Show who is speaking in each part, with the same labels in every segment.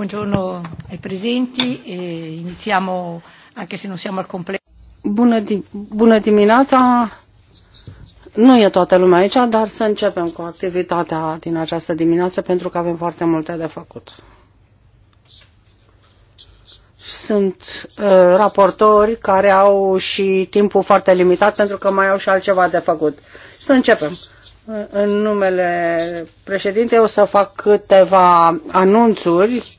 Speaker 1: Buongiorno ai presenti e
Speaker 2: iniziamo anche se non siamo al completo.
Speaker 1: Bună, bună dimineața! Nu e toată lumea aici, dar să începem cu activitatea din această dimineață pentru că avem foarte multe de făcut. Sunt uh, raportori care au și timpul foarte limitat pentru că mai au și altceva de făcut. Să începem. În numele președinte o să fac câteva anunțuri.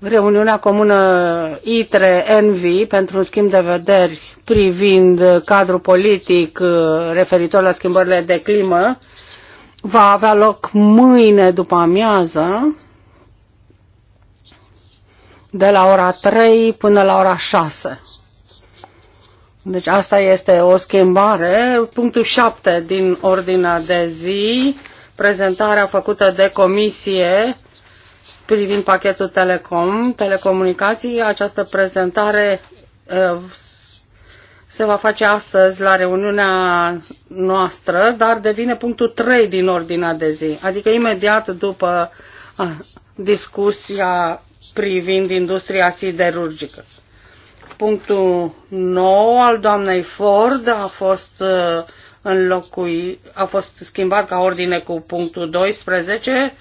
Speaker 1: Reuniunea comună ITRE-NV pentru un schimb de vederi privind cadrul politic uh, referitor la schimbările de climă va avea loc mâine după amiază de la ora 3 până la ora 6. Deci asta este o schimbare. Punctul 7 din ordinea de zi, prezentarea făcută de comisie privind pachetul telecom, telecomunicații. Această prezentare eh, se va face astăzi la reuniunea noastră, dar devine punctul 3 din ordinea de zi, adică imediat după ah, discuția privind industria siderurgică. Punctul nou al doamnei Ford a fost uh, înlocui, a fost schimbat ca ordine cu punctul 12,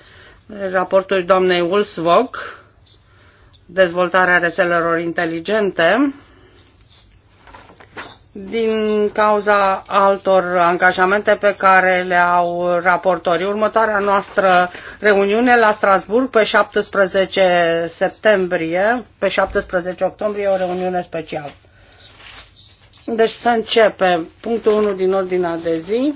Speaker 1: raportul doamnei Ulsvog, dezvoltarea rețelelor inteligente din cauza altor angajamente pe care le au raportorii. Următoarea noastră reuniune la Strasburg pe 17 septembrie, pe 17 octombrie, o reuniune specială. Deci să începem. Punctul 1 din ordinea de zi.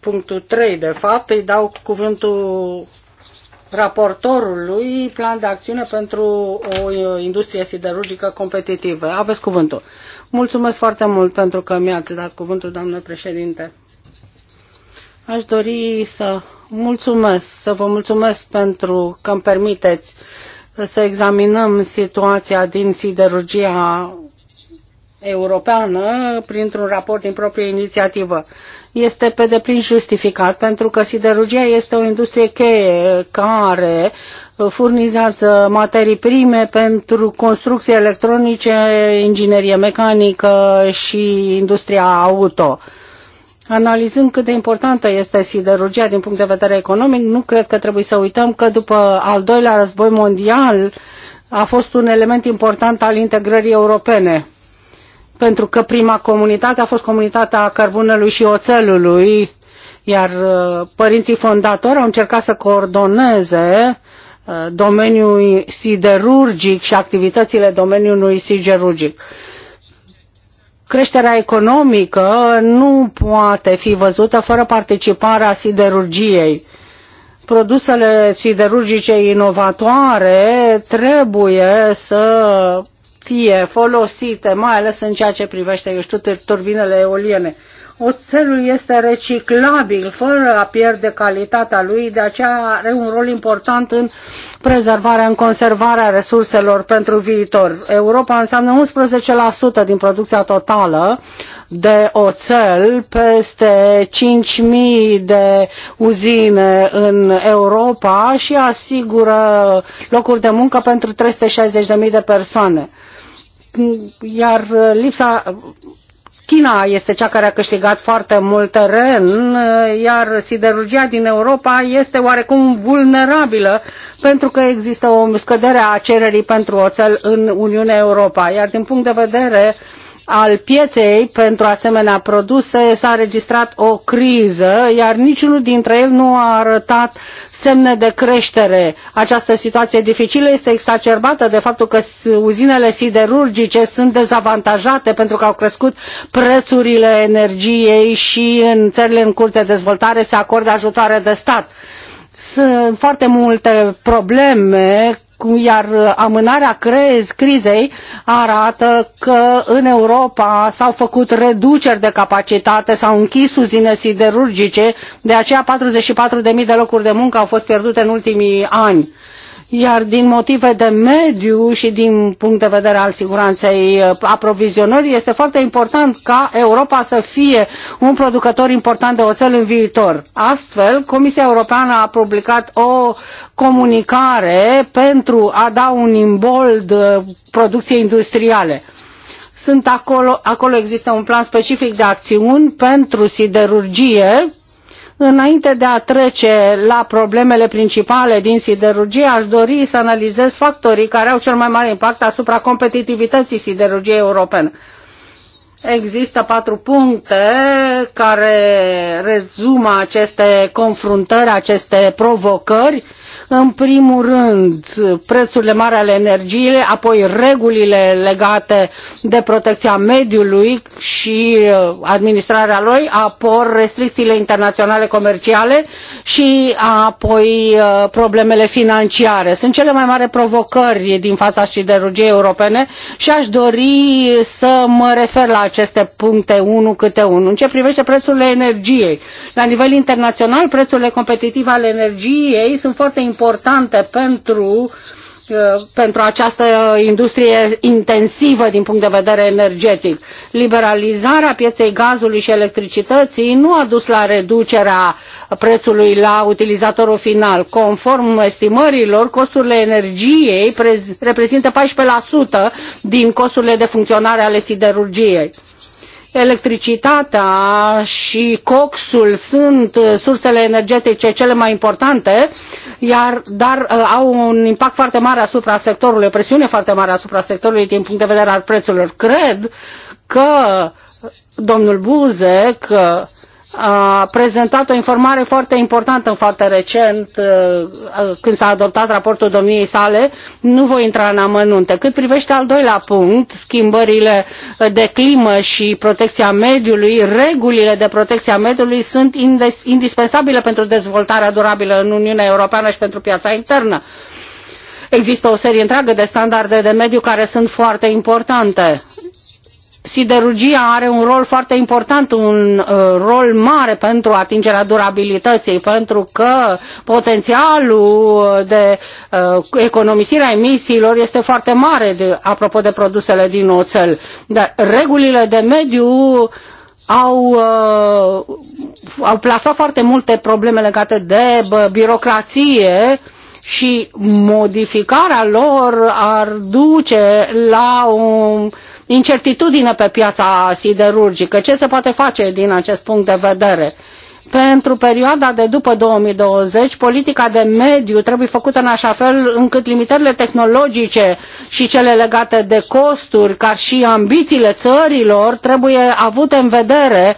Speaker 1: Punctul 3, de fapt, îi dau cuvântul raportorului plan de acțiune pentru o industrie siderurgică competitivă. Aveți cuvântul. Mulțumesc foarte mult pentru că mi-ați dat cuvântul, doamnă președinte. Aș dori să mulțumesc, să vă mulțumesc pentru că îmi permiteți să examinăm situația din siderurgia europeană printr-un raport din proprie inițiativă este pe deplin justificat pentru că siderurgia este o industrie cheie care furnizează materii prime pentru construcții electronice, inginerie mecanică și industria auto. Analizând cât de importantă este siderurgia din punct de vedere economic, nu cred că trebuie să uităm că după al doilea război mondial a fost un element important al integrării europene pentru că prima comunitate a fost comunitatea cărbunelui și oțelului, iar uh, părinții fondatori au încercat să coordoneze uh, domeniul siderurgic și activitățile domeniului siderurgic. Creșterea economică nu poate fi văzută fără participarea siderurgiei. Produsele siderurgice inovatoare trebuie să fie folosite, mai ales în ceea ce privește, eu știu, turbinele eoliene. Oțelul este reciclabil, fără a pierde calitatea lui, de aceea are un rol important în prezervarea, în conservarea resurselor pentru viitor. Europa înseamnă 11% din producția totală de oțel, peste 5.000 de uzine în Europa și asigură locuri de muncă pentru 360.000 de persoane iar uh, lipsa China este cea care a câștigat foarte mult teren, uh, iar siderurgia din Europa este oarecum vulnerabilă pentru că există o scădere a cererii pentru oțel în Uniunea Europa. Iar din punct de vedere al pieței pentru asemenea produse s-a înregistrat o criză, iar niciunul dintre ele nu a arătat semne de creștere. Această situație dificilă este exacerbată de faptul că uzinele siderurgice sunt dezavantajate pentru că au crescut prețurile energiei și în țările în curs de dezvoltare se acordă ajutoare de stat sunt foarte multe probleme, iar amânarea crizei arată că în Europa s-au făcut reduceri de capacitate, s-au închis uzine siderurgice, de aceea 44.000 de locuri de muncă au fost pierdute în ultimii ani iar din motive de mediu și din punct de vedere al siguranței uh, aprovizionării este foarte important ca Europa să fie un producător important de oțel în viitor. Astfel, Comisia Europeană a publicat o comunicare pentru a da un imbold uh, producției industriale sunt acolo, acolo există un plan specific de acțiuni pentru siderurgie Înainte de a trece la problemele principale din siderurgie, aș dori să analizez factorii care au cel mai mare impact asupra competitivității siderurgiei europene. Există patru puncte care rezumă aceste confruntări, aceste provocări în primul rând, prețurile mari ale energiei, apoi regulile legate de protecția mediului și uh, administrarea lor, apoi restricțiile internaționale comerciale și apoi uh, problemele financiare. Sunt cele mai mari provocări din fața siderurgiei europene și aș dori să mă refer la aceste puncte unul câte unul. În ce privește prețurile energiei, la nivel internațional, prețurile competitive ale energiei sunt foarte importante importante pentru, uh, pentru această industrie intensivă din punct de vedere energetic. Liberalizarea pieței gazului și electricității nu a dus la reducerea prețului la utilizatorul final. Conform estimărilor, costurile energiei reprezintă 14% din costurile de funcționare ale siderurgiei electricitatea și coxul sunt uh, sursele energetice cele mai importante, iar, dar uh, au un impact foarte mare asupra sectorului, o presiune foarte mare asupra sectorului din punct de vedere al prețurilor. Cred că domnul Buzek uh, a prezentat o informare foarte importantă foarte recent uh, uh, când s-a adoptat raportul domniei sale. Nu voi intra în amănunte. Cât privește al doilea punct, schimbările de climă și protecția mediului, regulile de protecție a mediului sunt indispensabile pentru dezvoltarea durabilă în Uniunea Europeană și pentru piața internă. Există o serie întreagă de standarde de mediu care sunt foarte importante siderurgia are un rol foarte important, un uh, rol mare pentru atingerea durabilității, pentru că potențialul uh, de uh, economisire a emisiilor este foarte mare, de, apropo de produsele din oțel. Dar regulile de mediu au, au plasat foarte multe probleme legate de birocrație și modificarea lor ar duce la un incertitudine pe piața siderurgică. Ce se poate face din acest punct de vedere? pentru perioada de după 2020, politica de mediu trebuie făcută în așa fel încât limitările tehnologice și cele legate de costuri, ca și ambițiile țărilor, trebuie avute în vedere.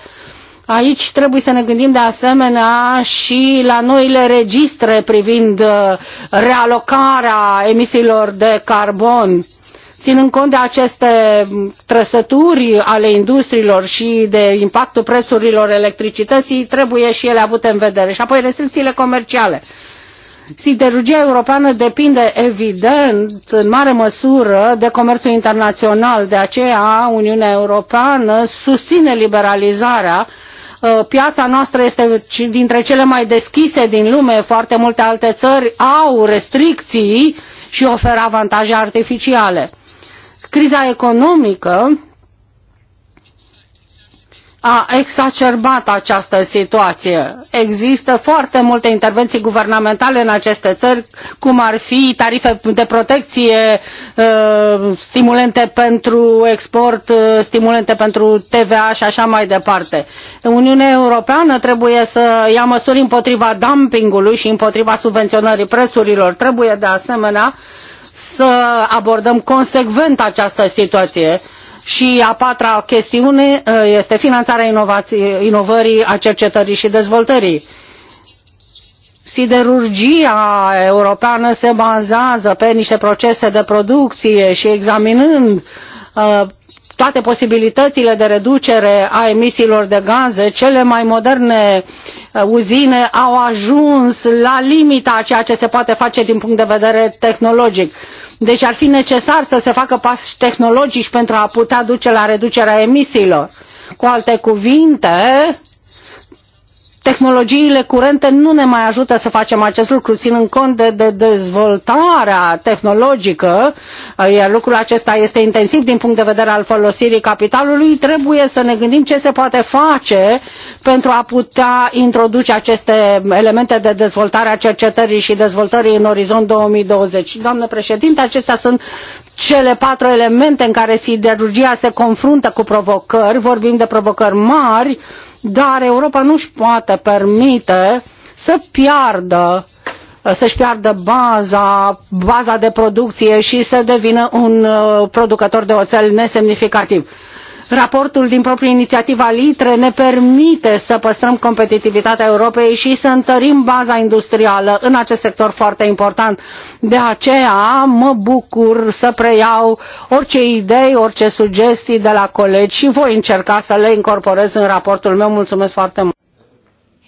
Speaker 1: Aici trebuie să ne gândim de asemenea și la noile registre privind uh, realocarea emisiilor de carbon Ținând cont de aceste trăsături ale industriilor și de impactul prețurilor electricității, trebuie și ele avute în vedere. Și apoi restricțiile comerciale. Siderurgia europeană depinde evident în mare măsură de comerțul internațional, de aceea Uniunea Europeană susține liberalizarea uh, piața noastră este dintre cele mai deschise din lume, foarte multe alte țări au restricții și oferă avantaje artificiale. Criza economică a exacerbat această situație. Există foarte multe intervenții guvernamentale în aceste țări, cum ar fi tarife de protecție, uh, stimulente pentru export, uh, stimulente pentru TVA și așa mai departe. Uniunea Europeană trebuie să ia măsuri împotriva dumpingului și împotriva subvenționării prețurilor. Trebuie de asemenea să abordăm consecvent această situație. Și a patra chestiune uh, este finanțarea inovării, a cercetării și dezvoltării. Siderurgia europeană se bazează pe niște procese de producție și examinând uh, toate posibilitățile de reducere a emisiilor de gaze, cele mai moderne Uh, uzine au ajuns la limita a ceea ce se poate face din punct de vedere tehnologic. Deci ar fi necesar să se facă pași tehnologici pentru a putea duce la reducerea emisiilor. Cu alte cuvinte, tehnologiile curente nu ne mai ajută să facem acest lucru, ținând cont de, de dezvoltarea tehnologică, iar lucrul acesta este intensiv din punct de vedere al folosirii capitalului, trebuie să ne gândim ce se poate face pentru a putea introduce aceste elemente de dezvoltare a cercetării și dezvoltării în orizont 2020. Doamnă președinte, acestea sunt cele patru elemente în care siderurgia se confruntă cu provocări, vorbim de provocări mari, dar Europa nu își poate permite să piardă să-și piardă baza, baza de producție și să devină un uh, producător de oțel nesemnificativ. Raportul din proprie al itre ne permite să păstrăm competitivitatea Europei și să întărim baza industrială în acest sector foarte important. De aceea mă bucur să preiau orice idei, orice sugestii de la colegi și voi încerca să le incorporez în raportul meu. Mulțumesc foarte mult!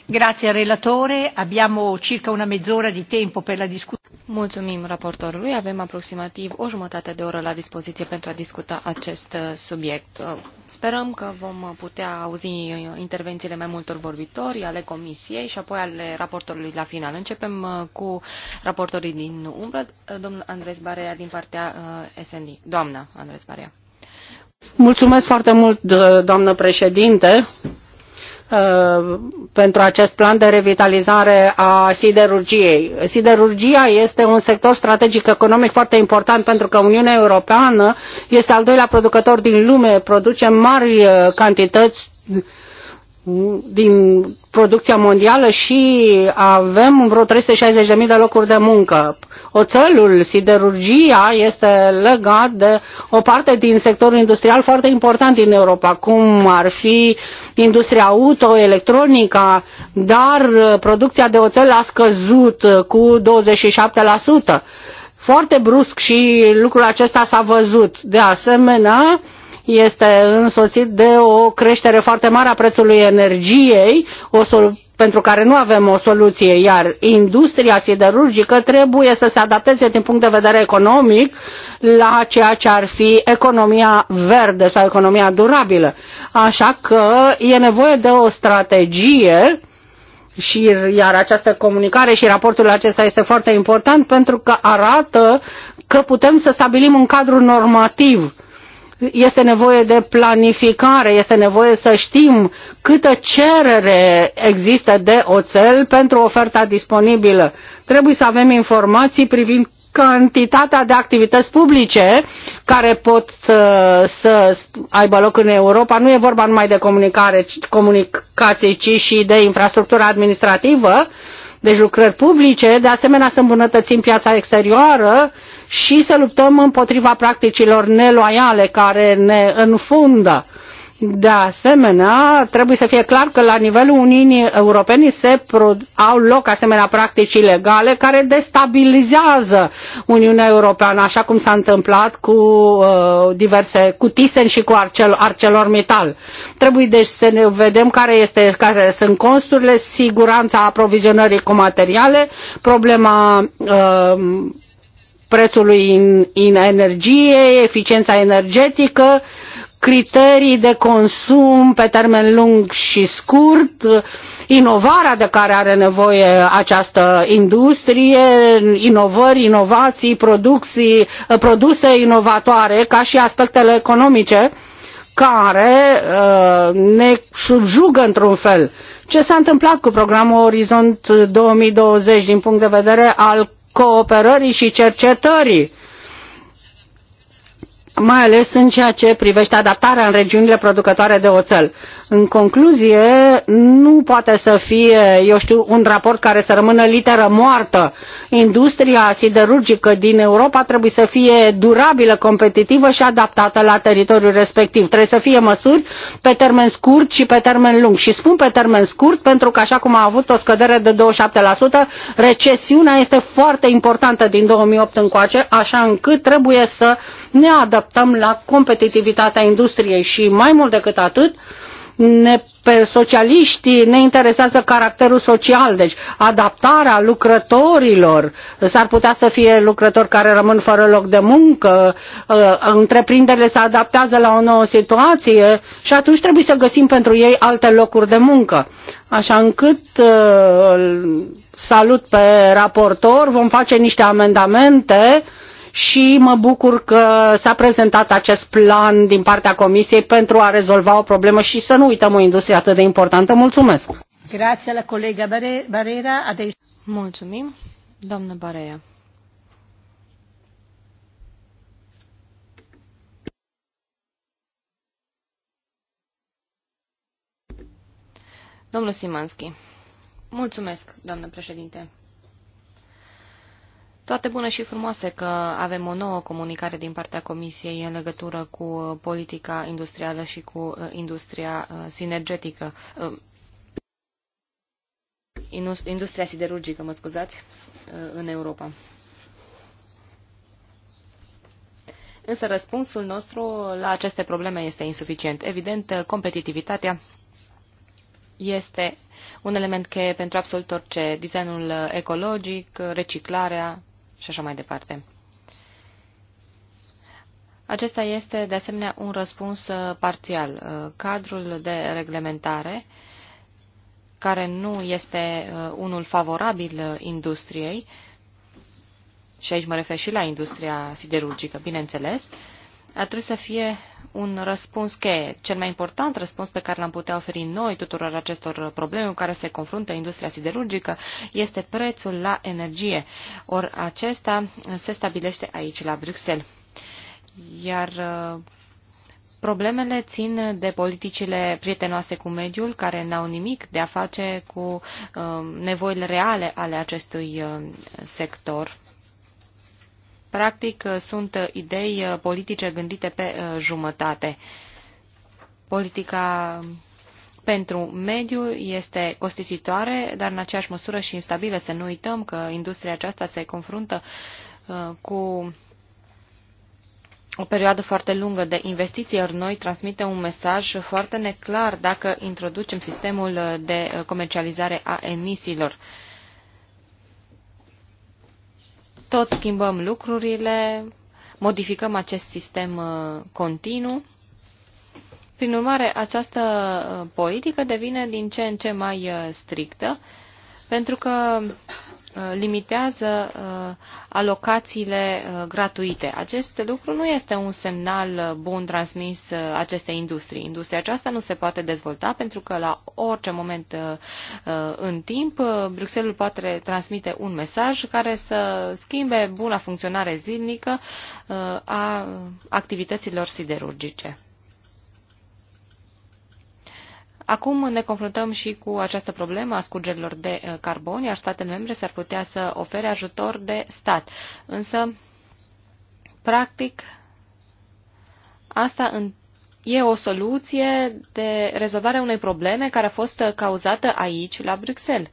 Speaker 1: Grazie al
Speaker 2: relatore, abbiamo circa una mezz'ora di tempo per la discussione. Mulțumim raportorului, avem aproximativ o jumătate de oră la dispoziție pentru a discuta acest uh, subiect. Uh, sperăm că vom putea auzi uh, intervențiile mai multor vorbitori, ale comisiei și apoi ale raportorului la final. Începem cu raportorii din umbră, domnul Andres Barea din partea SND. Doamna Andres Barea.
Speaker 1: Mulțumesc foarte mult, doamnă președinte. Uh, pentru acest plan de revitalizare a siderurgiei. Siderurgia este un sector strategic economic foarte important pentru că Uniunea Europeană este al doilea producător din lume, produce mari uh, cantități din producția mondială și avem vreo 360.000 de locuri de muncă. Oțelul, siderurgia este legat de o parte din sectorul industrial foarte important din Europa, cum ar fi industria auto, electronica, dar producția de oțel a scăzut cu 27%. Foarte brusc și lucrul acesta s-a văzut. De asemenea, uh, este însoțit de o creștere foarte mare a prețului energiei, o pentru care nu avem o soluție, iar industria siderurgică trebuie să se adapteze din punct de vedere economic la ceea ce ar fi economia verde sau economia durabilă. Așa că e nevoie de o strategie și iar această comunicare și raportul acesta este foarte important pentru că arată că putem să stabilim un cadru normativ este nevoie de planificare, este nevoie să știm câtă cerere există de oțel pentru oferta disponibilă. Trebuie să avem informații privind cantitatea de activități publice care pot să, uh, să aibă loc în Europa. Nu e vorba numai de comunicare, comunicații, ci și de infrastructură administrativă, deci lucrări publice. De asemenea, să îmbunătățim piața exterioară, și să luptăm împotriva practicilor neloiale care ne înfundă. De asemenea, trebuie să fie clar că la nivelul Uniunii Europene se au loc asemenea practici ilegale care destabilizează Uniunea Europeană, așa cum s-a întâmplat cu uh, diverse, cu Thyssen și cu Arcel, ArcelorMittal. Trebuie deci să ne vedem care, este, care sunt costurile, siguranța aprovizionării cu materiale, problema uh, prețului în, în energie, eficiența energetică, criterii de consum pe termen lung și scurt, inovarea de care are nevoie această industrie, inovări, inovații, producții, produse inovatoare, ca și aspectele economice care uh, ne subjugă într-un fel. Ce s-a întâmplat cu programul Orizont 2020 din punct de vedere al cooperării și cercetării mai ales în ceea ce privește adaptarea în regiunile producătoare de oțel. În concluzie, nu poate să fie, eu știu, un raport care să rămână literă moartă. Industria siderurgică din Europa trebuie să fie durabilă, competitivă și adaptată la teritoriul respectiv. Trebuie să fie măsuri pe termen scurt și pe termen lung. Și spun pe termen scurt pentru că, așa cum a avut o scădere de 27%, recesiunea este foarte importantă din 2008 încoace, așa încât trebuie să ne adaptăm adaptăm la competitivitatea industriei și mai mult decât atât, ne, pe socialiștii ne interesează caracterul social, deci adaptarea lucrătorilor. S-ar putea să fie lucrători care rămân fără loc de muncă, uh, întreprinderile se adaptează la o nouă situație și atunci trebuie să găsim pentru ei alte locuri de muncă. Așa încât uh, salut pe raportor, vom face niște amendamente și mă bucur că s-a prezentat acest plan din partea Comisiei pentru a rezolva o problemă și să nu uităm o industrie atât de importantă. Mulțumesc! Grazie la colega
Speaker 2: Barera. Mulțumim, doamnă Barea. Domnul Simanski. Mulțumesc, doamnă președinte. Toate bune și frumoase că avem o nouă comunicare din partea Comisiei în legătură cu uh, politica industrială și cu uh, industria uh, sinergetică. Industria siderurgică, mă scuzați, în Europa. Însă răspunsul nostru la aceste probleme este insuficient. Evident, competitivitatea este un element cheie pentru absolut orice. Designul ecologic, reciclarea, și așa mai departe. Acesta este, de asemenea, un răspuns uh, parțial. Uh, cadrul de reglementare, care nu este uh, unul favorabil industriei, și aici mă refer și la industria siderurgică, bineînțeles, uh, ar trebui să fie un răspuns cheie, cel mai important răspuns pe care l-am putea oferi noi tuturor acestor probleme cu care se confruntă industria siderurgică, este prețul la energie. Or, acesta se stabilește aici, la Bruxelles. Iar uh, Problemele țin de politicile prietenoase cu mediul, care n-au nimic de a face cu uh, nevoile reale ale acestui uh, sector Practic, uh, sunt uh, idei uh, politice gândite pe jumătate. Politica um, pentru mediu este costisitoare, dar în aceeași măsură și instabilă. Să nu uităm că industria aceasta se confruntă cu o perioadă foarte lungă de investiții, iar noi transmite un mesaj foarte neclar dacă introducem sistemul de comercializare a emisiilor tot schimbăm lucrurile, modificăm acest sistem uh, continuu. Prin urmare, această uh, politică devine din ce în ce mai uh, strictă, pentru că Uh, limitează uh, alocațiile uh, gratuite. Acest lucru nu este un semnal bun transmis acestei industrii. Industria aceasta nu se poate dezvolta pentru că la orice moment în timp Bruxelles poate transmite un mesaj care să schimbe buna funcționare zilnică a activităților siderurgice. Acum ne confruntăm și cu această problemă a scurgerilor de uh, carbon, iar statele membre s-ar putea să ofere ajutor de stat. Însă, practic, asta în E o soluție de rezolvare a unei probleme care a fost uh, cauzată aici, la Bruxelles.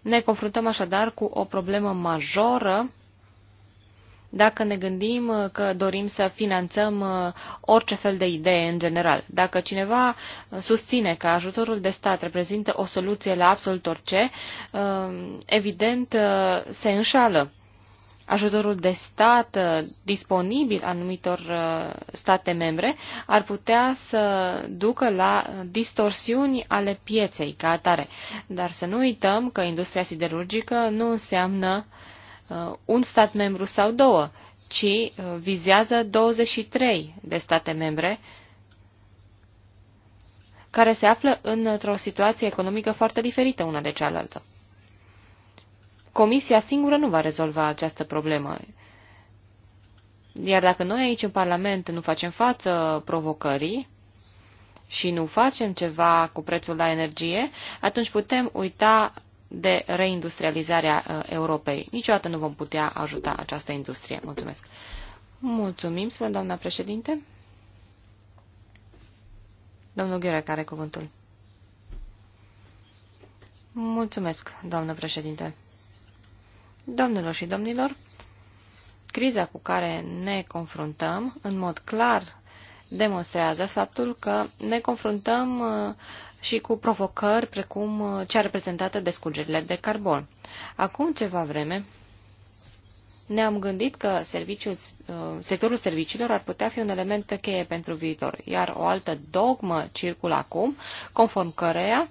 Speaker 2: Ne confruntăm așadar cu o problemă majoră dacă ne gândim uh, că dorim să finanțăm uh, orice fel de idee în general. Dacă cineva uh, susține că ajutorul de stat reprezintă o soluție la absolut orice, evident se înșală. Ajutorul de stat disponibil anumitor state membre ar putea să ducă la distorsiuni ale pieței ca atare. Dar să nu uităm că industria siderurgică nu înseamnă uh, Uh, un stat membru sau două, ci uh, vizează 23 de state membre care se află într-o situație economică foarte diferită una de cealaltă. Comisia singură nu va rezolva această problemă. Iar dacă noi aici în Parlament nu facem față provocării și nu facem ceva cu prețul la energie, atunci putem uita de reindustrializare a uh, Europei. Niciodată nu vom putea ajuta această industrie. Mulțumesc. Mulțumim, spune doamna președinte. Domnul Ghiure, care cuvântul? Mulțumesc, doamnă președinte. Domnilor și domnilor, criza cu care ne confruntăm, în mod clar, demonstrează faptul că ne confruntăm uh, și cu provocări precum uh, cea reprezentată de scurgerile de carbon. Acum ceva vreme ne-am gândit că serviciul, uh, sectorul serviciilor ar putea fi un element cheie pentru viitor, iar o altă dogmă circulă acum, conform căreia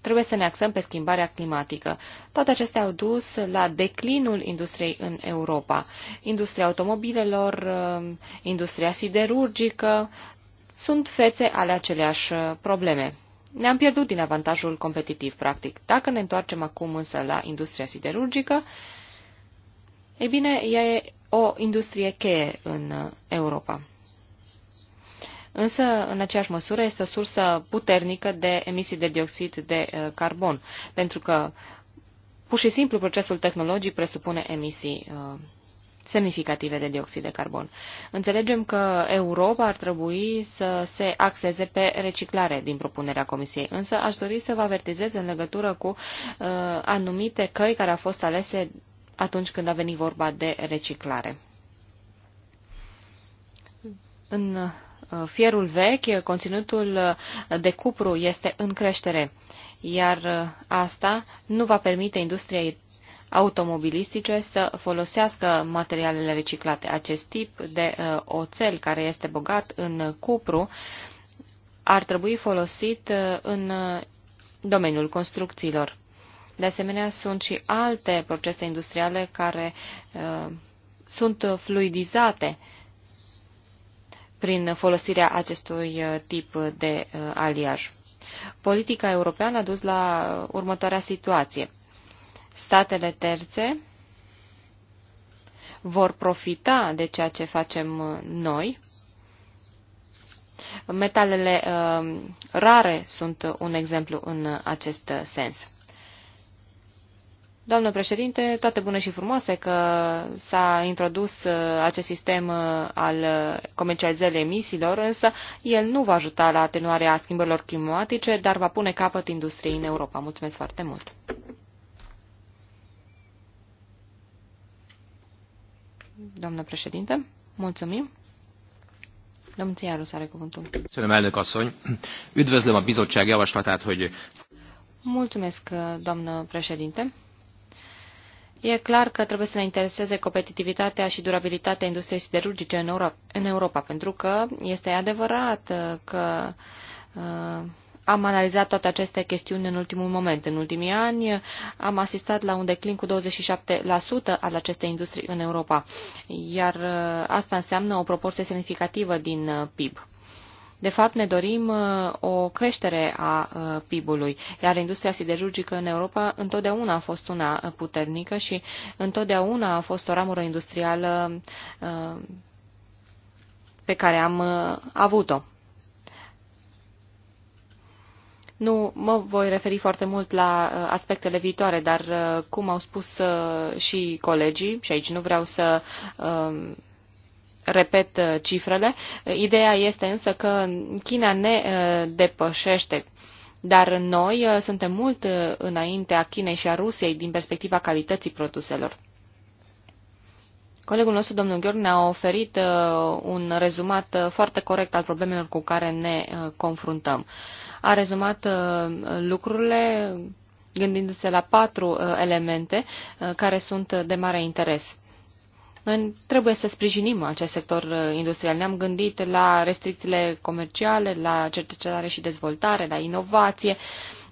Speaker 2: trebuie să ne axăm pe schimbarea climatică. Toate acestea au dus la declinul industriei în Europa. Industria automobilelor, uh, industria siderurgică, sunt fețe ale aceleași uh, probleme. Ne-am pierdut din avantajul competitiv, practic. Dacă ne întoarcem acum însă la industria siderurgică, e bine, ea e o industrie cheie în uh, Europa. Însă, în aceeași măsură, este o sursă puternică de emisii de dioxid de uh, carbon, pentru că pur și simplu procesul tehnologic presupune emisii semnificative de dioxid de carbon. Înțelegem că Europa ar trebui să se axeze pe reciclare din propunerea Comisiei, însă aș dori să vă avertizez în legătură cu uh, anumite căi care au fost alese atunci când a venit vorba de reciclare. În uh, fierul vechi, conținutul uh, de cupru este în creștere, iar uh, asta nu va permite industriei automobilistice să folosească materialele reciclate. Acest tip de uh, oțel care este bogat în cupru ar trebui folosit uh, în uh, domeniul construcțiilor. De asemenea, sunt și alte procese industriale care uh, sunt fluidizate prin folosirea acestui tip de aliaj. Politica europeană a dus la următoarea situație statele terțe vor profita de ceea ce facem uh, noi. Metalele uh, rare sunt un exemplu în acest sens. Doamnă președinte, toate bune și frumoase că s-a introdus uh, acest sistem uh, al comercializării emisiilor, însă el nu va ajuta la atenuarea schimbărilor climatice, dar va pune capăt industriei în Europa. Mulțumesc foarte mult! doamnă președinte. Mulțumim. Domnul Țiarus are cuvântul.
Speaker 3: Mulțumim, elnök asszony. Üdvözlöm a bizottság javaslatát, hogy...
Speaker 2: Mulțumesc, doamnă președinte. E clar că trebuie să ne intereseze competitivitatea și durabilitatea industriei siderurgice în Europa, în Europa pentru că este adevărat că uh, am analizat toate aceste chestiuni în ultimul moment. În ultimii ani am asistat la un declin cu 27% al acestei industrii în Europa, iar uh, asta înseamnă o proporție semnificativă din uh, PIB. De fapt, ne dorim uh, o creștere a PIB-ului, iar industria siderurgică în Europa întotdeauna a fost una puternică și întotdeauna a fost o ramură industrială pe care am avut-o. Nu mă voi referi foarte mult la uh, aspectele viitoare, dar uh, cum au spus uh, și colegii, și aici nu vreau să um, repet cifrele, ideea este însă că China ne depășește dar noi suntem mult înaintea Chinei și a Rusiei din perspectiva calității produselor. Colegul nostru, domnul Gheorghe, ne-a oferit un rezumat foarte corect al problemelor cu care ne confruntăm a rezumat uh, lucrurile gândindu-se la patru uh, elemente uh, care sunt de mare interes. Noi trebuie să sprijinim acest sector industrial. Ne-am gândit la restricțiile comerciale, la cercetare și dezvoltare, la inovație,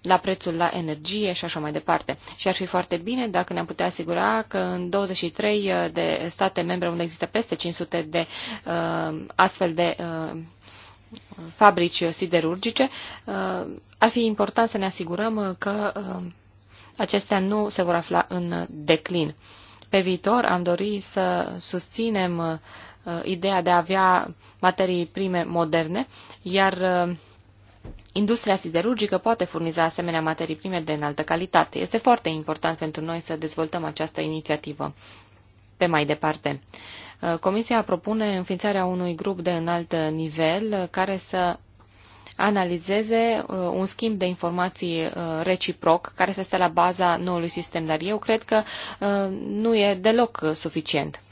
Speaker 2: la prețul la energie și așa mai departe. Și ar fi foarte bine dacă ne-am putea asigura că în 23 de state membre unde există peste 500 de uh, astfel de uh, fabrici siderurgice, uh, ar fi important să ne asigurăm că uh, acestea nu se vor afla în declin. Pe viitor am dori să susținem uh, ideea de a avea materii prime moderne, iar Industria siderurgică poate furniza asemenea materii prime de înaltă calitate. Este foarte important pentru noi să dezvoltăm această inițiativă pe mai departe. Uh, Comisia propune înființarea unui grup de înalt nivel uh, care să analizeze uh, un schimb de informații reciproc care să stea la baza noului sistem, dar eu cred că nu e deloc suficient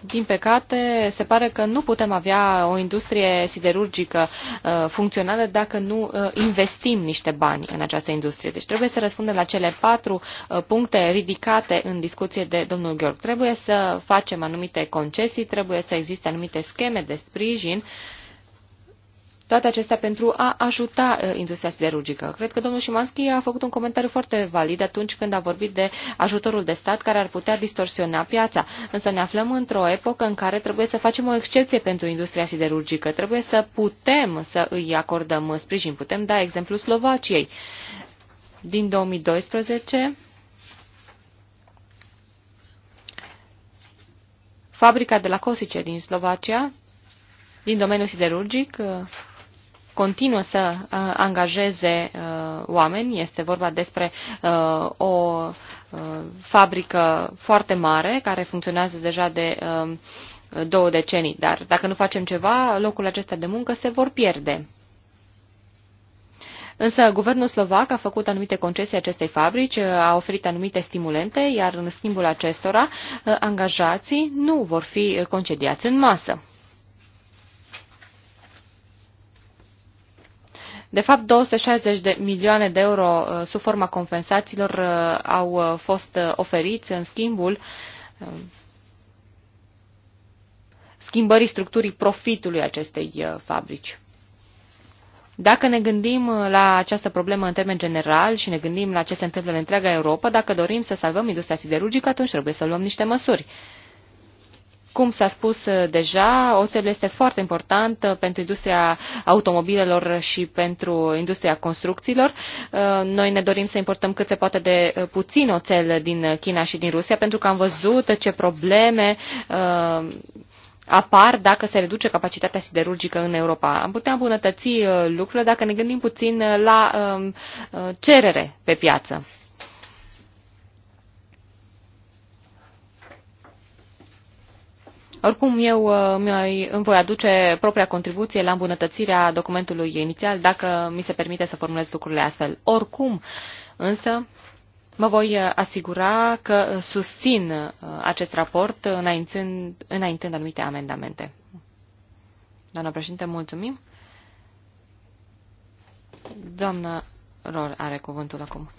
Speaker 2: din păcate, se pare că nu putem avea o industrie siderurgică uh, funcțională dacă nu uh, investim niște bani în această industrie. Deci trebuie să răspundem la cele patru uh, puncte ridicate în discuție de domnul Gheorghe. Trebuie să facem anumite concesii, trebuie să existe anumite scheme de sprijin uh, toate acestea pentru a ajuta uh, industria siderurgică. Cred că domnul Șimanski a făcut un comentariu foarte valid atunci când a vorbit de ajutorul de stat care ar putea distorsiona piața. Însă ne aflăm într-o epocă în care trebuie să facem o excepție pentru industria siderurgică. Trebuie să putem să îi acordăm sprijin. Putem da exemplu Slovaciei. Din 2012, fabrica de la Cosice din Slovacia, din domeniul siderurgic, uh, continuă să uh, angajeze uh, oameni. Este vorba despre uh, o fabrică foarte mare care funcționează deja de um, două decenii, dar dacă nu facem ceva, locurile acesta de muncă se vor pierde. Însă guvernul slovac a făcut anumite concesii acestei fabrici, a oferit anumite stimulente, iar în schimbul acestora angajații nu vor fi concediați în masă. De fapt, 260 de milioane de euro uh, sub forma compensațiilor uh, au uh, fost oferiți în schimbul schimbării structurii profitului acestei fabrici. Dacă ne gândim la această problemă în termen general și ne gândim la ce se întâmplă în întreaga Europa, dacă dorim să salvăm industria siderurgică, atunci trebuie să luăm niște măsuri. Cum s-a spus uh, deja, oțelul este foarte important uh, pentru industria automobilelor și pentru industria construcțiilor. Uh, noi ne dorim să importăm cât se poate de puțin oțel din China și din Rusia, pentru că am văzut ce probleme apar dacă se reduce capacitatea siderurgică în Europa. Am putea îmbunătăți lucrurile dacă ne gândim puțin la um, cerere pe piață. Oricum, eu uh, îmi voi aduce propria contribuție la îmbunătățirea documentului inițial, dacă mi se permite să formulez lucrurile astfel. Oricum, însă, mă voi uh, asigura că susțin uh, acest raport înaintând, înaintând anumite amendamente. Doamna președinte, mulțumim. Doamna Ror
Speaker 3: are cuvântul acum.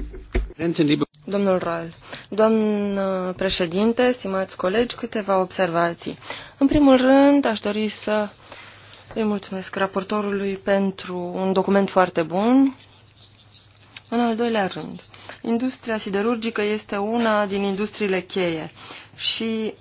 Speaker 3: Domnul Roel. Domn președinte, stimați colegi, câteva observații. În primul rând, aș dori să îi mulțumesc raportorului pentru un document foarte bun. În al doilea rând, industria siderurgică este una din industriile cheie și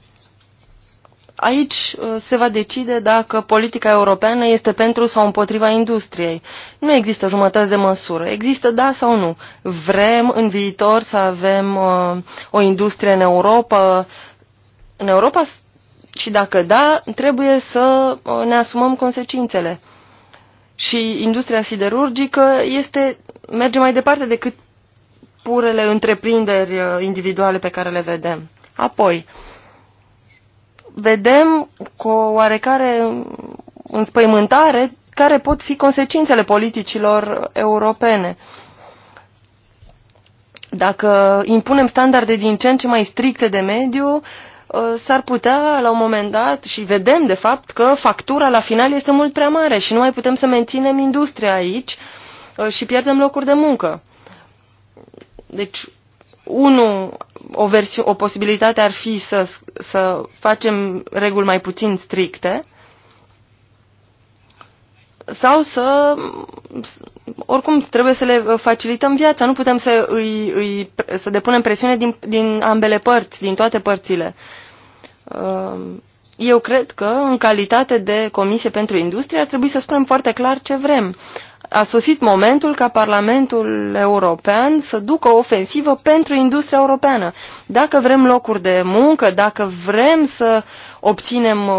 Speaker 3: Aici uh, se va decide dacă politica europeană este pentru sau împotriva industriei. Nu există jumătăți de măsură. Există da sau nu. Vrem în viitor să avem uh, o industrie în Europa, în Europa și dacă da, trebuie să uh, ne asumăm consecințele. Și industria siderurgică este, merge mai departe decât purele întreprinderi uh, individuale pe care le vedem. Apoi, uh, vedem cu oarecare înspăimântare care pot fi consecințele politicilor europene. Dacă impunem standarde din ce în ce mai stricte de mediu, uh, s-ar putea la un moment dat și vedem de fapt că factura la final este mult prea mare și nu mai putem să menținem industria aici uh, și pierdem locuri de muncă. Deci, unu, o, versi o posibilitate ar fi să, să facem reguli mai puțin stricte sau să, oricum, trebuie să le facilităm viața. Nu putem să, îi, îi, să depunem presiune din, din ambele părți, din toate părțile. Um, eu cred că, în calitate de Comisie pentru Industrie, ar trebui să spunem foarte clar ce vrem a sosit momentul ca Parlamentul European să ducă o ofensivă pentru industria europeană. Dacă vrem locuri de muncă, dacă vrem să obținem uh,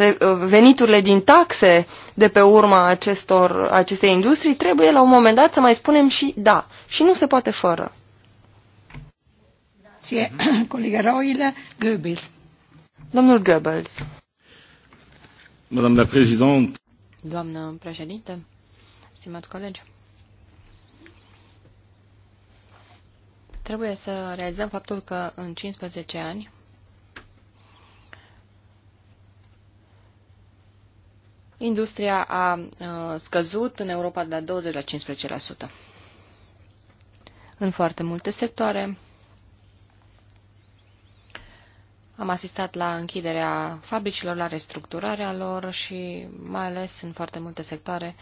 Speaker 3: uh, veniturile din taxe de pe urma acestor, acestei industrii, trebuie la un moment dat să mai spunem și da. Și nu se poate fără. Domnul Goebbels.
Speaker 1: Doamnă
Speaker 2: președinte, stimați colegi. Trebuie să realizăm faptul că în 15 ani industria a scăzut în Europa de la 20 la 15%. În foarte multe sectoare am asistat la închiderea fabricilor, la restructurarea lor și mai ales în foarte multe sectoare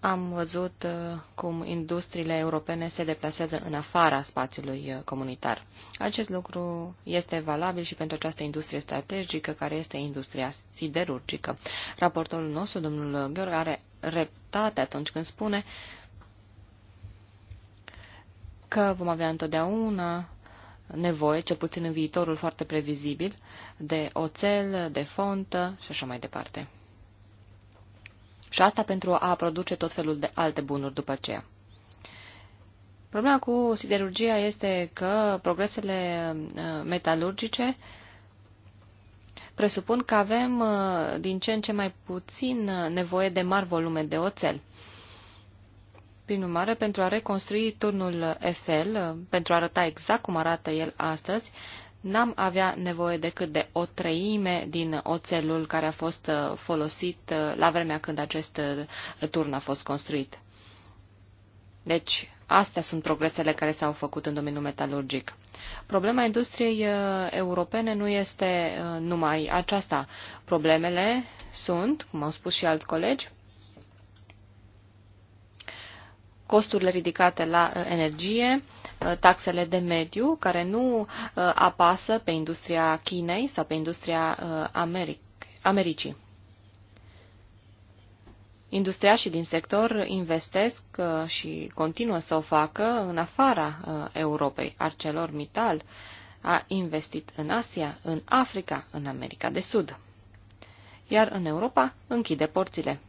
Speaker 2: am văzut uh, cum industriile europene se deplasează în afara spațiului uh, comunitar. Acest lucru este valabil și pentru această industrie strategică, care este industria siderurgică. Raportorul nostru, domnul Gheorghe, are reptate atunci când spune că vom avea întotdeauna nevoie, cel puțin în viitorul foarte previzibil, de oțel, de fontă și așa mai departe. Și asta pentru a produce tot felul de alte bunuri după aceea. Problema cu siderurgia este că progresele uh, metalurgice presupun că avem uh, din ce în ce mai puțin uh, nevoie de mari volume de oțel. Prin urmare, pentru a reconstrui turnul Eiffel, pentru a arăta exact cum arată el astăzi, n-am avea nevoie decât de o treime din oțelul care a fost uh, folosit uh, la vremea când acest uh, turn a fost construit. Deci, astea sunt progresele care s-au făcut în domeniul metalurgic. Problema industriei europene nu este numai aceasta. Problemele sunt, cum au spus și alți colegi, costurile ridicate la uh, energie, uh, taxele de mediu, care nu uh, apasă pe industria Chinei sau pe industria Americ Americii. și din sector investesc și continuă să o facă în afara Europei. ArcelorMittal a investit în Asia, în Africa, în America de Sud. Iar în Europa închide porțile.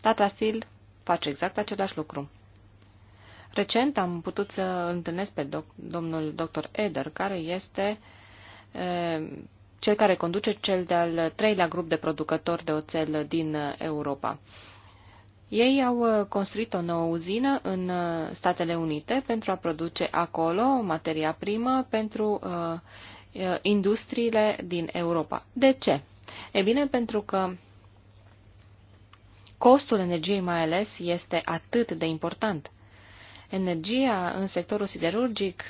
Speaker 2: Tata Steel face exact același lucru. Recent am putut să întâlnesc pe doc, domnul dr. Eder, care este e, cel care conduce cel de-al treilea grup de producători de oțel din Europa. Ei au construit o nouă uzină în Statele Unite pentru a produce acolo materia primă pentru e, industriile din Europa. De ce? E bine, pentru că costul energiei mai ales este atât de important. Energia în sectorul siderurgic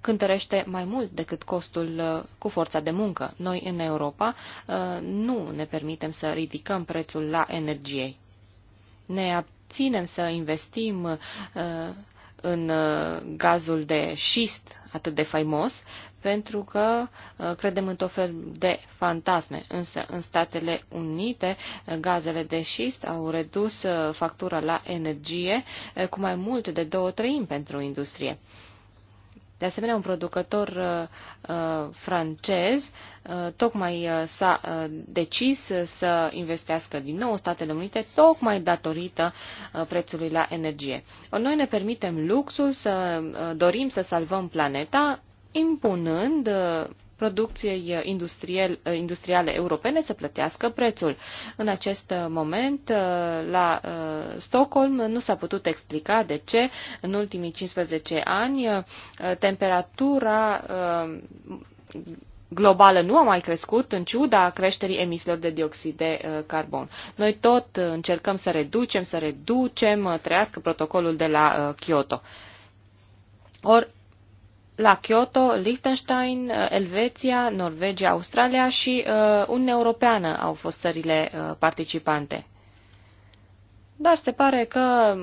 Speaker 2: cântărește mai mult decât costul uh, cu forța de muncă. Noi, în Europa, uh, nu ne permitem să ridicăm prețul la energiei. Ne abținem să investim uh, în gazul de șist atât de faimos, pentru că uh, credem în tot fel de fantasme. Însă în Statele Unite uh, gazele de șist au redus uh, factura la energie cu mai mult de două treimi pentru industrie. De asemenea, un producător uh, francez uh, tocmai uh, s-a uh, decis să investească din nou în Statele Unite, tocmai datorită uh, prețului la energie. noi ne permitem luxul să uh, dorim să salvăm planeta impunând uh, producției uh, industriale europene să plătească prețul. În acest moment, uh, la Stockholm, nu s-a putut explica de ce în ultimii 15 ani temperatura globală nu a mai crescut în ciuda creșterii emisiilor de dioxid de carbon. Noi tot încercăm să reducem, să reducem, trăiască protocolul de la Kyoto. Ori la Kyoto, Liechtenstein, eh, Elveția, Norvegia, Australia și uh, Uniunea Europeană au fost țările uh, participante. Dar se pare că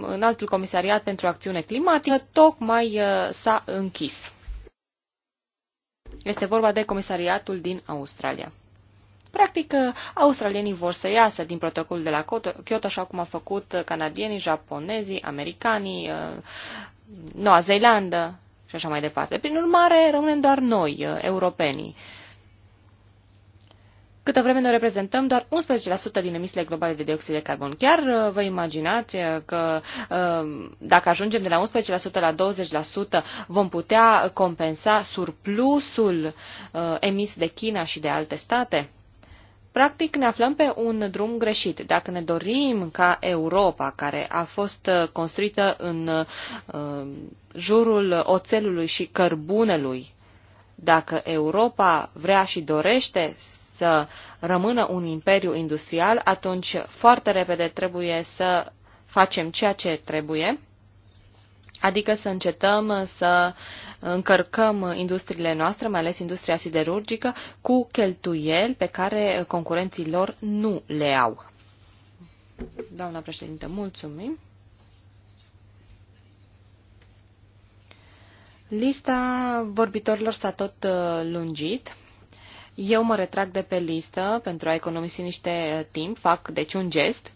Speaker 2: în altul comisariat pentru acțiune climatică tocmai uh, s-a închis. Este vorba de comisariatul din Australia. Practic, australienii vor să iasă din protocolul de la Kyoto, așa cum au făcut canadienii, japonezii, americanii, Noua Zeelandă și așa mai departe. Prin urmare, rămânem doar noi, uh, europenii. Câtă vreme noi reprezentăm doar 11% din emisiile globale de dioxid de carbon. Chiar uh, vă imaginați uh, că dacă ajungem de la 11% la 20% vom putea compensa surplusul emis de China și de alte state? Practic ne aflăm pe un drum greșit. Dacă ne dorim ca Europa, care a fost uh, construită în uh, jurul oțelului și cărbunelui, dacă Europa vrea și dorește să rămână un imperiu industrial, atunci foarte repede trebuie să facem ceea ce trebuie Adică să încetăm să încărcăm industriile noastre, mai ales industria siderurgică, cu cheltuieli pe care concurenții lor nu le au. Doamna președinte, mulțumim. Lista vorbitorilor s-a tot uh, lungit. Eu mă retrag de pe listă pentru a economisi niște uh, timp, fac deci un gest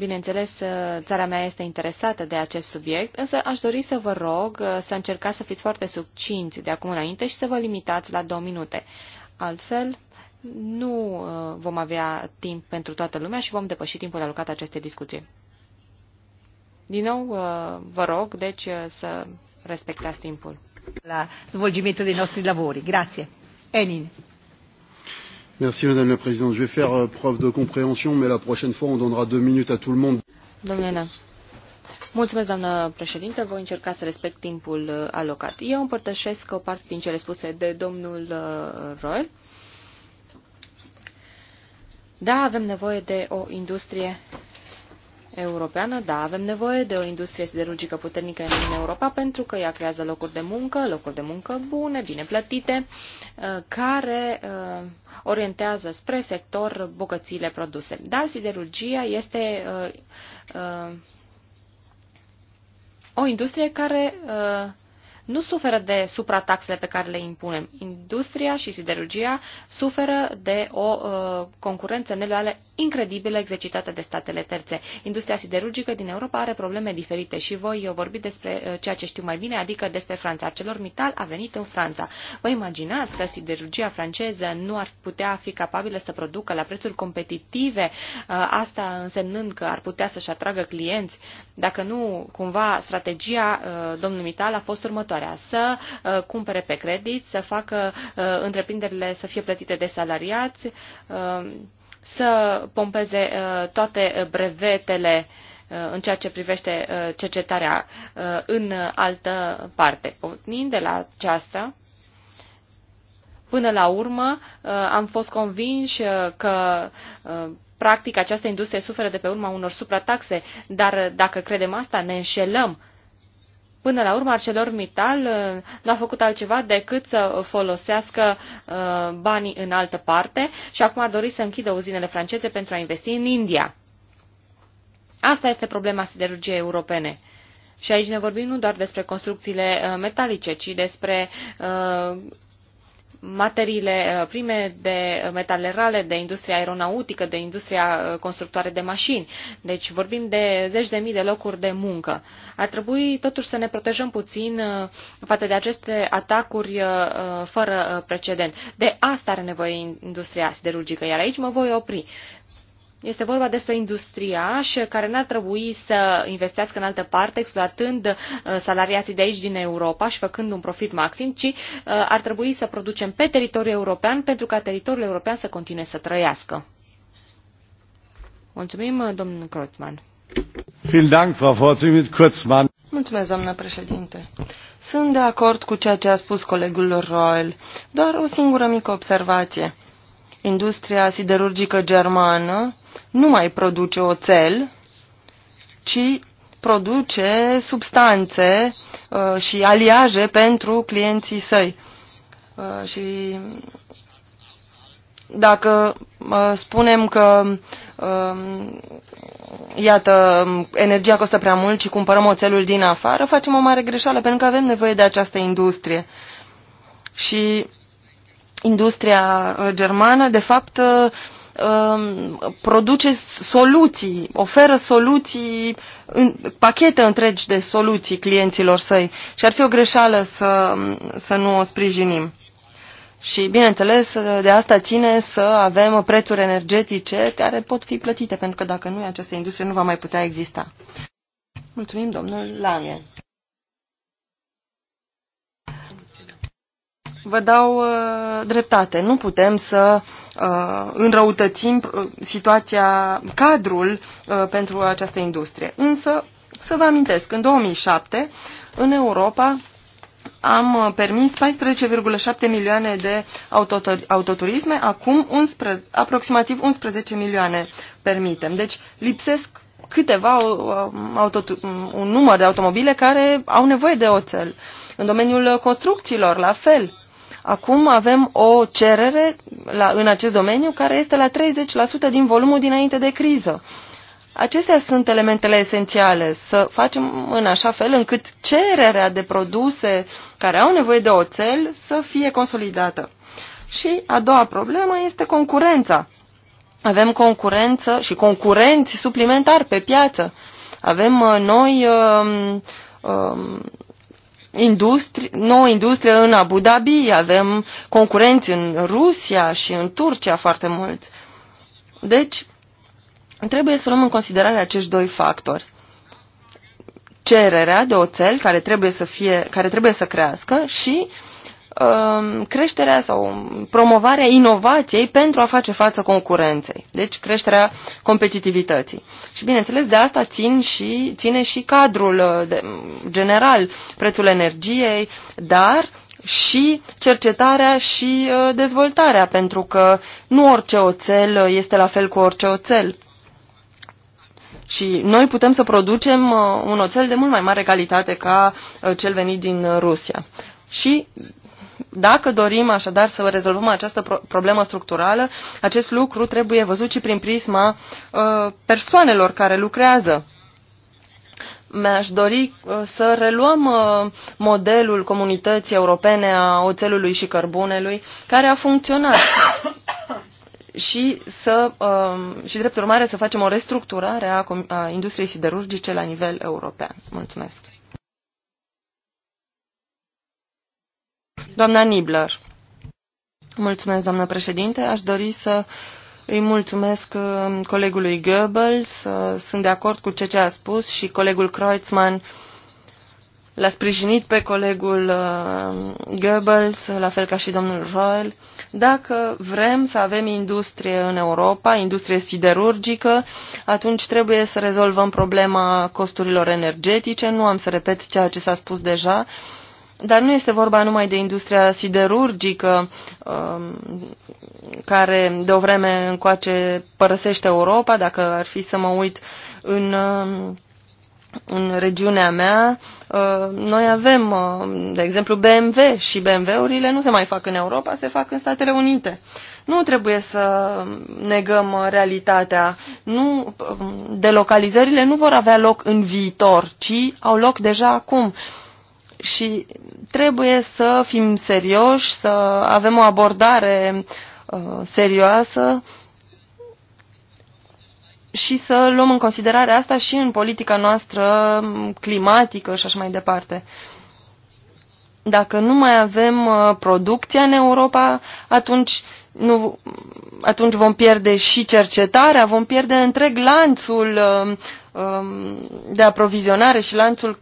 Speaker 2: Bineînțeles, uh, țara mea este interesată de acest subiect, însă aș dori să vă rog uh, să încercați să fiți foarte succinți de acum înainte și să vă limitați la două minute. Altfel, nu uh, vom avea timp pentru toată lumea și vom depăși timpul alocat acestei discuții. Din nou, vă rog, deci, să respectați timpul. La svolgimentul dei nostri lavori. Grazie. Enin.
Speaker 1: Merci, Madame la Présidente. Je vais faire euh, preuve de compréhension, mais la prochaine fois, on donnera deux minutes à tout le monde.
Speaker 2: Domnule, Mulțumesc, doamnă președinte. Voi încerca să respect timpul uh, alocat. Eu împărtășesc o parte din cele spuse de domnul uh, Roy. Da, avem nevoie de o industrie europeană, da, avem nevoie de o industrie siderurgică puternică în Europa pentru că ea creează locuri de muncă, locuri de muncă bune, bine plătite, uh, care uh, orientează spre sector bogățiile produse. Dar siderurgia este uh, o industrie care nu suferă de suprataxele pe care le impunem. Industria și siderurgia suferă de o uh, concurență neloială incredibilă exercitată de statele terțe. Industria siderurgică din Europa are probleme diferite și voi vorbi despre uh, ceea ce știu mai bine, adică despre Franța. mital a venit în Franța. Vă imaginați că siderurgia franceză nu ar putea fi capabilă să producă la prețuri competitive, uh, asta însemnând că ar putea să-și atragă clienți, dacă nu cumva strategia uh, domnului Mital a fost următoarea, să cumpere pe credit, să facă întreprinderile să fie plătite de salariați, să pompeze uh, toate brevetele uh, în ceea ce privește uh, cercetarea în altă parte. Pornind de la aceasta, până la urmă am fost convinși că practic această industrie suferă de pe urma unor suprataxe, dar dacă credem asta, ne înșelăm Până la urmă, ArcelorMittal uh, nu a făcut altceva decât să folosească uh, banii în altă parte și acum ar dori să închidă uzinele franceze pentru a investi în India. Asta este problema siderurgiei europene. Și aici ne vorbim nu doar despre construcțiile uh, metalice, ci despre materiile uh, prime de metale rale, de industria aeronautică, de industria uh, constructoare de mașini. Deci vorbim de zeci de mii de locuri de muncă. Ar trebui totuși să ne protejăm puțin uh, față de aceste atacuri fără precedent. De asta are nevoie industria siderurgică, iar aici mă voi opri. Este vorba despre industriași care n-ar trebui să investească în altă parte, exploatând uh, salariații de aici din Europa și făcând un profit maxim, ci uh, ar trebui să producem pe teritoriul european pentru ca teritoriul european să continue să trăiască.
Speaker 3: Mulțumim, uh, domnul Kreuzmann. Mulțumesc, doamnă președinte. Sunt de acord cu ceea ce a spus colegul Royal. Doar o singură mică observație industria siderurgică germană nu mai produce oțel, ci produce substanțe uh, și aliaje pentru clienții săi. Uh, și dacă uh, spunem că um, iată, energia costă prea mult și cumpărăm oțelul din afară, facem o mare greșeală pentru că avem nevoie de această industrie. Și industria germană, de fapt, Um, produce soluții, oferă soluții, în, pachete întregi de soluții clienților săi și ar fi o greșeală să, să nu o sprijinim. Și, bineînțeles, de asta ține să avem prețuri energetice care pot fi plătite, pentru că dacă nu, această industrie nu va mai putea exista. Mulțumim, domnul Lange. Vă dau uh, dreptate. Nu putem să uh, înrăutățim uh, situația, cadrul uh, pentru această industrie. Însă, să vă amintesc, în 2007, în Europa, am uh, permis 14,7 milioane de autoturisme, acum 11, aproximativ 11 milioane permitem. Deci lipsesc câteva uh, un număr de automobile care au nevoie de oțel. În domeniul construcțiilor, la fel. Acum avem o cerere la, în acest domeniu care este la 30% din volumul dinainte de criză. Acestea sunt elementele esențiale, să facem în așa fel încât cererea de produse care au nevoie de oțel să fie consolidată. Și a doua problemă este concurența. Avem concurență și concurenți suplimentari pe piață. Avem uh, noi uh, um, um, industrie, nouă industrie în Abu Dhabi, avem concurenți în Rusia și în Turcia foarte mult, Deci, trebuie să luăm în considerare acești doi factori. Cererea de oțel care trebuie să, fie, care trebuie să crească și uh, Um, creșterea sau promovarea inovației pentru a face față concurenței, deci creșterea competitivității. Și bineînțeles de asta țin și, ține și cadrul uh, de, general, prețul energiei, dar și cercetarea și uh, dezvoltarea, pentru că nu orice oțel uh, este la fel cu orice oțel. Și noi putem să producem un oțel de mult mai mare calitate ca cel venit din Rusia. Și dacă dorim așadar să rezolvăm această problemă structurală, acest lucru trebuie văzut și prin prisma uh, persoanelor care lucrează mi-aș dori uh, să reluăm uh, modelul comunității europene a oțelului și cărbunelui, care a funcționat și, să, um, și, drept urmare, să facem o restructurare a industriei siderurgice la nivel european. Mulțumesc! Doamna Nibler. Mulțumesc, doamnă președinte. Aș dori să îi mulțumesc um, colegului Goebbels. Sunt de acord cu ceea ce a spus și colegul Kreutzmann l-a sprijinit pe colegul um, Goebbels, la fel ca și domnul Roel. Dacă vrem să avem industrie în Europa, industrie siderurgică, atunci trebuie să rezolvăm problema costurilor energetice. Nu am să repet ceea ce s-a spus deja. Dar nu este vorba numai de industria siderurgică um, care de o vreme încoace părăsește Europa, dacă ar fi să mă uit în, um, în regiunea mea, uh, noi avem, uh, de exemplu, BMW și BMW-urile nu se mai fac în Europa, se fac în Statele Unite. Nu trebuie să negăm realitatea. Nu, um, delocalizările nu vor avea loc în viitor, ci au loc deja acum și trebuie să fim serioși, să avem o abordare uh, serioasă și să luăm în considerare asta și în politica noastră mm, climatică și așa mai departe. Dacă nu mai avem uh, producția în Europa, atunci, nu, atunci vom pierde și cercetarea, vom pierde întreg lanțul uh, um, de aprovizionare și lanțul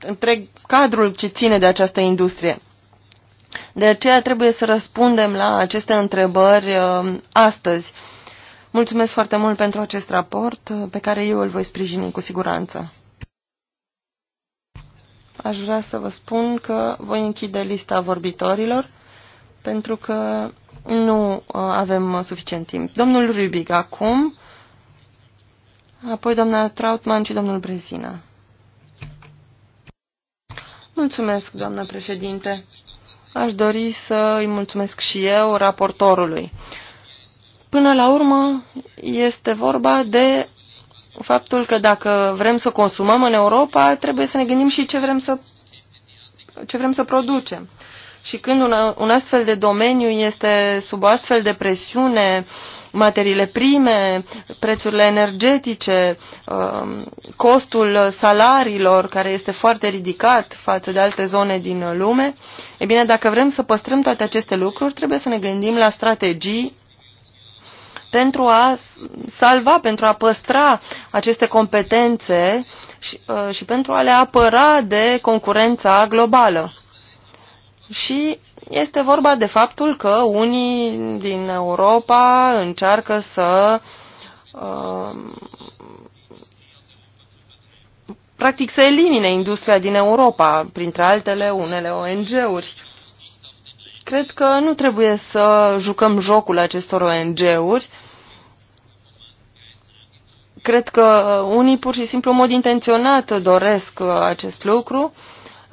Speaker 3: întreg cadrul ce ține de această industrie. De aceea trebuie să răspundem la aceste întrebări uh, astăzi. Mulțumesc foarte mult pentru acest raport, uh, pe care eu îl voi sprijini cu siguranță. Aș vrea să vă spun că voi închide lista vorbitorilor, pentru că nu uh, avem suficient timp. Domnul Rubic acum, apoi doamna Trautman și domnul Brezina. Mulțumesc, doamnă președinte. Aș dori să îi mulțumesc și eu raportorului. Până la urmă, este vorba de faptul că dacă vrem să consumăm în Europa, trebuie să ne gândim și ce vrem să, ce vrem să producem. Și când un, un astfel de domeniu este sub astfel de presiune uh, materiile prime, prețurile energetice, um, costul salariilor, care este foarte ridicat față de alte zone din lume. E bine, dacă vrem să păstrăm toate aceste lucruri, trebuie să ne gândim la strategii pentru a salva, pentru a păstra aceste competențe și, uh, și pentru a le apăra de concurența globală. Și este vorba de faptul că unii din Europa încearcă să uh, practic să elimine industria din Europa, printre altele unele ONG-uri. Cred că nu trebuie să jucăm jocul acestor ONG-uri. Cred că unii pur și simplu în mod intenționat doresc acest lucru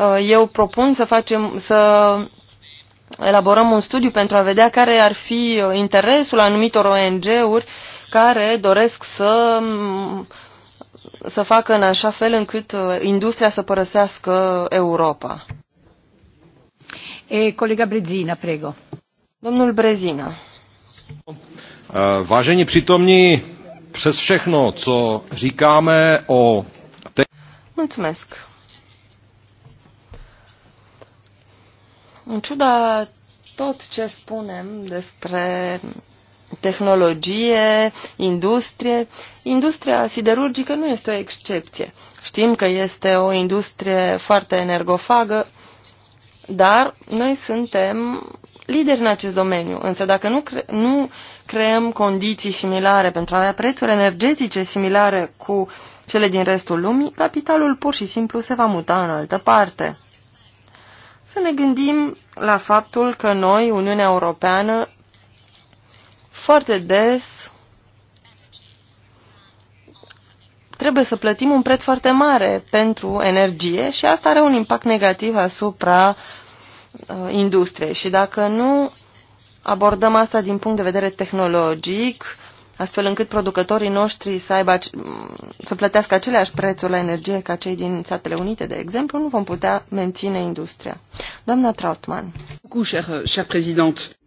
Speaker 3: Uh, eu propun să facem, să elaborăm un studiu pentru a vedea care ar fi interesul anumitor ONG-uri care doresc să, să facă în așa fel încât uh, industria să părăsească Europa. E, colega Brezina, prego. Domnul Brezina. Uh, vážení přítomní, přes všechno, co říkáme o... Mulțumesc. În ciuda tot ce spunem despre tehnologie, industrie. Industria siderurgică nu este o excepție. Știm că este o industrie foarte energofagă, dar noi suntem lideri în acest domeniu. Însă dacă nu, cre- nu creăm condiții similare pentru a avea prețuri energetice similare cu cele din restul lumii, capitalul pur și simplu se va muta în altă parte să ne gândim la faptul că noi, Uniunea Europeană, foarte des trebuie să plătim un preț foarte mare pentru energie și asta are un impact negativ asupra uh, industriei. Și dacă nu abordăm asta din punct de vedere tehnologic, astfel încât producătorii noștri să, aibă, să plătească aceleași prețuri la energie ca cei din Statele Unite, de exemplu, nu vom putea menține industria. Doamna Trautmann.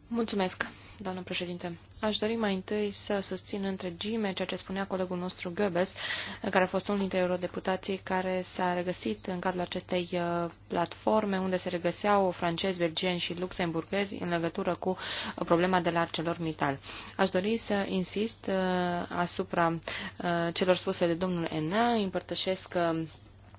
Speaker 2: Mulțumesc doamnă președinte. Aș dori mai întâi să susțin întregime ceea ce spunea colegul nostru Goebbels, care a fost unul dintre eurodeputații care s-a regăsit în cadrul acestei uh, platforme, unde se regăseau francezi, belgieni și luxemburghezi în legătură cu problema de la ArcelorMittal. Aș dori să insist uh, asupra uh, celor spuse de domnul Enna, împărtășesc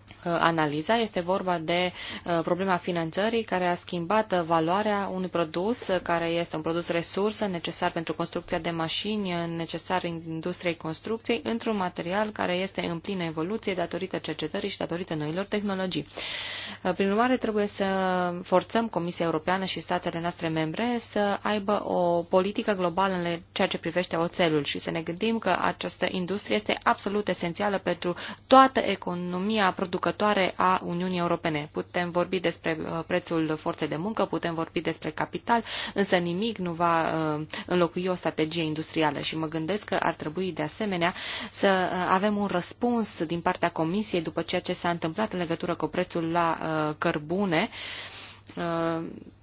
Speaker 2: Uh, analiza. Este vorba de uh, problema finanțării care a schimbat uh, valoarea unui produs care este un produs resursă necesar pentru construcția de mașini, necesar industriei construcției, într-un material care este în plină evoluție datorită cercetării și datorită noilor tehnologii. Prin urmare, trebuie să forțăm Comisia Europeană și statele noastre membre să aibă o politică globală în ceea ce privește oțelul și să ne gândim că această industrie este absolut esențială pentru toată economia producției producătoare a Uniunii Europene. Putem vorbi despre uh, prețul forței de muncă, putem vorbi despre capital, însă nimic nu va uh, înlocui o strategie industrială și mă gândesc că ar trebui de asemenea să uh, avem un răspuns din partea Comisiei după ceea ce s-a întâmplat în legătură cu prețul la cărbune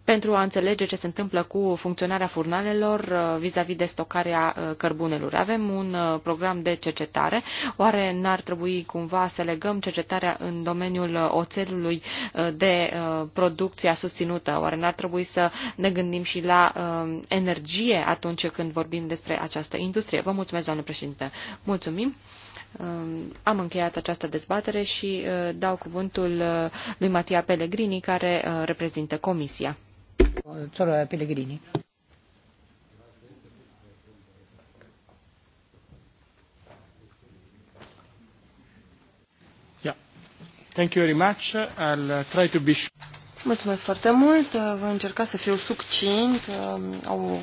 Speaker 2: pentru a înțelege ce se întâmplă cu funcționarea furnalelor uh, vis-a-vis -vis de stocarea uh, cărbunelor. Avem un uh, program de cercetare. Oare n-ar trebui cumva să legăm cercetarea în domeniul oțelului de producția susținută? Oare n-ar trebui să ne gândim și la energie atunci când vorbim despre această industrie? Vă mulțumesc, doamnă președinte. Mulțumim. Am încheiat această dezbatere și dau cuvântul lui Matia Pellegrini, care reprezintă Comisia. Solo Pellegrini.
Speaker 3: Thank you very much. I'll try to be Mulțumesc foarte mult. Voi încerca să fiu succint. Au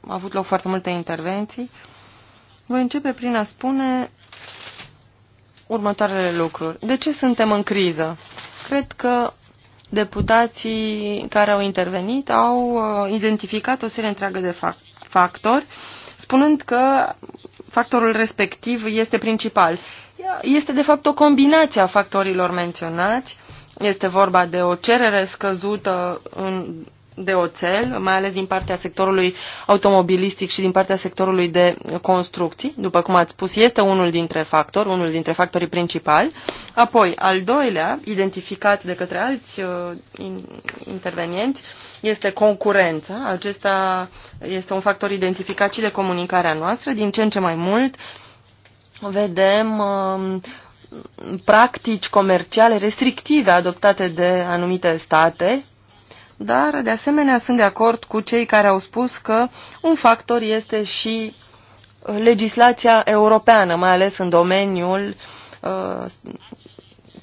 Speaker 3: avut loc foarte multe intervenții. Voi începe prin a spune următoarele lucruri. De ce suntem în criză? Cred că Deputații care au intervenit au uh, identificat o serie întreagă de factori, spunând că factorul respectiv este principal. Este de fapt o combinație a factorilor menționați. Este vorba de o cerere scăzută în, de oțel, mai ales din partea sectorului automobilistic și din partea sectorului de construcții. După cum ați spus, este unul dintre factori, unul dintre factorii principali. Apoi, al doilea, identificat de către alți uh, intervenienți, este concurența. Acesta este un factor identificat și de comunicarea noastră. Din ce în ce mai mult vedem uh, practici comerciale restrictive adoptate de anumite state, dar de asemenea sunt de acord cu cei care au spus că un factor este și uh, legislația europeană, mai ales în domeniul uh,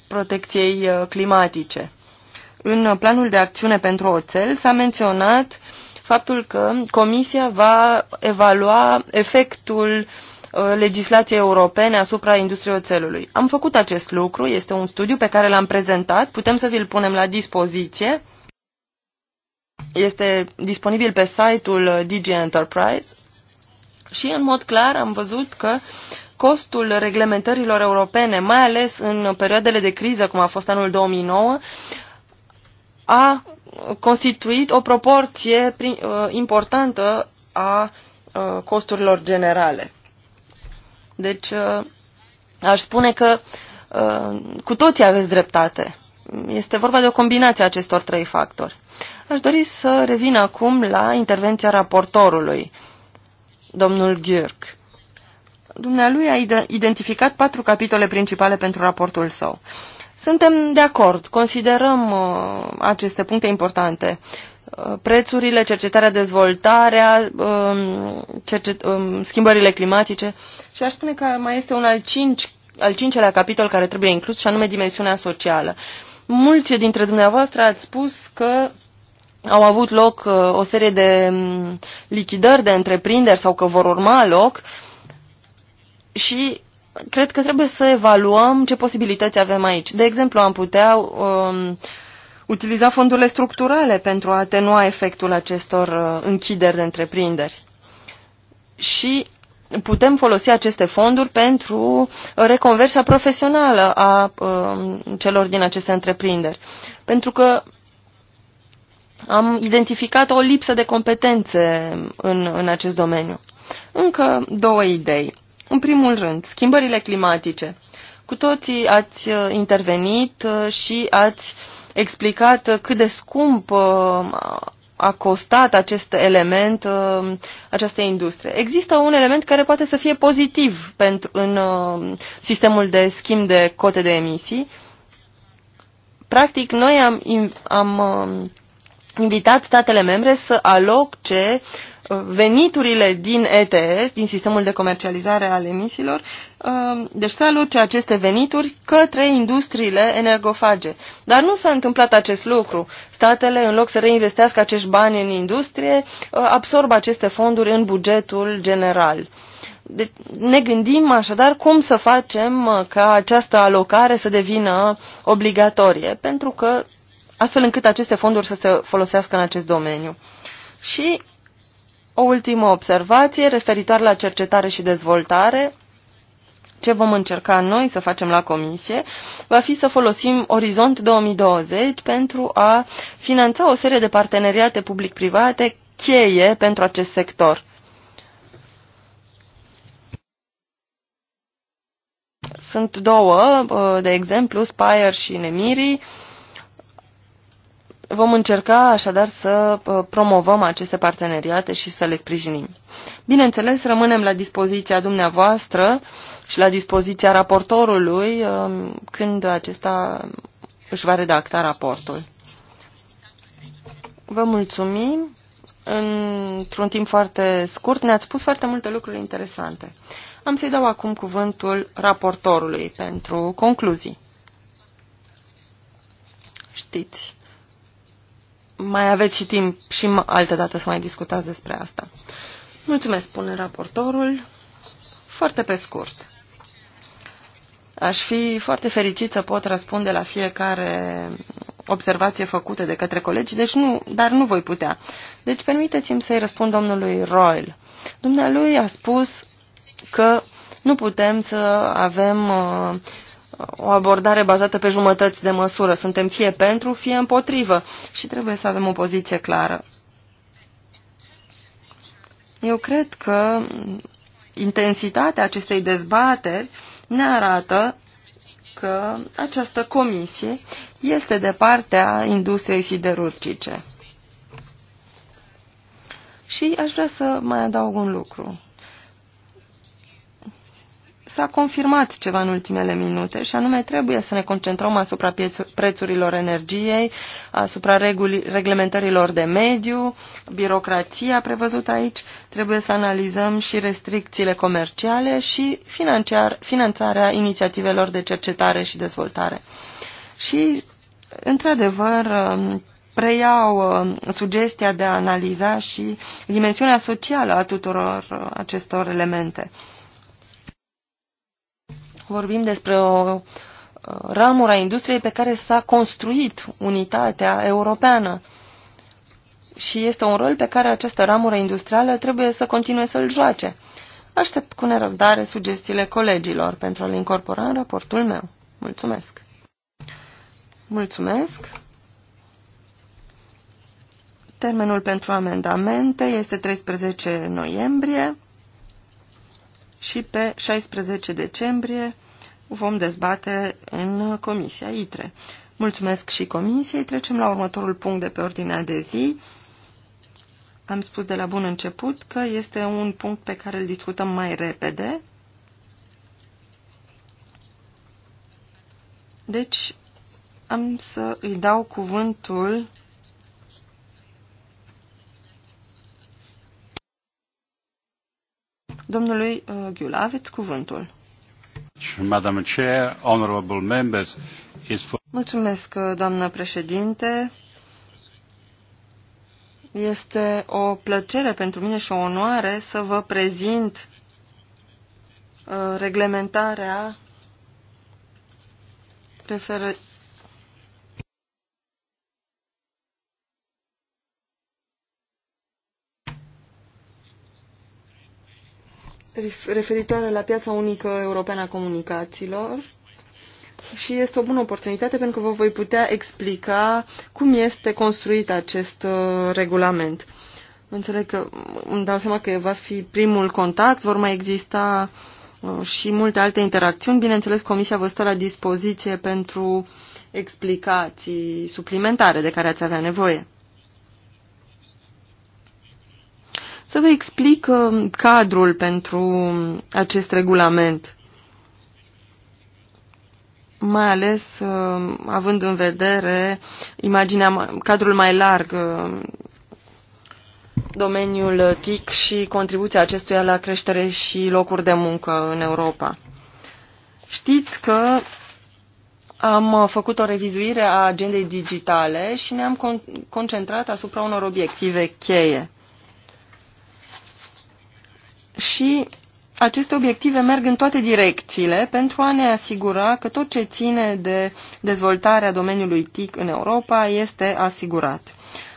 Speaker 3: protecției uh, climatice. În planul de acțiune pentru oțel s-a menționat faptul că Comisia va evalua efectul uh, legislației europene asupra industriei oțelului. Am făcut acest lucru, este un studiu pe care l-am prezentat, putem să vi-l punem la dispoziție este disponibil pe site-ul DG Enterprise și în mod clar am văzut că costul reglementărilor europene, mai ales în perioadele de criză, cum a fost anul 2009, a constituit o proporție uh, importantă a uh, costurilor generale. Deci, uh, aș spune că cu toții aveți dreptate. Este vorba de o combinație a acestor trei factori. Aș dori să revin acum la intervenția raportorului, domnul Ghiurc. Dumnealui a identificat patru capitole principale pentru raportul său. Suntem de acord, considerăm uh, aceste puncte importante. Uh, prețurile, cercetarea, dezvoltarea, uh, cercet, uh, schimbările climatice și aș spune că mai este un al, cinci, al cincelea capitol care trebuie inclus și anume dimensiunea socială. Mulți dintre dumneavoastră ați spus că au avut loc uh, o serie de mm, lichidări de întreprinderi sau că vor urma loc și cred că trebuie să evaluăm ce posibilități avem aici. De exemplu, am putea um, utiliza fondurile structurale pentru a atenua efectul acestor uh, închideri de întreprinderi. Și putem folosi aceste fonduri pentru reconversia profesională a uh, celor din aceste întreprinderi. Pentru că am identificat o lipsă de competențe în, în acest domeniu. Încă două idei. În primul rând, schimbările climatice. Cu toții ați uh, intervenit uh, și ați explicat cât de scump uh, a costat acest element, această industrie. Există un element care poate să fie pozitiv pentru, în sistemul de schimb de cote de emisii. Practic, noi am, am invitat statele membre să aloce uh, veniturile din ETS, din sistemul de comercializare al emisiilor, uh, deci să aloce aceste venituri către industriile energofage. Dar nu s-a întâmplat acest lucru. Statele, în loc să reinvestească acești bani în industrie, uh, absorb aceste fonduri în bugetul general. De deci, ne gândim așadar cum să facem ca această alocare să devină obligatorie, pentru că astfel încât aceste fonduri să se folosească în acest domeniu. Și o ultimă observație referitoare la cercetare și dezvoltare. Ce vom încerca noi să facem la comisie va fi să folosim Orizont 2020 pentru a finanța o serie de parteneriate public-private cheie pentru acest sector. Sunt două, uh, de exemplu, Spire și Nemiri, Vom încerca așadar să uh, promovăm aceste parteneriate și să le sprijinim. Bineînțeles, rămânem la dispoziția dumneavoastră și la dispoziția raportorului um, când acesta își va redacta raportul. Vă mulțumim. Într-un timp foarte scurt ne-ați spus foarte multe lucruri interesante. Am să-i dau acum cuvântul raportorului pentru concluzii. Știți mai aveți și timp și altă dată să mai discutați despre asta. Mulțumesc, spune raportorul. Foarte pe scurt. Aș fi foarte fericit să pot răspunde la fiecare observație făcută de către colegi, deci nu, dar nu voi putea. Deci permiteți-mi să-i răspund domnului Royal. Dumnealui a spus că nu putem să avem uh, o abordare bazată pe jumătăți de măsură. Suntem fie pentru, fie împotrivă și trebuie să avem o poziție clară. Eu cred că intensitatea acestei dezbateri ne arată că această comisie este de partea industriei siderurgice. Și aș vrea să mai adaug un lucru s-a confirmat ceva în ultimele minute și anume trebuie să ne concentrăm asupra prețurilor energiei, asupra reguli, reglementărilor de mediu, birocrația prevăzută aici, trebuie să analizăm și restricțiile comerciale și financiar, finanțarea inițiativelor de cercetare și dezvoltare. Și, într-adevăr, um, preiau um, sugestia de a analiza și dimensiunea socială a tuturor uh, acestor elemente vorbim despre o ramură a industriei pe care s-a construit unitatea europeană. Și este un rol pe care această ramură industrială trebuie să continue să-l joace. Aștept cu nerăbdare sugestiile colegilor pentru a l incorpora în raportul meu. Mulțumesc! Mulțumesc! Termenul pentru amendamente este 13 noiembrie și pe 16 decembrie vom dezbate în Comisia ITRE. Mulțumesc și Comisiei. Trecem la următorul punct de pe ordinea de zi. Am spus de la bun început că este un punct pe care îl discutăm mai repede. Deci am să îi dau cuvântul Domnului uh, Ghiul, aveți cuvântul.
Speaker 1: Madam Chair, honorable members, is for...
Speaker 3: Mulțumesc, uh, doamnă președinte. Este o plăcere pentru mine și o onoare să vă prezint uh, reglementarea refer referitoare la piața unică europeană a comunicațiilor și este o bună oportunitate pentru că vă voi putea explica cum este construit acest uh, regulament. Înțeleg că îmi dau seama că va fi primul contact, vor mai exista uh, și multe alte interacțiuni. Bineînțeles, Comisia vă stă la dispoziție pentru explicații suplimentare de care ați avea nevoie. Să vă explic uh, cadrul pentru acest regulament, mai ales uh, având în vedere imaginea, cadrul mai larg, uh, domeniul TIC și contribuția acestuia la creștere și locuri de muncă în Europa. Știți că am făcut o revizuire a agendei digitale și ne-am concentrat asupra unor obiective cheie și aceste obiective merg în toate direcțiile pentru a ne asigura că tot ce ține de dezvoltarea domeniului TIC în Europa este asigurat.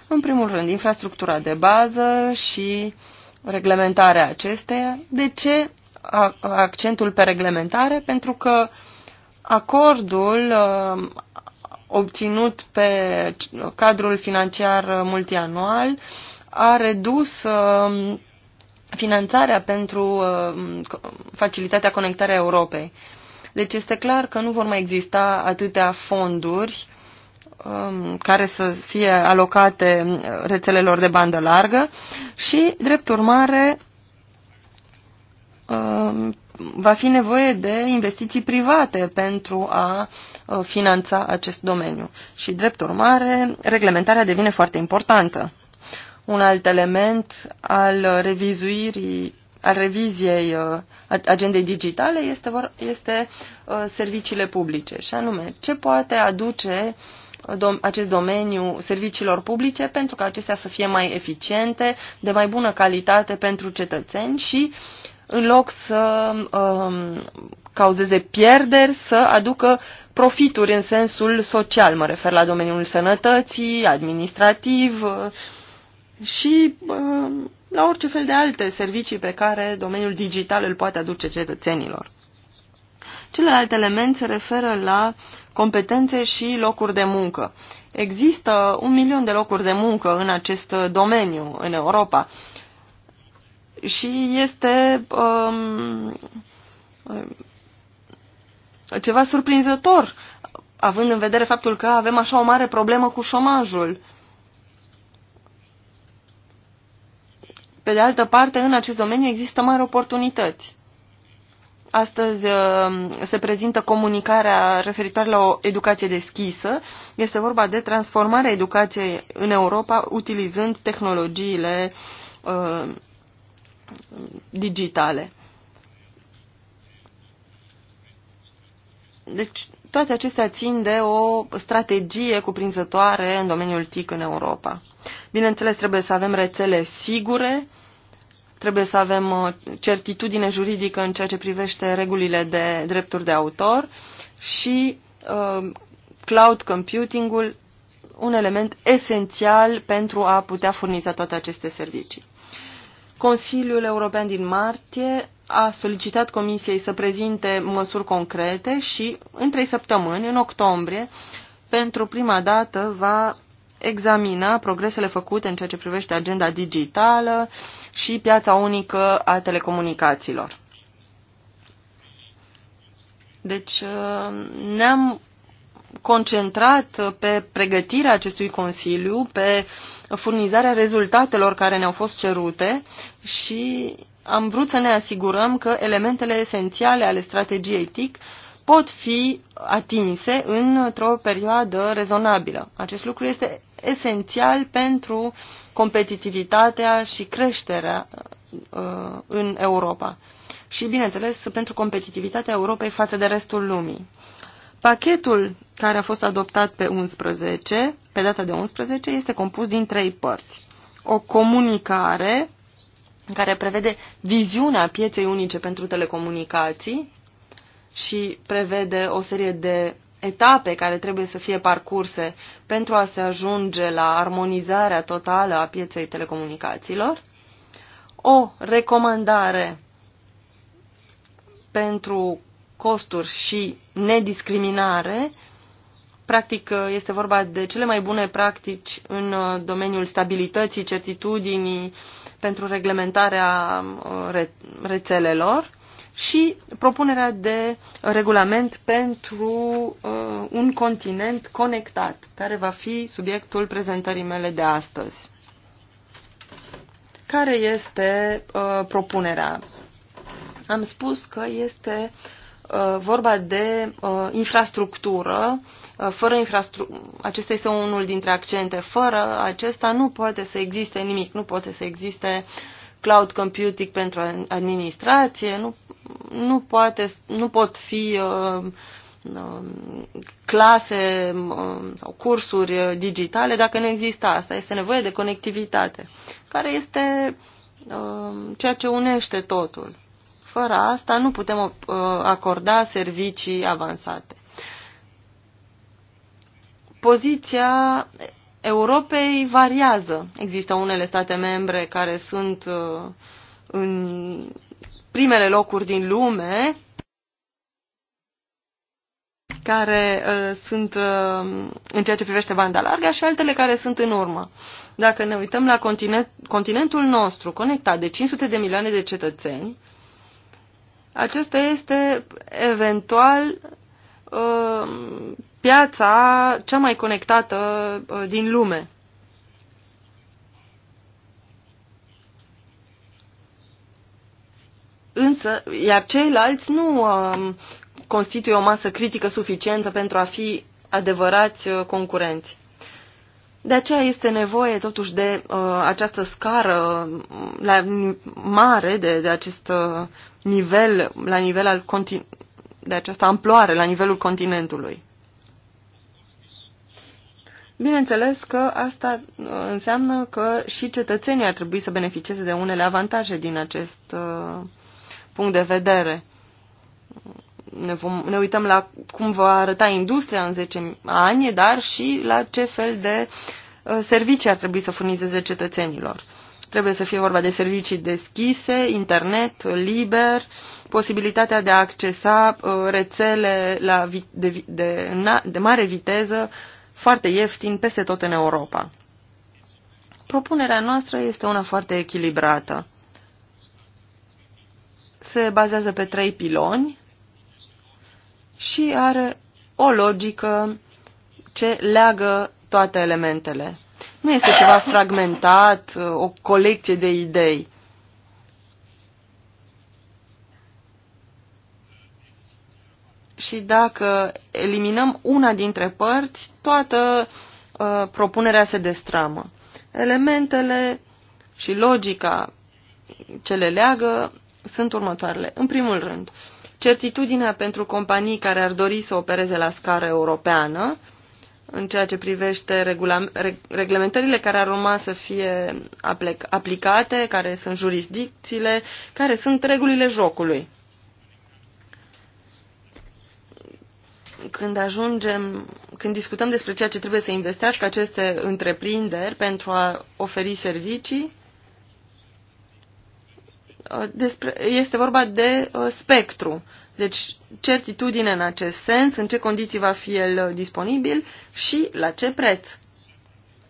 Speaker 3: În primul rând, infrastructura de bază și reglementarea acesteia. De ce accentul pe reglementare? Pentru că acordul uh, obținut pe cadrul financiar multianual a redus uh, finanțarea pentru uh, facilitatea conectarea Europei. Deci este clar că nu vor mai exista atâtea fonduri um, care să fie alocate uh, rețelelor de bandă largă și, drept urmare, um, va fi nevoie de investiții private pentru a uh, finanța acest domeniu. Și, drept urmare, reglementarea devine foarte importantă un alt element al revizuirii, al reviziei uh, agendei digitale este, vor, este uh, serviciile publice, și anume ce poate aduce uh, dom acest domeniu serviciilor publice pentru ca acestea să fie mai eficiente, de mai bună calitate pentru cetățeni și în loc să um, cauzeze pierderi, să aducă profituri în sensul social, mă refer la domeniul sănătății, administrativ, uh, și uh, la orice fel de alte servicii pe care domeniul digital îl poate aduce cetățenilor. Celălalt element se referă la competențe și locuri de muncă. Există un milion de locuri de muncă în acest domeniu în Europa și este um, ceva surprinzător, având în vedere faptul că avem așa o mare problemă cu șomajul. Uh, Pe de altă parte, în acest domeniu există mari oportunități. Astăzi uh, se prezintă comunicarea referitoare la o educație deschisă. Este vorba de transformarea educației în Europa utilizând tehnologiile uh, digitale. Deci, toate acestea țin de o strategie cuprinzătoare în domeniul TIC în Europa. Bineînțeles, trebuie să avem rețele sigure, Trebuie să avem uh, certitudine juridică în ceea ce privește regulile de drepturi de autor și uh, cloud computing-ul un element esențial pentru a putea furniza toate aceste servicii. Consiliul European din martie a solicitat Comisiei să prezinte măsuri concrete și, în trei săptămâni, în octombrie, pentru prima dată va examina progresele făcute în ceea ce privește agenda digitală, și piața unică a telecomunicațiilor. Deci uh, ne-am concentrat pe pregătirea acestui Consiliu, pe furnizarea rezultatelor care ne-au fost cerute și am vrut să ne asigurăm că elementele esențiale ale strategiei TIC pot fi atinse într-o perioadă rezonabilă. Acest lucru este esențial pentru competitivitatea și creșterea uh, în Europa. Și, bineînțeles, pentru competitivitatea Europei față de restul lumii. Pachetul care a fost adoptat pe 11, pe data de 11, este compus din trei părți. O comunicare care prevede viziunea pieței unice pentru telecomunicații și prevede o serie de etape care trebuie să fie parcurse pentru a se ajunge la armonizarea totală a pieței telecomunicațiilor, o recomandare pentru costuri și nediscriminare, practic este vorba de cele mai bune practici în uh, domeniul stabilității, certitudinii pentru reglementarea uh, rețelelor, și propunerea de regulament pentru uh, un continent conectat, care va fi subiectul prezentării mele de astăzi. Care este uh, propunerea? Am spus că este uh, vorba de uh, infrastructură. Uh, fără infrastru acesta este unul dintre accente. Fără acesta nu poate să existe nimic, nu poate să existe uh, cloud computing pentru administrație, nu, nu, poate, nu pot fi uh, um, clase um, sau cursuri uh, digitale dacă nu există asta. Este nevoie de conectivitate, care este um, ceea ce unește totul. Fără asta nu putem uh, acorda servicii avansate. Poziția Europei variază. Există unele state membre care sunt uh, în primele locuri din lume, care uh, sunt uh, în ceea ce privește banda largă și altele care sunt în urmă. Dacă ne uităm la continent, continentul nostru conectat de 500 de milioane de cetățeni, acesta este eventual piața cea mai conectată uh, din lume. Însă, iar ceilalți nu um, constituie o masă critică suficientă pentru a fi adevărați uh, concurenți. De aceea este nevoie totuși de uh, această scară um, la, mare, de, de acest uh, nivel, la nivel al de această amploare la nivelul continentului. Bineînțeles că asta uh, înseamnă că și cetățenii ar trebui să beneficieze de unele avantaje din acest uh, punct de vedere. Ne, vom, ne uităm la cum va arăta industria în 10 ani, dar și la ce fel de uh, servicii ar trebui să furnizeze cetățenilor. Trebuie să fie vorba de servicii deschise, internet, liber, posibilitatea de a accesa rețele la, de, de, de mare viteză foarte ieftin peste tot în Europa. Propunerea noastră este una foarte echilibrată. Se bazează pe trei piloni și are o logică ce leagă toate elementele. Nu este ceva fragmentat, o colecție de idei. și dacă eliminăm una dintre părți, toată uh, propunerea se destramă. Elementele și logica ce le leagă sunt următoarele. În primul rând, certitudinea pentru companii care ar dori să opereze la scară europeană, în ceea ce privește reglementările care ar urma să fie aplicate, care sunt jurisdicțiile, care sunt regulile jocului. când ajungem, când discutăm despre ceea ce trebuie să investească aceste întreprinderi pentru a oferi servicii, uh, despre, este vorba de uh, spectru. Deci, certitudine în acest sens, în ce condiții va fi el uh, disponibil și la ce preț.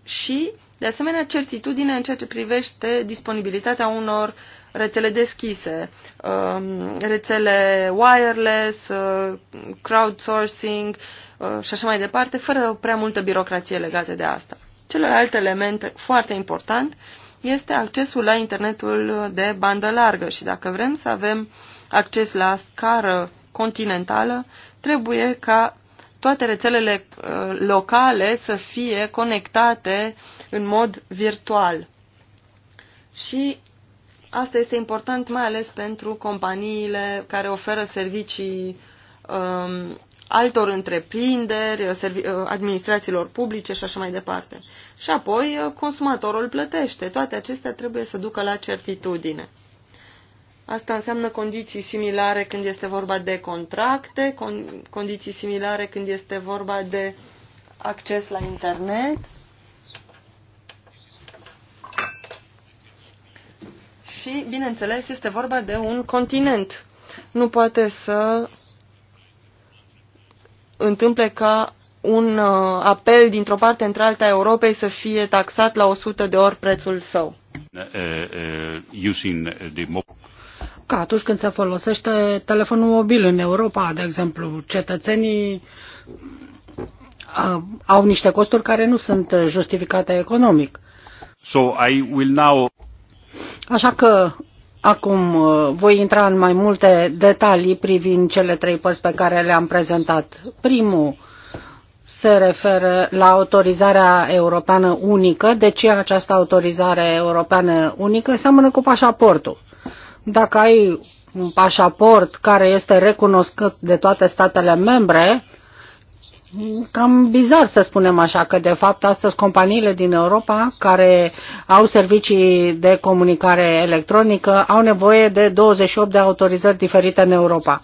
Speaker 3: Și, de asemenea, certitudine în ceea ce privește disponibilitatea unor rețele deschise, um, rețele wireless, uh, crowdsourcing uh, și așa mai departe, fără prea multă birocrație legată de asta. Celălalt element foarte important este accesul la internetul de bandă largă și dacă vrem să avem acces la scară continentală, trebuie ca toate rețelele uh, locale să fie conectate în mod virtual. Și Asta este important mai ales pentru companiile care oferă servicii um, altor întreprinderi, uh, administrațiilor publice și așa mai departe. Și apoi uh, consumatorul plătește. Toate acestea trebuie să ducă la certitudine. Asta înseamnă condiții similare când este vorba de contracte, condiții similare când este vorba de acces la internet Și, bineînțeles, este vorba de un continent. Nu poate să întâmple ca un uh, apel dintr-o parte într-alta a Europei să fie taxat la 100 de ori prețul său.
Speaker 1: Uh, uh, ca atunci când se folosește telefonul mobil în Europa, de exemplu, cetățenii au niște costuri care nu sunt justificate economic. So I will now... Așa că acum uh, voi intra în mai multe detalii privind cele trei părți pe care le-am prezentat. Primul se referă la autorizarea europeană unică. De ce această autorizare europeană unică? Seamănă cu pașaportul. Dacă ai un pașaport care este recunoscut de toate statele membre, cam bizar să spunem așa, că de fapt astăzi companiile din Europa care au servicii de comunicare electronică au nevoie de 28 de autorizări diferite în Europa.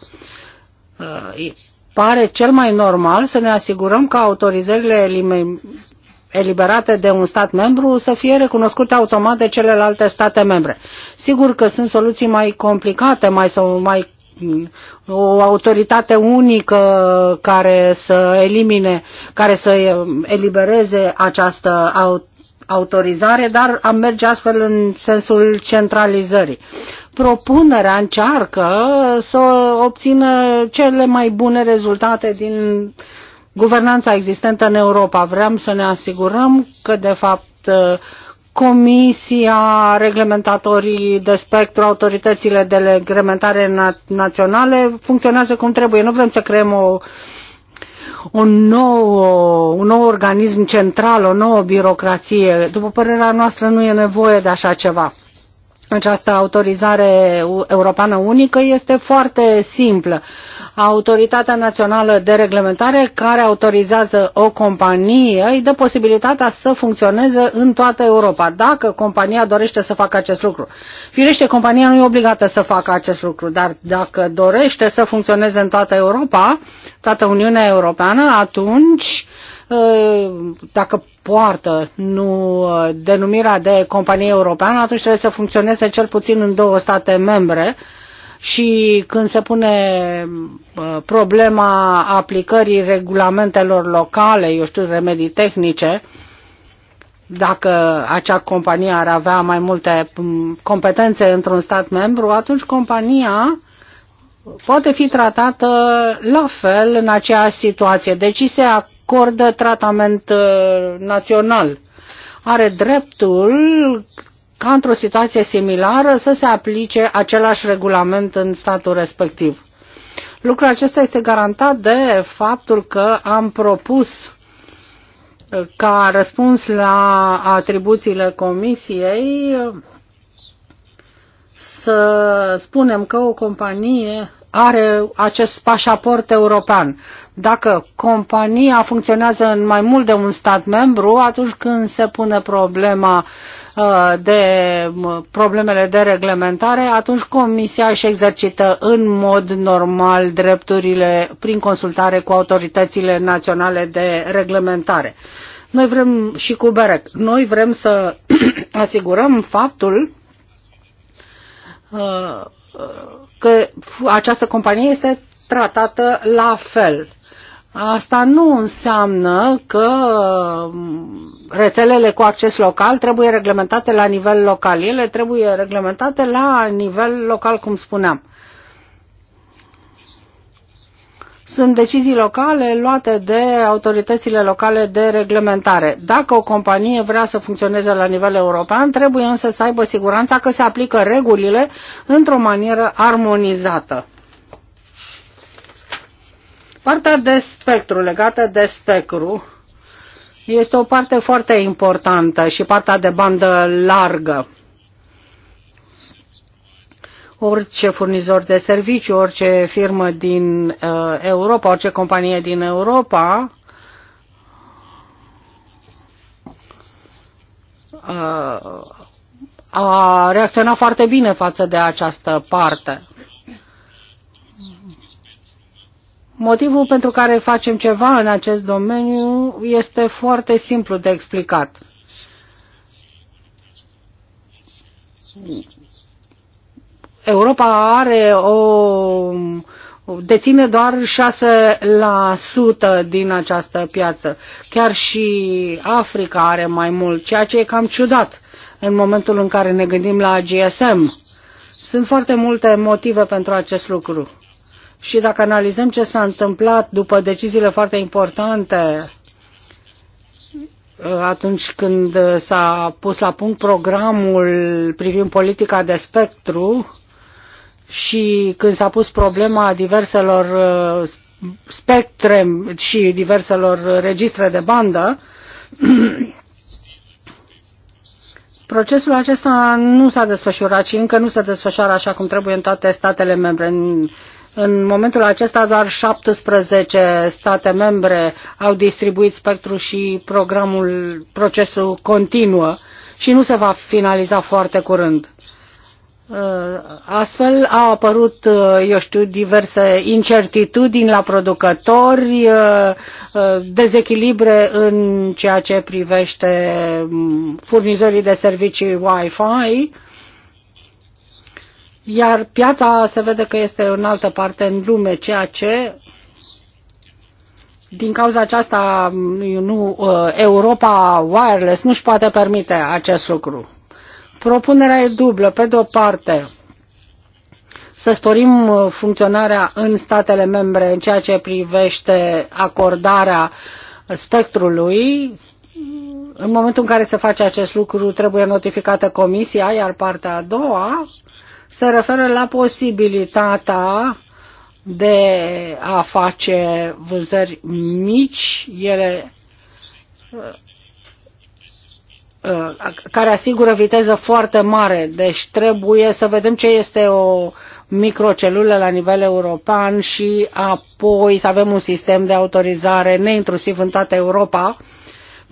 Speaker 1: Uh, pare cel mai normal să ne asigurăm că autorizările eliberate de un stat membru să fie recunoscute automat de celelalte state membre. Sigur că sunt soluții mai complicate, mai, sau mai o autoritate unică care să elimine, care să elibereze această autorizare, dar am merge astfel în sensul centralizării. Propunerea încearcă să obțină cele mai bune rezultate din guvernanța existentă în Europa. Vrem să ne asigurăm că, de fapt, Comisia Reglementatorii de Spectru, autoritățile de reglementare na- naționale funcționează cum trebuie. Nu vrem să creăm o, o nouă, un nou organism central, o nouă birocrație. După părerea noastră nu e nevoie de așa ceva. Această autorizare europeană unică este foarte simplă. Uh, Autoritatea Națională de Reglementare care autorizează o companie îi dă posibilitatea să funcționeze în toată Europa, dacă compania dorește să facă acest lucru. Firește, compania nu e obligată să facă acest lucru, dar dacă dorește să funcționeze în toată Europa, toată Uniunea Europeană, atunci ă, dacă poartă nu denumirea de companie europeană, atunci trebuie să funcționeze cel puțin în două state membre, și când se pune problema aplicării regulamentelor locale, eu știu, remedii tehnice, dacă acea companie ar avea mai multe competențe într-un stat membru, atunci compania poate fi tratată la fel în aceeași situație. Deci se acordă tratament uh, național. Are dreptul ca într-o situație similară să se aplice același regulament în statul respectiv. Lucrul acesta este garantat de faptul că am propus uh, ca răspuns la atribuțiile comisiei să spunem că o companie are acest pașaport european. Dacă compania funcționează în mai mult de un stat membru, atunci când se pune problema Uh, de uh, problemele de reglementare, atunci Comisia își exercită în mod normal drepturile prin consultare cu autoritățile naționale de reglementare. Noi vrem și cu BEREC, noi vrem să asigurăm faptul uh, că această companie este tratată la fel Asta nu înseamnă că mm, rețelele cu acces local trebuie reglementate la nivel local. Ele trebuie reglementate la nivel local, cum spuneam. Sunt decizii locale luate de autoritățile locale de reglementare. Dacă o companie vrea să funcționeze la nivel european, trebuie însă să aibă siguranța că se aplică regulile într-o manieră armonizată. Partea de spectru, legată de spectru, este o parte foarte importantă și partea de bandă largă. Orice furnizor de serviciu, orice firmă din uh, Europa, orice companie din Europa uh, a reacționat foarte bine față de această parte. Motivul pentru care facem ceva în acest domeniu este foarte simplu de explicat. Europa are o deține doar 6% din această piață. Chiar și Africa are mai mult, ceea ce e cam ciudat în momentul în care ne gândim la GSM. Sunt foarte multe motive pentru acest lucru. Și dacă analizăm ce s-a întâmplat după deciziile foarte importante uh, atunci când s-a pus la punct programul privind politica de spectru și când s-a pus problema diverselor uh, spectre și diverselor registre de bandă, procesul acesta nu s-a desfășurat și încă nu se desfășoară așa cum trebuie în toate statele membre. În momentul acesta doar 17 state membre au distribuit spectru și programul, procesul continuă și nu se va finaliza foarte curând. Uh, astfel au apărut, uh, eu știu, diverse incertitudini la producători, uh, dezechilibre în ceea ce privește mm, furnizorii de servicii Wi-Fi iar piața se vede că este în altă parte în lume, ceea ce din cauza aceasta nu, uh, Europa Wireless nu își poate permite acest lucru. Propunerea e dublă. Pe de o parte, să sporim uh, funcționarea în statele membre în ceea ce privește acordarea spectrului. În momentul în care se face acest lucru, trebuie notificată Comisia, iar partea a doua se referă la posibilitatea de a face vânzări mici, ele uh, uh, care asigură viteză foarte mare. Deci trebuie să vedem ce este o microcelulă la nivel european și apoi să avem un sistem de autorizare neintrusiv în toată Europa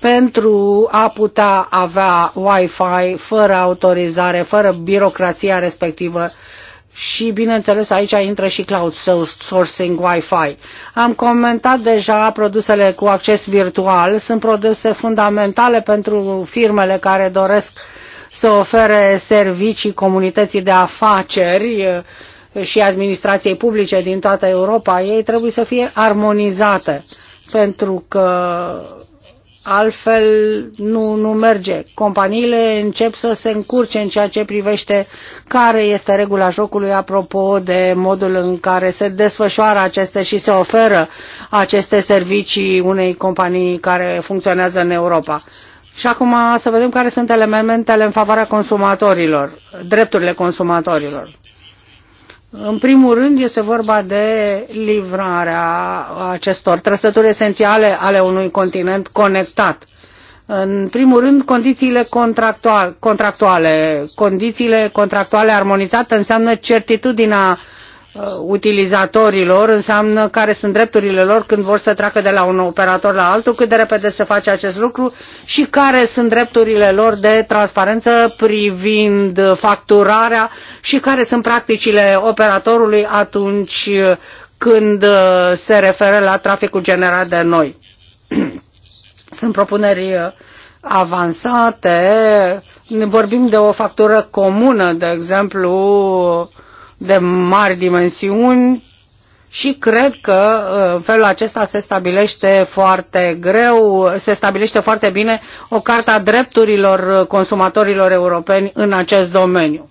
Speaker 1: pentru a putea avea Wi-Fi fără autorizare, fără birocrația respectivă și, bineînțeles, aici intră și cloud sourcing Wi-Fi. Am comentat deja produsele cu acces virtual. Sunt produse fundamentale pentru firmele care doresc să ofere servicii comunității de afaceri eh, și administrației publice din toată Europa. Ei trebuie să fie armonizate pentru că altfel nu, nu merge. Companiile încep să se încurce în ceea ce privește care este regula jocului apropo de modul în care se desfășoară aceste și se oferă aceste servicii unei companii care funcționează în Europa. Și acum să vedem care sunt elementele în favoarea consumatorilor, drepturile consumatorilor. În primul rând este vorba de livrarea acestor trăsături esențiale ale unui continent conectat. În primul rând, condițiile contractuale. Condițiile contractuale armonizate înseamnă certitudinea Uh, utilizatorilor înseamnă care sunt drepturile lor când vor să treacă de la un operator la altul, cât de repede se face acest lucru și care sunt drepturile lor de transparență privind facturarea și care sunt practicile operatorului atunci când uh, se referă la traficul generat de noi. Sunt propuneri uh, avansate, vorbim de o factură comună, de exemplu, de mari dimensiuni și cred că uh, în felul acesta se stabilește foarte greu, se stabilește foarte bine o carta drepturilor consumatorilor europeni în acest domeniu.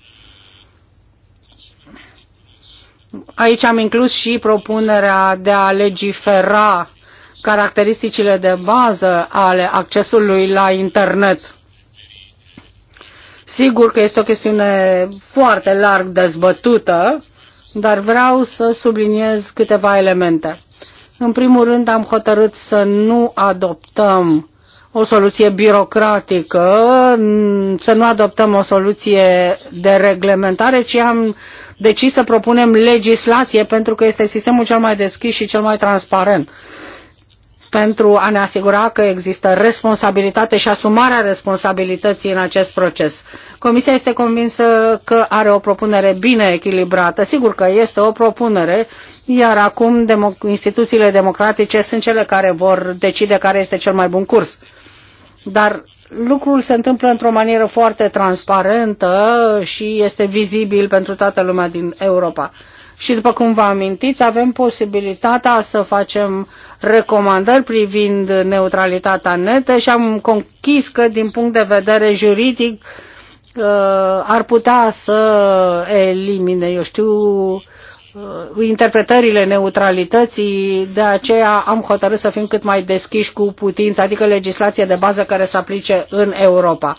Speaker 1: Aici am inclus și propunerea de a legifera caracteristicile de bază ale accesului la internet Sigur că este o chestiune foarte larg dezbătută, dar vreau să subliniez câteva elemente. În primul rând am hotărât să nu adoptăm o soluție birocratică, să nu adoptăm o soluție de reglementare, ci am decis să propunem legislație pentru că este sistemul cel mai deschis și cel mai transparent pentru a ne asigura că există responsabilitate și asumarea responsabilității în acest proces. Comisia este convinsă că are o propunere bine echilibrată. Sigur că este o propunere, iar acum demo instituțiile democratice sunt cele care vor decide care este cel mai bun curs. Dar lucrul se întâmplă într-o manieră foarte transparentă și este vizibil pentru toată lumea din Europa și după cum vă amintiți, avem posibilitatea să facem recomandări privind neutralitatea netă și am conchis că din punct de vedere juridic uh, ar putea să elimine, eu știu, uh, interpretările neutralității, de aceea am hotărât să fim cât mai deschiși cu putință, adică legislația de bază care se aplice în Europa.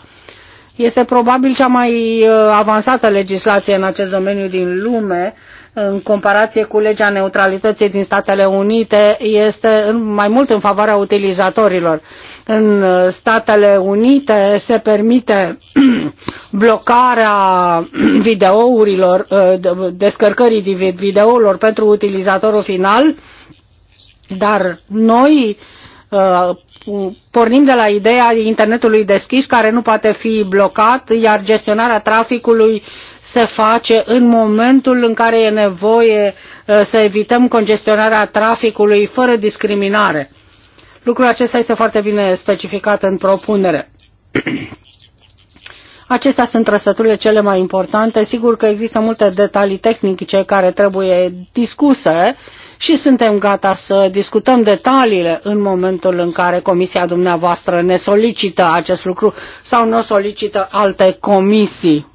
Speaker 1: Este probabil cea mai uh, avansată legislație în acest domeniu din lume în comparație cu legea neutralității din Statele Unite, este mai mult în favoarea utilizatorilor. În uh, Statele Unite se permite blocarea videourilor, uh, descărcării videourilor pentru utilizatorul final, dar noi uh, pornim de la ideea internetului deschis care nu poate fi blocat, iar gestionarea traficului se face în momentul în care e nevoie uh, să evităm congestionarea traficului fără discriminare. Lucrul acesta este foarte bine specificat în propunere. Acestea sunt trăsăturile cele mai importante. Sigur că există multe detalii tehnice care trebuie discuse și suntem gata să discutăm detaliile în momentul în care comisia dumneavoastră ne solicită acest lucru sau ne solicită alte comisii.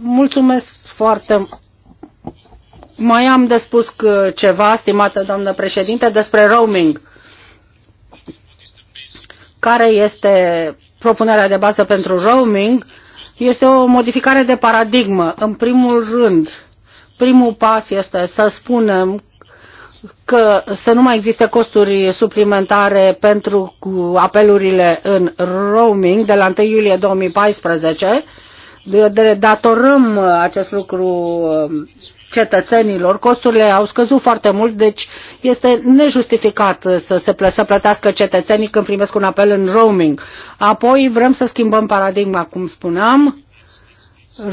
Speaker 1: Mulțumesc foarte mai am de spus ceva, stimată doamnă președinte, despre roaming, care este propunerea de bază pentru roaming. Este o modificare de paradigmă. În primul rând, primul pas este să spunem că să nu mai existe costuri suplimentare pentru apelurile în roaming de la 1 iulie 2014 datorăm uh, acest lucru uh, cetățenilor. Costurile au scăzut foarte mult, deci este nejustificat uh, să se plă- să plătească cetățenii când primesc un apel în roaming. Apoi vrem să schimbăm paradigma, cum spuneam.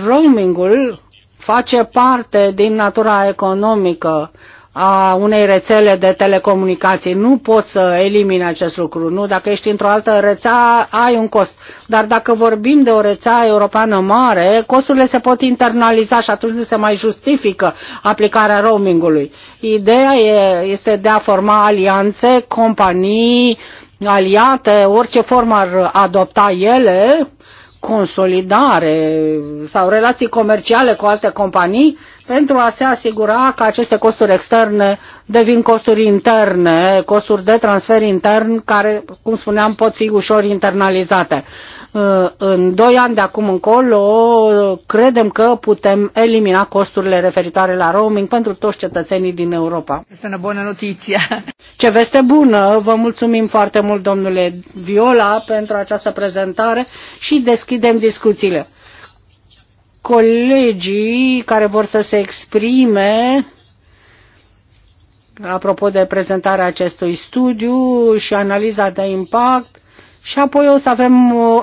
Speaker 1: Roamingul face parte din natura economică a unei rețele de telecomunicații. Nu poți să elimini acest lucru, nu? Dacă ești într-o altă rețea, ai un cost. Dar dacă vorbim de o rețea europeană mare, costurile se pot internaliza și atunci nu se mai justifică aplicarea roamingului. Ideea e, este de a forma alianțe, companii, aliate, orice formă ar adopta ele, consolidare sau relații comerciale cu alte companii pentru a se asigura că aceste costuri externe devin costuri interne, costuri de transfer intern care, cum spuneam, pot fi ușor internalizate. Uh, în doi ani de acum încolo credem că putem elimina costurile referitoare la roaming pentru toți cetățenii din Europa.
Speaker 2: Este o bună notiție.
Speaker 1: Ce veste bună! Vă mulțumim foarte mult, domnule Viola, pentru această prezentare și deschidem discuțiile. Colegii care vor să se exprime apropo de prezentarea acestui studiu și analiza de impact, și apoi o să avem o,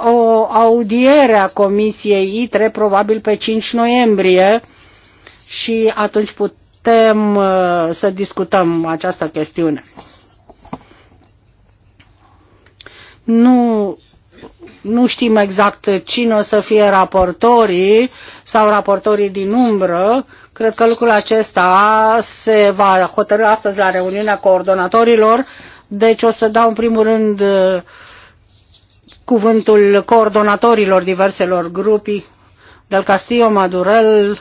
Speaker 1: audiere a Comisiei ITRE, probabil pe 5 noiembrie, și atunci putem uh, să discutăm această chestiune. Nu, nu știm exact cine o să fie raportorii sau raportorii din umbră. Cred că lucrul acesta se va hotărâ astăzi la reuniunea coordonatorilor, deci o să dau în primul rând uh, cuvântul coordonatorilor diverselor grupi, del Castillo, Madurel,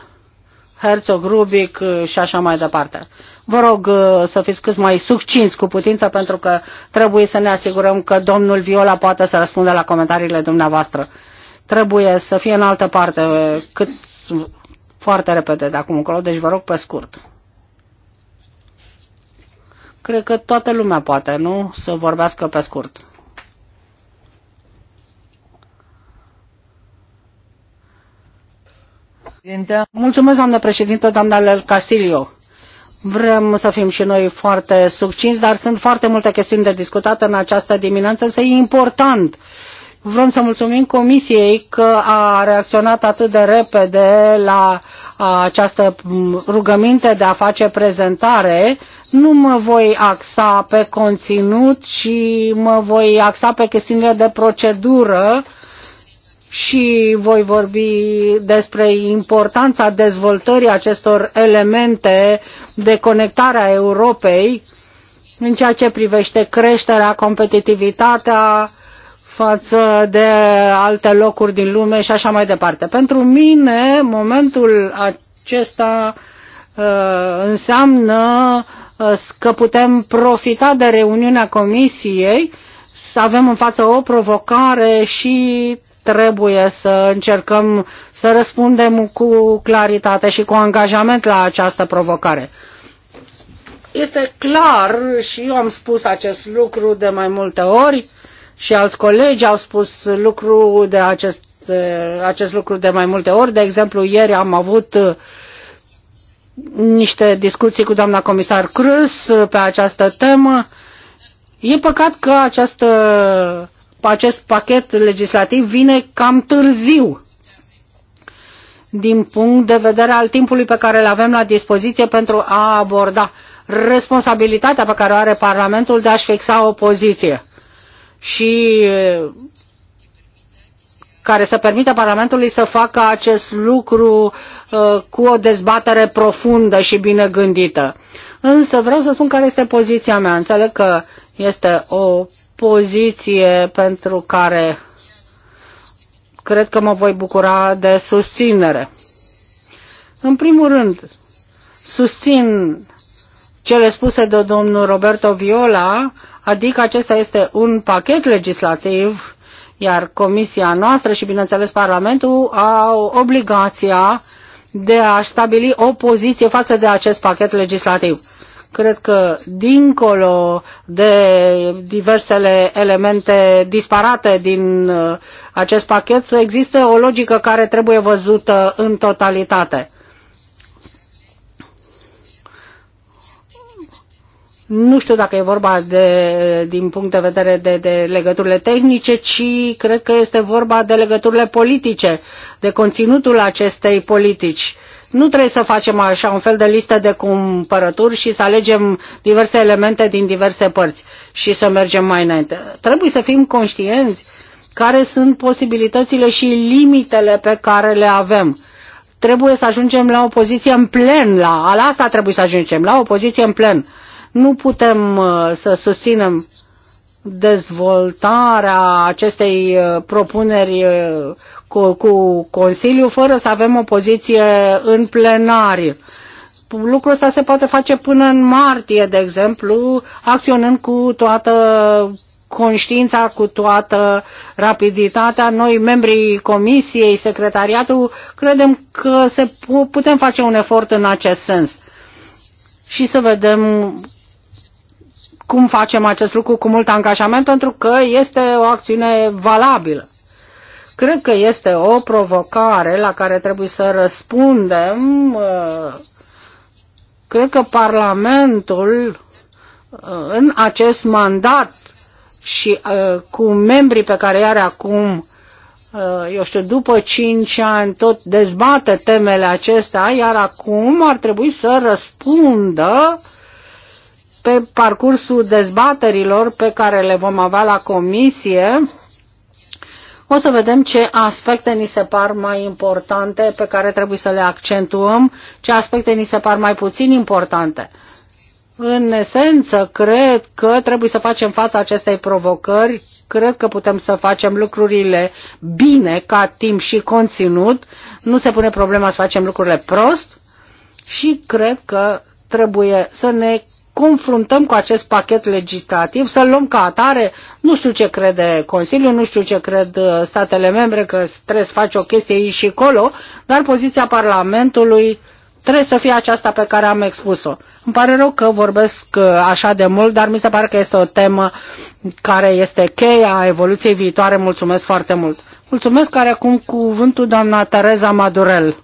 Speaker 1: Herzog, Rubic și așa mai departe. Vă rog uh, să fiți cât mai succinți cu putință pentru că trebuie să ne asigurăm că domnul Viola poate să răspundă la comentariile dumneavoastră. Trebuie să fie în altă parte uh, cât foarte repede de acum încolo, deci vă rog pe scurt. Cred că toată lumea poate, nu? Să vorbească pe scurt. Mulțumesc, doamnă președintă, doamnă Lel Castillo. Vrem să fim și noi foarte succinți, dar sunt foarte multe chestiuni de discutat în această dimineață, însă e important. Vrem să mulțumim Comisiei că a reacționat atât de repede la această rugăminte de a face prezentare. Nu mă voi axa pe conținut, ci mă voi axa pe chestiunile de procedură și voi vorbi despre importanța dezvoltării acestor elemente de conectare a Europei în ceea ce privește creșterea, competitivitatea față de alte locuri din lume și așa mai departe. Pentru mine, momentul acesta uh, înseamnă uh, că putem profita de reuniunea Comisiei, să avem în față o provocare și trebuie să încercăm să răspundem cu claritate și cu angajament la această provocare. Este clar și eu am spus acest lucru de mai multe ori și alți colegi au spus lucru de acest, acest lucru de mai multe ori. De exemplu, ieri am avut uh, niște discuții cu doamna comisar Cruz uh, pe această temă. E păcat că această acest pachet legislativ vine cam târziu din punct de vedere al timpului pe care îl avem la dispoziție pentru a aborda responsabilitatea pe care o are Parlamentul de a-și fixa o poziție și eh, care să permită Parlamentului să facă acest lucru uh, cu o dezbatere profundă și bine gândită. Însă vreau să spun care este poziția mea. Înțeleg că este o poziție pentru care cred că mă voi bucura de susținere. În primul rând, susțin cele spuse de domnul Roberto Viola, adică acesta este un pachet legislativ, iar comisia noastră și, bineînțeles, Parlamentul au obligația de a stabili o poziție față de acest pachet legislativ. Cred că, dincolo de diversele elemente disparate din uh, acest pachet, să există o logică care trebuie văzută în totalitate. nu știu dacă e vorba de, din punct de vedere de, de legăturile tehnice, ci cred că este vorba de legăturile politice, de conținutul acestei politici. Nu trebuie să facem așa un fel de listă de cumpărături și să alegem diverse elemente din diverse părți și să mergem mai înainte. Trebuie să fim conștienți care sunt posibilitățile și limitele pe care le avem. Trebuie să ajungem la o poziție în plen, la, la asta trebuie să ajungem, la o poziție în plen. Nu putem uh, să susținem dezvoltarea acestei uh, propuneri uh, cu, cu Consiliu fără să avem o poziție în plenar. Lucrul ăsta se poate face până în martie, de exemplu, acționând cu toată conștiința, cu toată rapiditatea. Noi, membrii Comisiei, Secretariatul, credem că se putem face un efort în acest sens și să vedem cum facem acest lucru cu mult angajament, pentru că este o acțiune valabilă. Cred că este o provocare la care trebuie să răspundem. Uh, cred că Parlamentul uh, în acest mandat și uh, cu membrii pe care i are acum, eu știu, după 5 ani tot dezbate temele acestea, iar acum ar trebui să răspundă uh, pe parcursul dezbaterilor pe care le vom avea la comisie, o să vedem ce aspecte ni se par mai importante pe care trebuie să le accentuăm, ce aspecte ni se par mai puțin importante. În esență, cred că trebuie să facem față acestei provocări, cred că putem să facem lucrurile bine ca timp și conținut, nu se pune problema să facem lucrurile prost și cred că trebuie să ne confruntăm cu acest pachet legislativ, să-l luăm ca atare. Nu știu ce crede Consiliul, nu știu ce cred uh, statele membre, că trebuie să faci o chestie aici și acolo, dar poziția Parlamentului trebuie să fie aceasta pe care am expus-o. Îmi pare rău că vorbesc uh, așa de mult, dar mi se pare că este o temă care este cheia evoluției viitoare. Mulțumesc foarte mult. Mulțumesc care acum cuvântul doamna Tereza Madurel.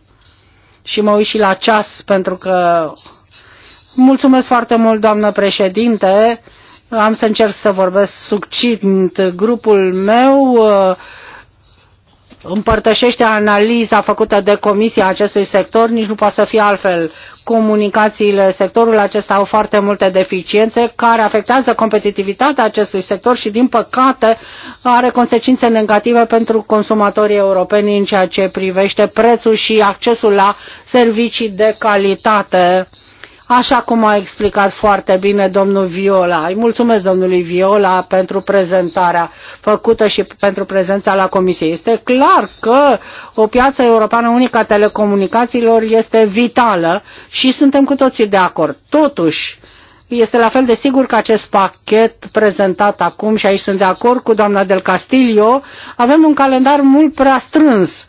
Speaker 1: Și mă uit și la ceas pentru că Mulțumesc foarte mult, doamnă președinte. Am să încerc să vorbesc succint. Grupul meu uh, împărtășește analiza făcută de comisia acestui sector, nici nu poate să fie altfel. Comunicațiile sectorului acesta au foarte multe deficiențe care afectează competitivitatea acestui sector și, din păcate, are consecințe negative pentru consumatorii europeni în ceea ce privește prețul și accesul la servicii de calitate așa cum a explicat foarte bine domnul Viola. Îi mulțumesc domnului Viola pentru prezentarea făcută și pentru prezența la comisie. Este clar că o piață europeană unică a telecomunicațiilor este vitală și suntem cu toții de acord. Totuși, este la fel de sigur că acest pachet prezentat acum, și aici sunt de acord cu doamna Del Castillo, avem un calendar mult prea strâns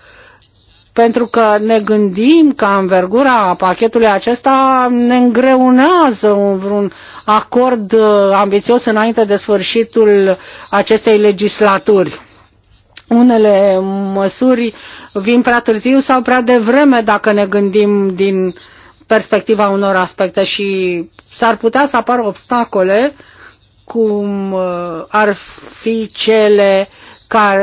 Speaker 1: pentru că ne gândim că învergura pachetului acesta ne îngreunează un vreun acord uh, ambițios înainte de sfârșitul acestei legislaturi. Unele măsuri vin prea târziu sau prea devreme dacă ne gândim din perspectiva unor aspecte și s-ar putea să apară obstacole cum uh, ar fi cele uh,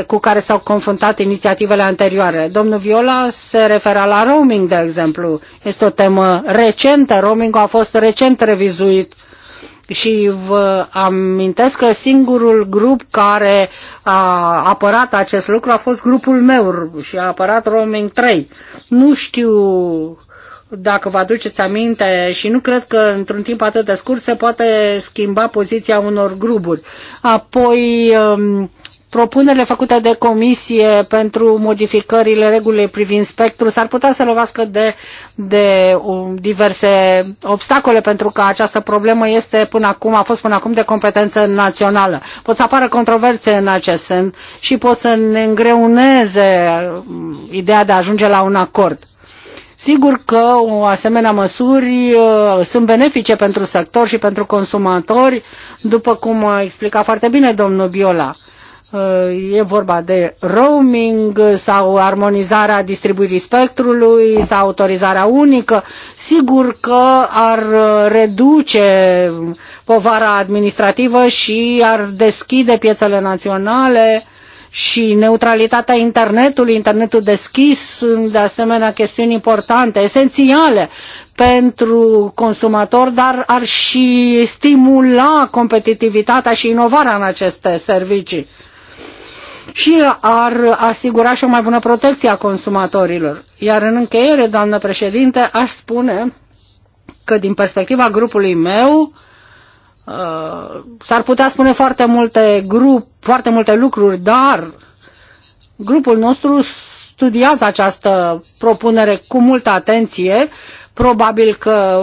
Speaker 1: cu care s-au confruntat inițiativele anterioare. Domnul Viola se refera la roaming, de exemplu. Este o temă recentă, roaming a fost recent revizuit și vă amintesc că singurul grup care a apărat acest lucru a fost grupul meu și a apărat roaming 3. Nu știu dacă vă aduceți aminte și nu cred că într-un timp atât de scurt se poate schimba poziția unor grupuri. Apoi um, propunerile făcute de comisie pentru modificările regulii privind spectrul s-ar putea să lovească de, de um, diverse obstacole pentru că această problemă este până acum, a fost până acum de competență națională. Pot să apară controverse în acest sens și pot să ne îngreuneze um, ideea de a ajunge la un acord. Sigur că o asemenea măsuri uh, sunt benefice pentru sector și pentru consumatori, după cum a explicat foarte bine domnul Biola E vorba de roaming sau armonizarea distribuirii spectrului sau autorizarea unică. Sigur că ar reduce povara administrativă și ar deschide piețele naționale și neutralitatea internetului, internetul deschis sunt de asemenea chestiuni importante, esențiale pentru consumator, dar ar și stimula competitivitatea și inovarea în aceste servicii și ar asigura și o mai bună protecție a consumatorilor. Iar în încheiere, doamnă președinte, aș spune că din perspectiva grupului meu, uh, s-ar putea spune foarte multe, grup, foarte multe lucruri, dar grupul nostru studiază această propunere cu multă atenție Probabil că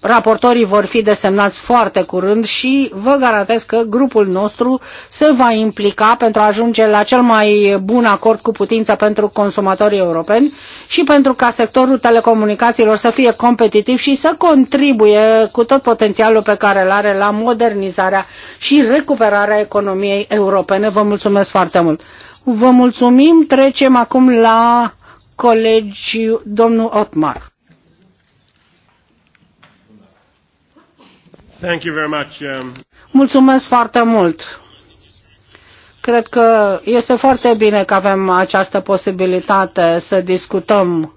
Speaker 1: raportorii vor fi desemnați foarte curând și vă garantez că grupul nostru se va implica pentru a ajunge la cel mai bun acord cu putință pentru consumatorii europeni și pentru ca sectorul telecomunicațiilor să fie competitiv și să contribuie cu tot potențialul pe care îl are la modernizarea și recuperarea economiei europene. Vă mulțumesc foarte mult! Vă mulțumim, trecem acum la colegiul domnul Otmar.
Speaker 2: Um,
Speaker 1: Mulțumesc foarte mult. Cred că este foarte bine că avem această posibilitate să discutăm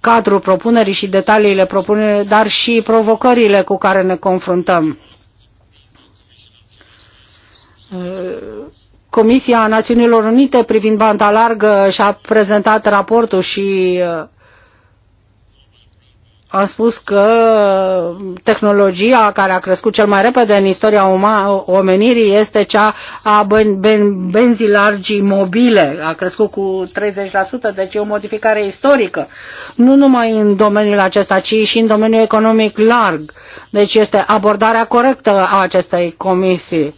Speaker 1: cadrul propunerii și detaliile propunerii, dar și provocările cu care ne confruntăm. Comisia Națiunilor Unite privind banda largă și-a prezentat raportul și uh, a spus că tehnologia care a crescut cel mai repede în istoria uma, omenirii este cea a ben, ben, benzii largi mobile. A crescut cu 30%, deci e o modificare istorică. Nu numai în domeniul acesta, ci și în domeniul economic larg. Deci este abordarea corectă a acestei comisii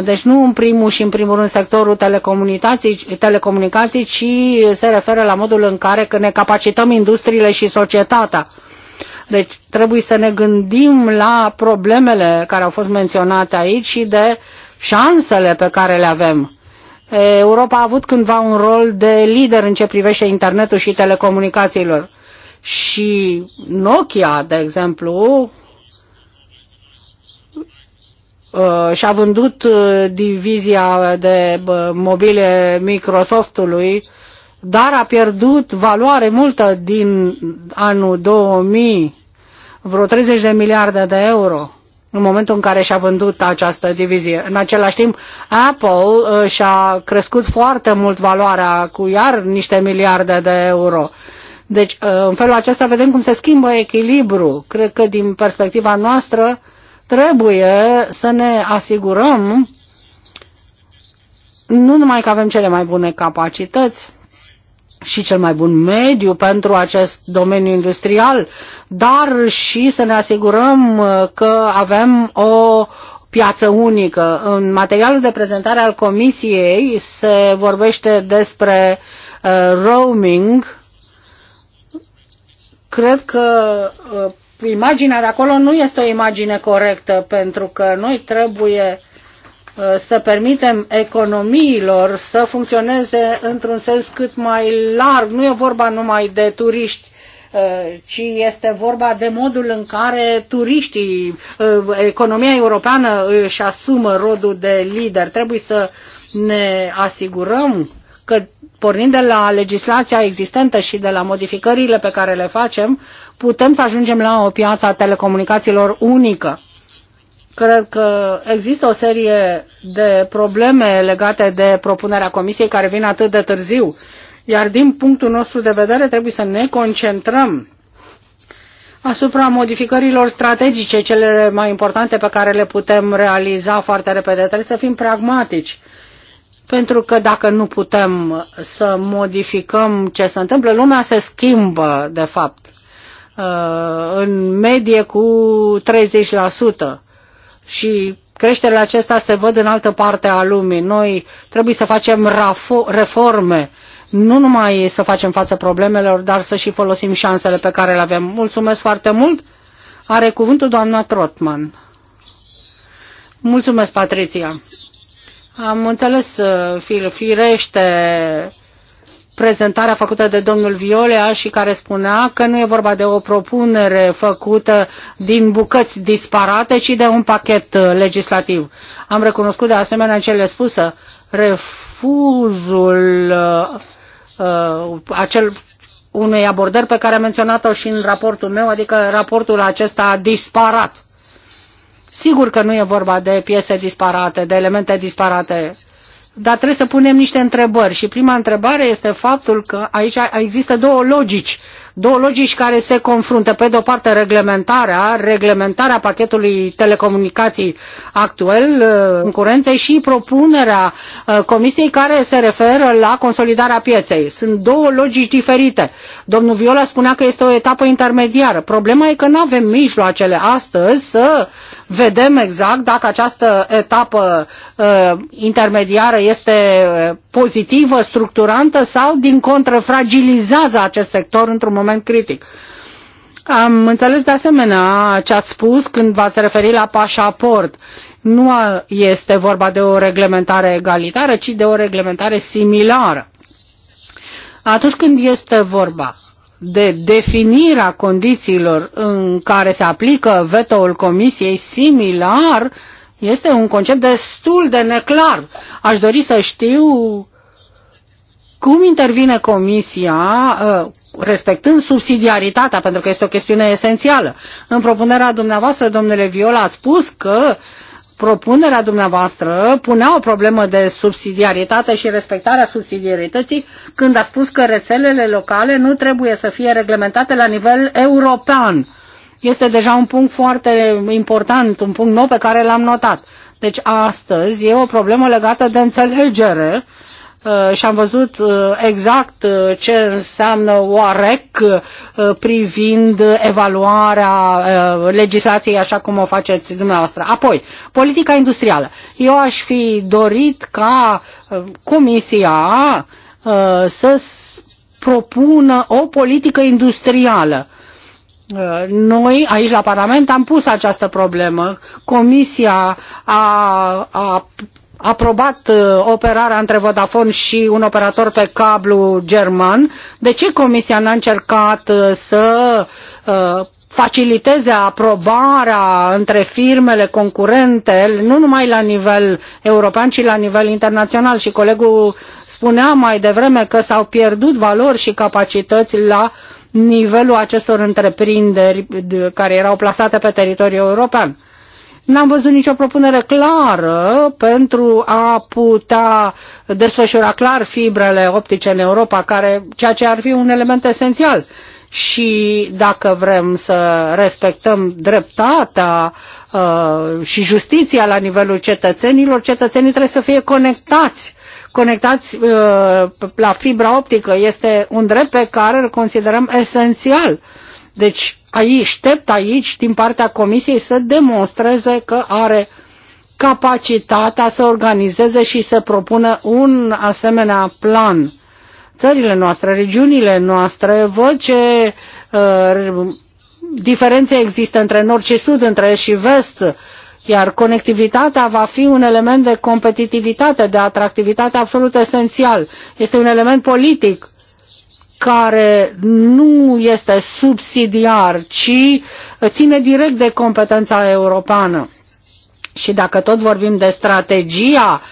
Speaker 1: deci nu în primul și în primul rând sectorul telecomunicații, ci se referă la modul în care că ne capacităm industriile și societatea. Deci trebuie să ne gândim la problemele care au fost menționate aici și de șansele pe care le avem. Europa a avut cândva un rol de lider în ce privește internetul și telecomunicațiilor. Și Nokia, de exemplu, Uh, și-a vândut uh, divizia de uh, mobile Microsoftului, dar a pierdut valoare multă din anul 2000, vreo 30 de miliarde de euro în momentul în care și-a vândut această divizie. În același timp, Apple și-a crescut foarte mult valoarea cu iar niște miliarde de euro. Deci, în felul acesta vedem cum se schimbă echilibru. Cred că din perspectiva noastră, Trebuie să ne asigurăm nu numai că avem cele mai bune capacități și cel mai bun mediu pentru acest domeniu industrial, dar și să ne asigurăm că avem o piață unică. În materialul de prezentare al Comisiei se vorbește despre uh, roaming. Cred că uh, imaginea de acolo nu este o imagine corectă, pentru că noi trebuie uh, să permitem economiilor să funcționeze într-un sens cât mai larg. Nu e vorba numai de turiști, uh, ci este vorba de modul în care turiștii, uh, economia europeană își asumă rodul de lider. Trebuie să ne asigurăm că pornind de la legislația existentă și de la modificările pe care le facem, putem să ajungem la o piață a telecomunicațiilor unică. Cred că există o serie de probleme legate de propunerea Comisiei care vin atât de târziu, iar din punctul nostru de vedere trebuie să ne concentrăm asupra modificărilor strategice, cele mai importante pe care le putem realiza foarte repede. Trebuie să fim pragmatici, pentru că dacă nu putem să modificăm ce se întâmplă, lumea se schimbă, de fapt. Uh, în medie cu 30% și creșterile acestea se văd în altă parte a lumii. Noi trebuie să facem reforme, nu numai să facem față problemelor, dar să și folosim șansele pe care le avem. Mulțumesc foarte mult! Are cuvântul doamna Trotman. Mulțumesc, Patriția! Am înțeles uh, firește prezentarea făcută de domnul Violea și care spunea că nu e vorba de o propunere făcută din bucăți disparate, ci de un pachet uh, legislativ. Am recunoscut de asemenea în cele spusă refuzul uh, uh, acel unei abordări pe care am menționat-o și în raportul meu, adică raportul acesta disparat. Sigur că nu e vorba de piese disparate, de elemente disparate dar trebuie să punem niște întrebări și prima întrebare este faptul că aici există două logici, două logici care se confruntă. Pe de o parte reglementarea, reglementarea pachetului telecomunicații actual, concurenței uh, și propunerea uh, Comisiei care se referă la consolidarea pieței. Sunt două logici diferite. Domnul Viola spunea că este o etapă intermediară. Problema e că nu avem mijloacele astăzi să vedem exact dacă această etapă uh, intermediară este uh, pozitivă, structurantă sau, din contră, fragilizează acest sector într-un moment critic. Am înțeles de asemenea ce ați spus când v-ați referit la pașaport. Nu este vorba de o reglementare egalitară, ci de o reglementare similară. Atunci când este vorba de definirea condițiilor în care se aplică vetoul Comisiei similar, este un concept destul de neclar. Aș dori să știu cum intervine Comisia, ă, respectând subsidiaritatea, pentru că este o chestiune esențială. În propunerea dumneavoastră, domnule Viola, ați spus că uh, propunerea dumneavoastră punea o problemă de subsidiaritate și respectarea subsidiarității când a spus că rețelele locale nu trebuie să fie reglementate la nivel european. Este deja un punct foarte important, un punct nou pe care l-am notat. Deci astăzi e o problemă legată de înțelegere Uh, și am văzut uh, exact uh, ce înseamnă OAREC privind evaluarea legislației așa cum o faceți dumneavoastră. Apoi, politica industrială. Eu aș fi dorit ca Comisia să propună o politică industrială. Noi aici la Parlament am pus această problemă. Comisia a, a aprobat uh, operarea între Vodafone și un operator pe cablu german. De ce Comisia n-a încercat uh, să uh, faciliteze aprobarea între firmele concurente, nu numai la nivel european, ci la nivel internațional. Și colegul spunea mai devreme că s-au pierdut valori și capacități la nivelul acestor întreprinderi care erau plasate pe teritoriul european. N-am văzut nicio propunere clară pentru a putea desfășura clar fibrele optice în Europa, care, ceea ce ar fi un element esențial. Și dacă vrem să respectăm dreptatea uh, și justiția la nivelul cetățenilor, cetățenii trebuie să fie conectați conectați uh, la fibra optică. Este un drept pe care îl considerăm esențial. Deci aștept aici din partea Comisiei să demonstreze că are capacitatea să organizeze și să propună un asemenea plan. Țările noastre, regiunile noastre văd ce uh, diferențe există între nord și sud, între est și vest, iar conectivitatea va fi un element de competitivitate, de atractivitate absolut esențial. Este un element politic care nu este subsidiar, ci ține direct de competența europeană. Și dacă tot vorbim de strategia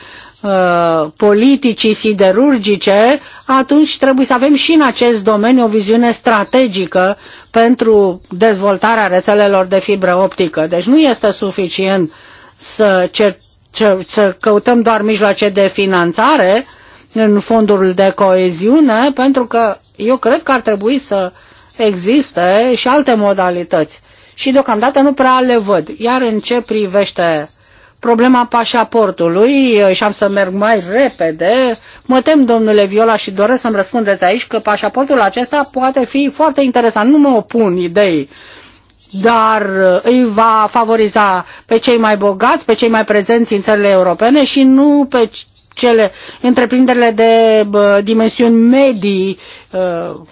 Speaker 1: uh, politicii siderurgice, atunci trebuie să avem și în acest domeniu o viziune strategică pentru dezvoltarea rețelelor de fibră optică. Deci nu este suficient să, cer, cer, să căutăm doar mijloace de finanțare, în fondurile de coeziune, pentru că eu cred că ar trebui să existe și alte modalități. Și deocamdată nu prea le văd. Iar în ce privește problema pașaportului eh, și am să merg mai repede, mă tem, domnule Viola, și doresc să-mi răspundeți aici că pașaportul acesta poate fi foarte interesant. Nu mă opun idei dar eh, îi va favoriza pe cei mai bogați, pe cei mai prezenți în țările europene și nu pe cele întreprinderile de bă, dimensiuni medii ă,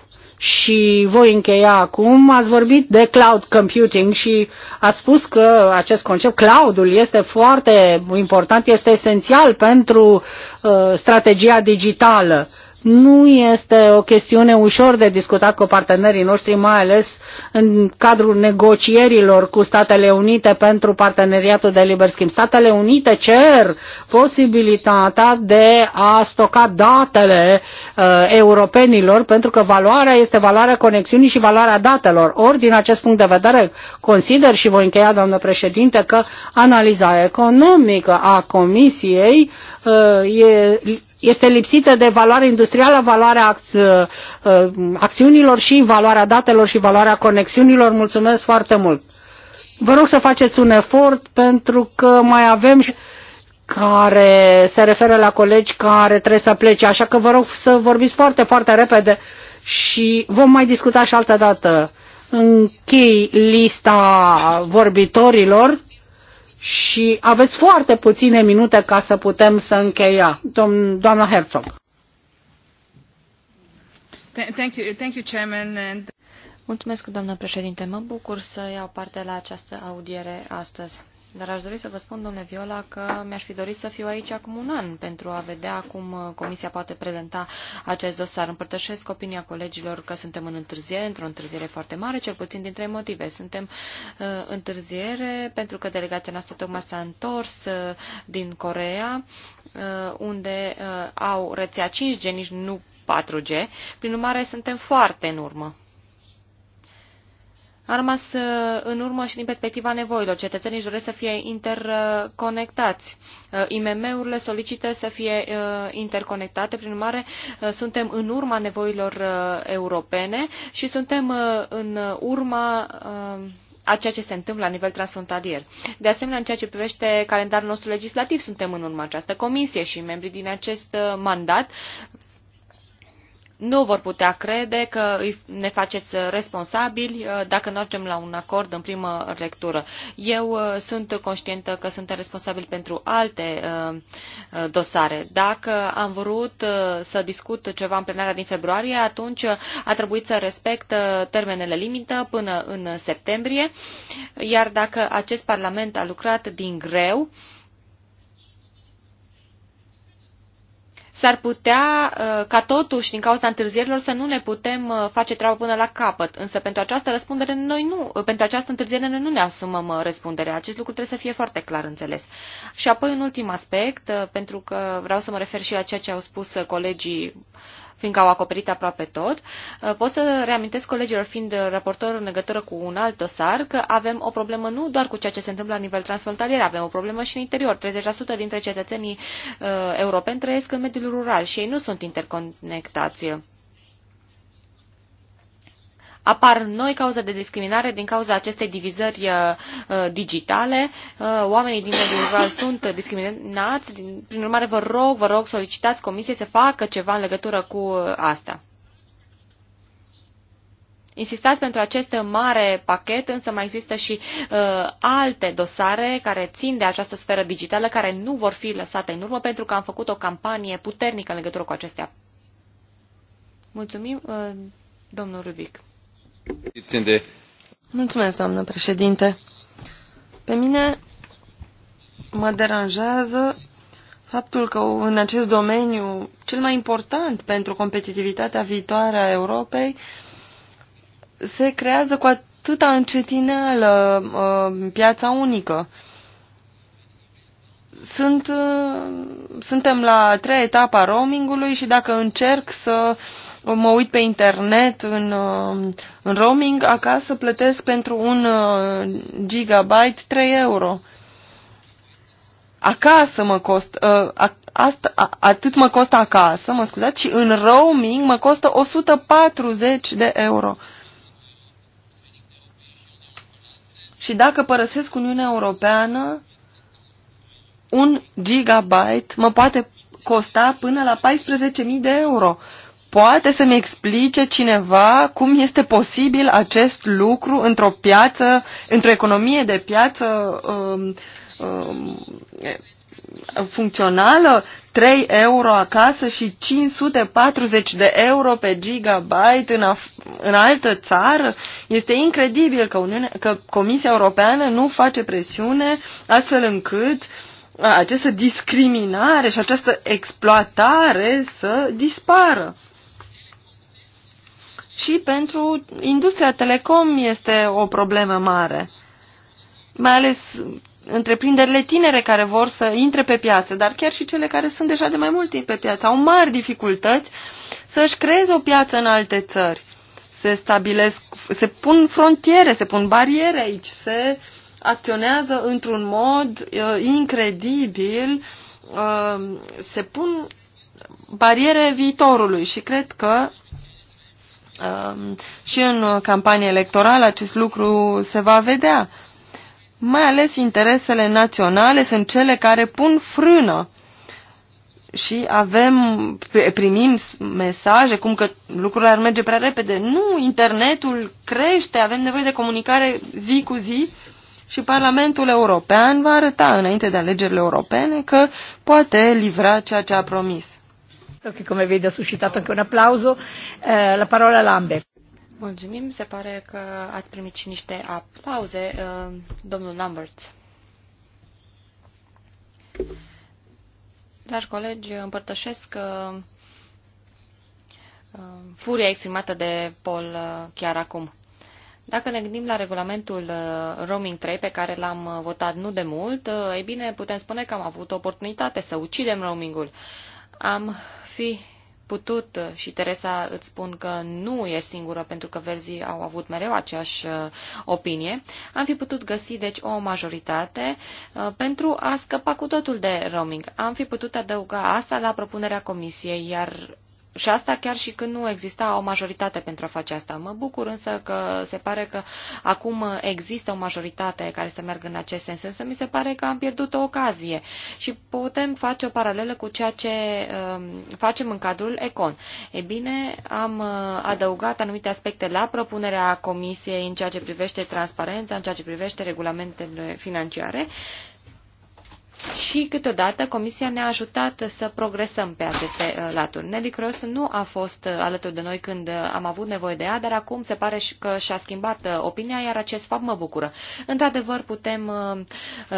Speaker 1: și voi încheia acum, ați vorbit de cloud computing și ați spus că acest concept, cloudul, este foarte important, este esențial pentru uh, strategia digitală. Uh, nu este o chestiune ușor de discutat cu partenerii noștri, mai ales în cadrul negocierilor cu Statele Unite pentru parteneriatul de liber schimb. Statele Unite cer posibilitatea de a stoca datele uh, europenilor pentru că valoarea este valoarea conexiunii și valoarea datelor. Ori, din acest punct de vedere, consider și voi încheia, doamnă președinte, că analiza economică a Comisiei este lipsită de valoare industrială, valoarea ă, ă, acțiunilor și valoarea datelor și valoarea conexiunilor. Mulțumesc foarte mult! Vă rog să faceți un efort pentru că mai avem și care se referă la colegi care trebuie să plece, așa că vă rog să vorbiți foarte, foarte repede și vom mai discuta și altă dată. Închei lista vorbitorilor și aveți foarte puține minute ca să putem să încheia. Domn, doamna Herzog.
Speaker 3: Thank you, thank you, Chairman. And... Mulțumesc, doamnă președinte.
Speaker 2: Mă bucur să iau parte la această audiere astăzi. Dar aș dori să vă spun, domnule Viola, că mi-aș fi dorit să fiu aici acum un an pentru a vedea cum uh, Comisia poate prezenta acest dosar. Împărtășesc opinia colegilor că suntem în întârziere, într-o întârziere foarte mare, cel puțin din trei motive. Suntem uh, întârziere pentru că delegația noastră tocmai s-a întors uh, din Corea, uh, unde uh, au rețea 5G, nici nu 4G. Prin urmare, suntem foarte în urmă a rămas uh, în urmă și din perspectiva nevoilor. Cetățenii doresc să fie interconectați. Uh, IMM-urile solicită să fie uh, interconectate, prin urmare suntem în urma nevoilor europene și suntem în urma a ceea ce se întâmplă la nivel transfrontalier. De asemenea, în ceea ce privește calendarul nostru legislativ, suntem în urma această comisie și membrii din acest mandat nu vor putea crede că ne faceți responsabili uh, dacă nu ajungem la un acord în primă lectură. Eu uh, sunt conștientă că suntem responsabili pentru alte uh, dosare. Dacă am vrut să discut ceva în plenarea din februarie, atunci a trebuit să respect termenele limită până în septembrie, iar dacă acest Parlament a lucrat din greu, s-ar putea uh, ca totuși, din cauza întârzierilor, să nu ne putem uh, face treaba până la capăt. Însă pentru această răspundere noi nu, uh, pentru această întârziere noi nu ne asumăm răspunderea. Acest lucru trebuie să fie foarte clar înțeles. Și apoi un ultim aspect, pentru că vreau să mă refer și la ceea ce au spus colegii fiindcă au acoperit aproape tot. Uh, pot să reamintesc colegilor, fiind raportor în legătură cu un alt dosar, că avem o problemă nu doar cu ceea ce se întâmplă la nivel transfrontalier, avem o problemă și în interior. 30% dintre cetățenii uh, europeni trăiesc în mediul rural și ei nu sunt interconectați apar noi cauze de discriminare din cauza acestei divizări uh, uh, digitale. Uh, oamenii din mediul rural sunt discriminați. Prin urmare, vă rog, vă rog, solicitați comisiei să facă ceva în legătură cu asta. Insistați pentru acest mare pachet, însă mai există și uh, alte dosare care țin de această sferă digitală, care nu vor fi lăsate în urmă, pentru că am făcut o campanie puternică în legătură cu acestea. Mulțumim, uh, domnul Rubic
Speaker 3: doamnă președinte. Pe mine mă deranjează faptul că în acest domeniu cel mai important pentru competitivitatea viitoare a Europei se creează cu atâta încetineală uh, piața unică. Sunt, uh, suntem la a treia etapă a roamingului și dacă încerc să uh, mă uit pe internet în, uh, în roaming, acasă plătesc pentru un uh, gigabyte 3 euro. Acasă mă cost, uh, a, asta, a, atât mă costă acasă, mă scuzați, și în roaming mă costă 140 de euro. Și dacă părăsesc Uniunea Europeană, un gigabyte mă poate costa până la 14.000 de euro. Poate să-mi explice cineva cum este posibil acest lucru într-o piață, într-o economie de piață um, um, funcțională, 3 euro acasă și 540 de euro pe gigabyte în, în altă țară. Este incredibil că, Uniunea, că Comisia Europeană nu face presiune astfel încât uh, această discriminare și această exploatare să dispară și pentru industria telecom este o problemă mare. Mai ales întreprinderile tinere care vor să intre pe piață, dar chiar și cele care sunt deja de mai mult timp pe piață, au mari dificultăți să-și creeze o piață în alte țări. Se stabilesc, se pun frontiere, se pun bariere aici, se acționează într-un mod uh, incredibil, uh, se pun bariere viitorului și cred că Um, și în uh, campanie electorală acest lucru se va vedea. Mai ales interesele naționale sunt cele care pun frână și avem, primim mesaje cum că lucrurile ar merge prea repede. Nu, internetul crește, avem nevoie de comunicare zi cu zi și Parlamentul European va arăta înainte de alegerile europene că poate livra ceea ce a promis că cum vede a suscitat anche un
Speaker 1: applauso. Eh, la parola Lambert.
Speaker 2: Mulțumim, se pare că ați primit și niște aplauze, eh, domnul Lambert. Dragi colegi, împărtășesc eh, furia exprimată de Paul chiar acum. Dacă ne gândim la regulamentul Roaming 3 pe care l-am votat nu de mult, ei bine, putem spune că am avut oportunitate să ucidem roamingul. Am fi putut, uh, și Teresa îți spun că nu e singură pentru că verzii au avut mereu aceeași uh, opinie, am fi putut găsi deci o majoritate uh, pentru a scăpa cu totul de roaming. Am fi putut adăuga asta la propunerea comisiei, iar și asta chiar și când nu exista o majoritate pentru a face asta. Mă bucur însă că se pare că acum există o majoritate care să meargă în acest sens, însă mi se pare că am pierdut o ocazie și putem face o paralelă cu ceea ce um, facem în cadrul ECON. E bine, am uh, adăugat anumite aspecte la propunerea Comisiei în ceea ce privește transparența, în ceea ce privește regulamentele financiare și câteodată Comisia ne-a ajutat să progresăm pe aceste uh, laturi. Nelly Cross nu a fost uh, alături de noi când uh, am avut nevoie de ea, dar acum se pare că și-a schimbat opinia, iar acest fapt mă bucură. Într-adevăr, putem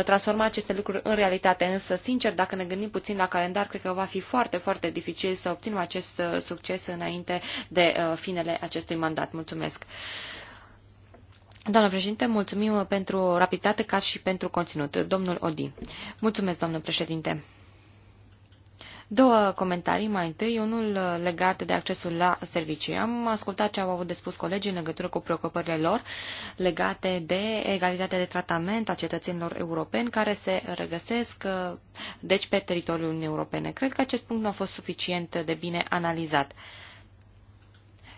Speaker 2: transforma aceste lucruri în realitate, însă, sincer, dacă ne gândim puțin la calendar, cred că va fi foarte, foarte dificil să obținem acest succes înainte de finele acestui mandat. Mulțumesc! Doamnă președinte, mulțumim pentru rapiditate ca și pentru conținut. Domnul Odi. Mulțumesc, domnule președinte. Două comentarii, mai întâi, unul legat de accesul la servicii. Am ascultat ce au avut de spus colegii în legătură cu preocupările lor legate de egalitatea de tratament a cetățenilor europeni care se regăsesc, deci, pe teritoriul Uniunii Europene. Cred că acest punct nu a fost suficient de bine analizat.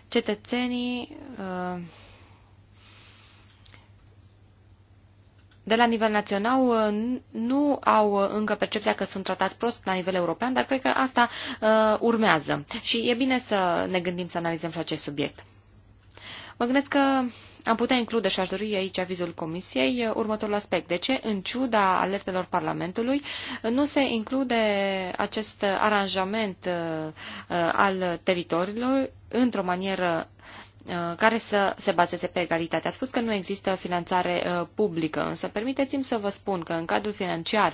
Speaker 2: Cetățenii uh, de la nivel național uh, nu au uh, încă percepția că sunt tratați prost la nivel european, dar cred că asta uh, urmează. Și e bine să ne gândim să analizăm și acest subiect. Mă gândesc că am putea include și aș dori aici avizul Comisiei uh, următorul aspect. De ce, în ciuda alertelor Parlamentului, nu se include acest aranjament al teritoriilor într-o manieră uh, Uh, care să se bazeze pe egalitate. A spus că nu există finanțare uh, publică, însă permiteți-mi să vă spun că în cadrul financiar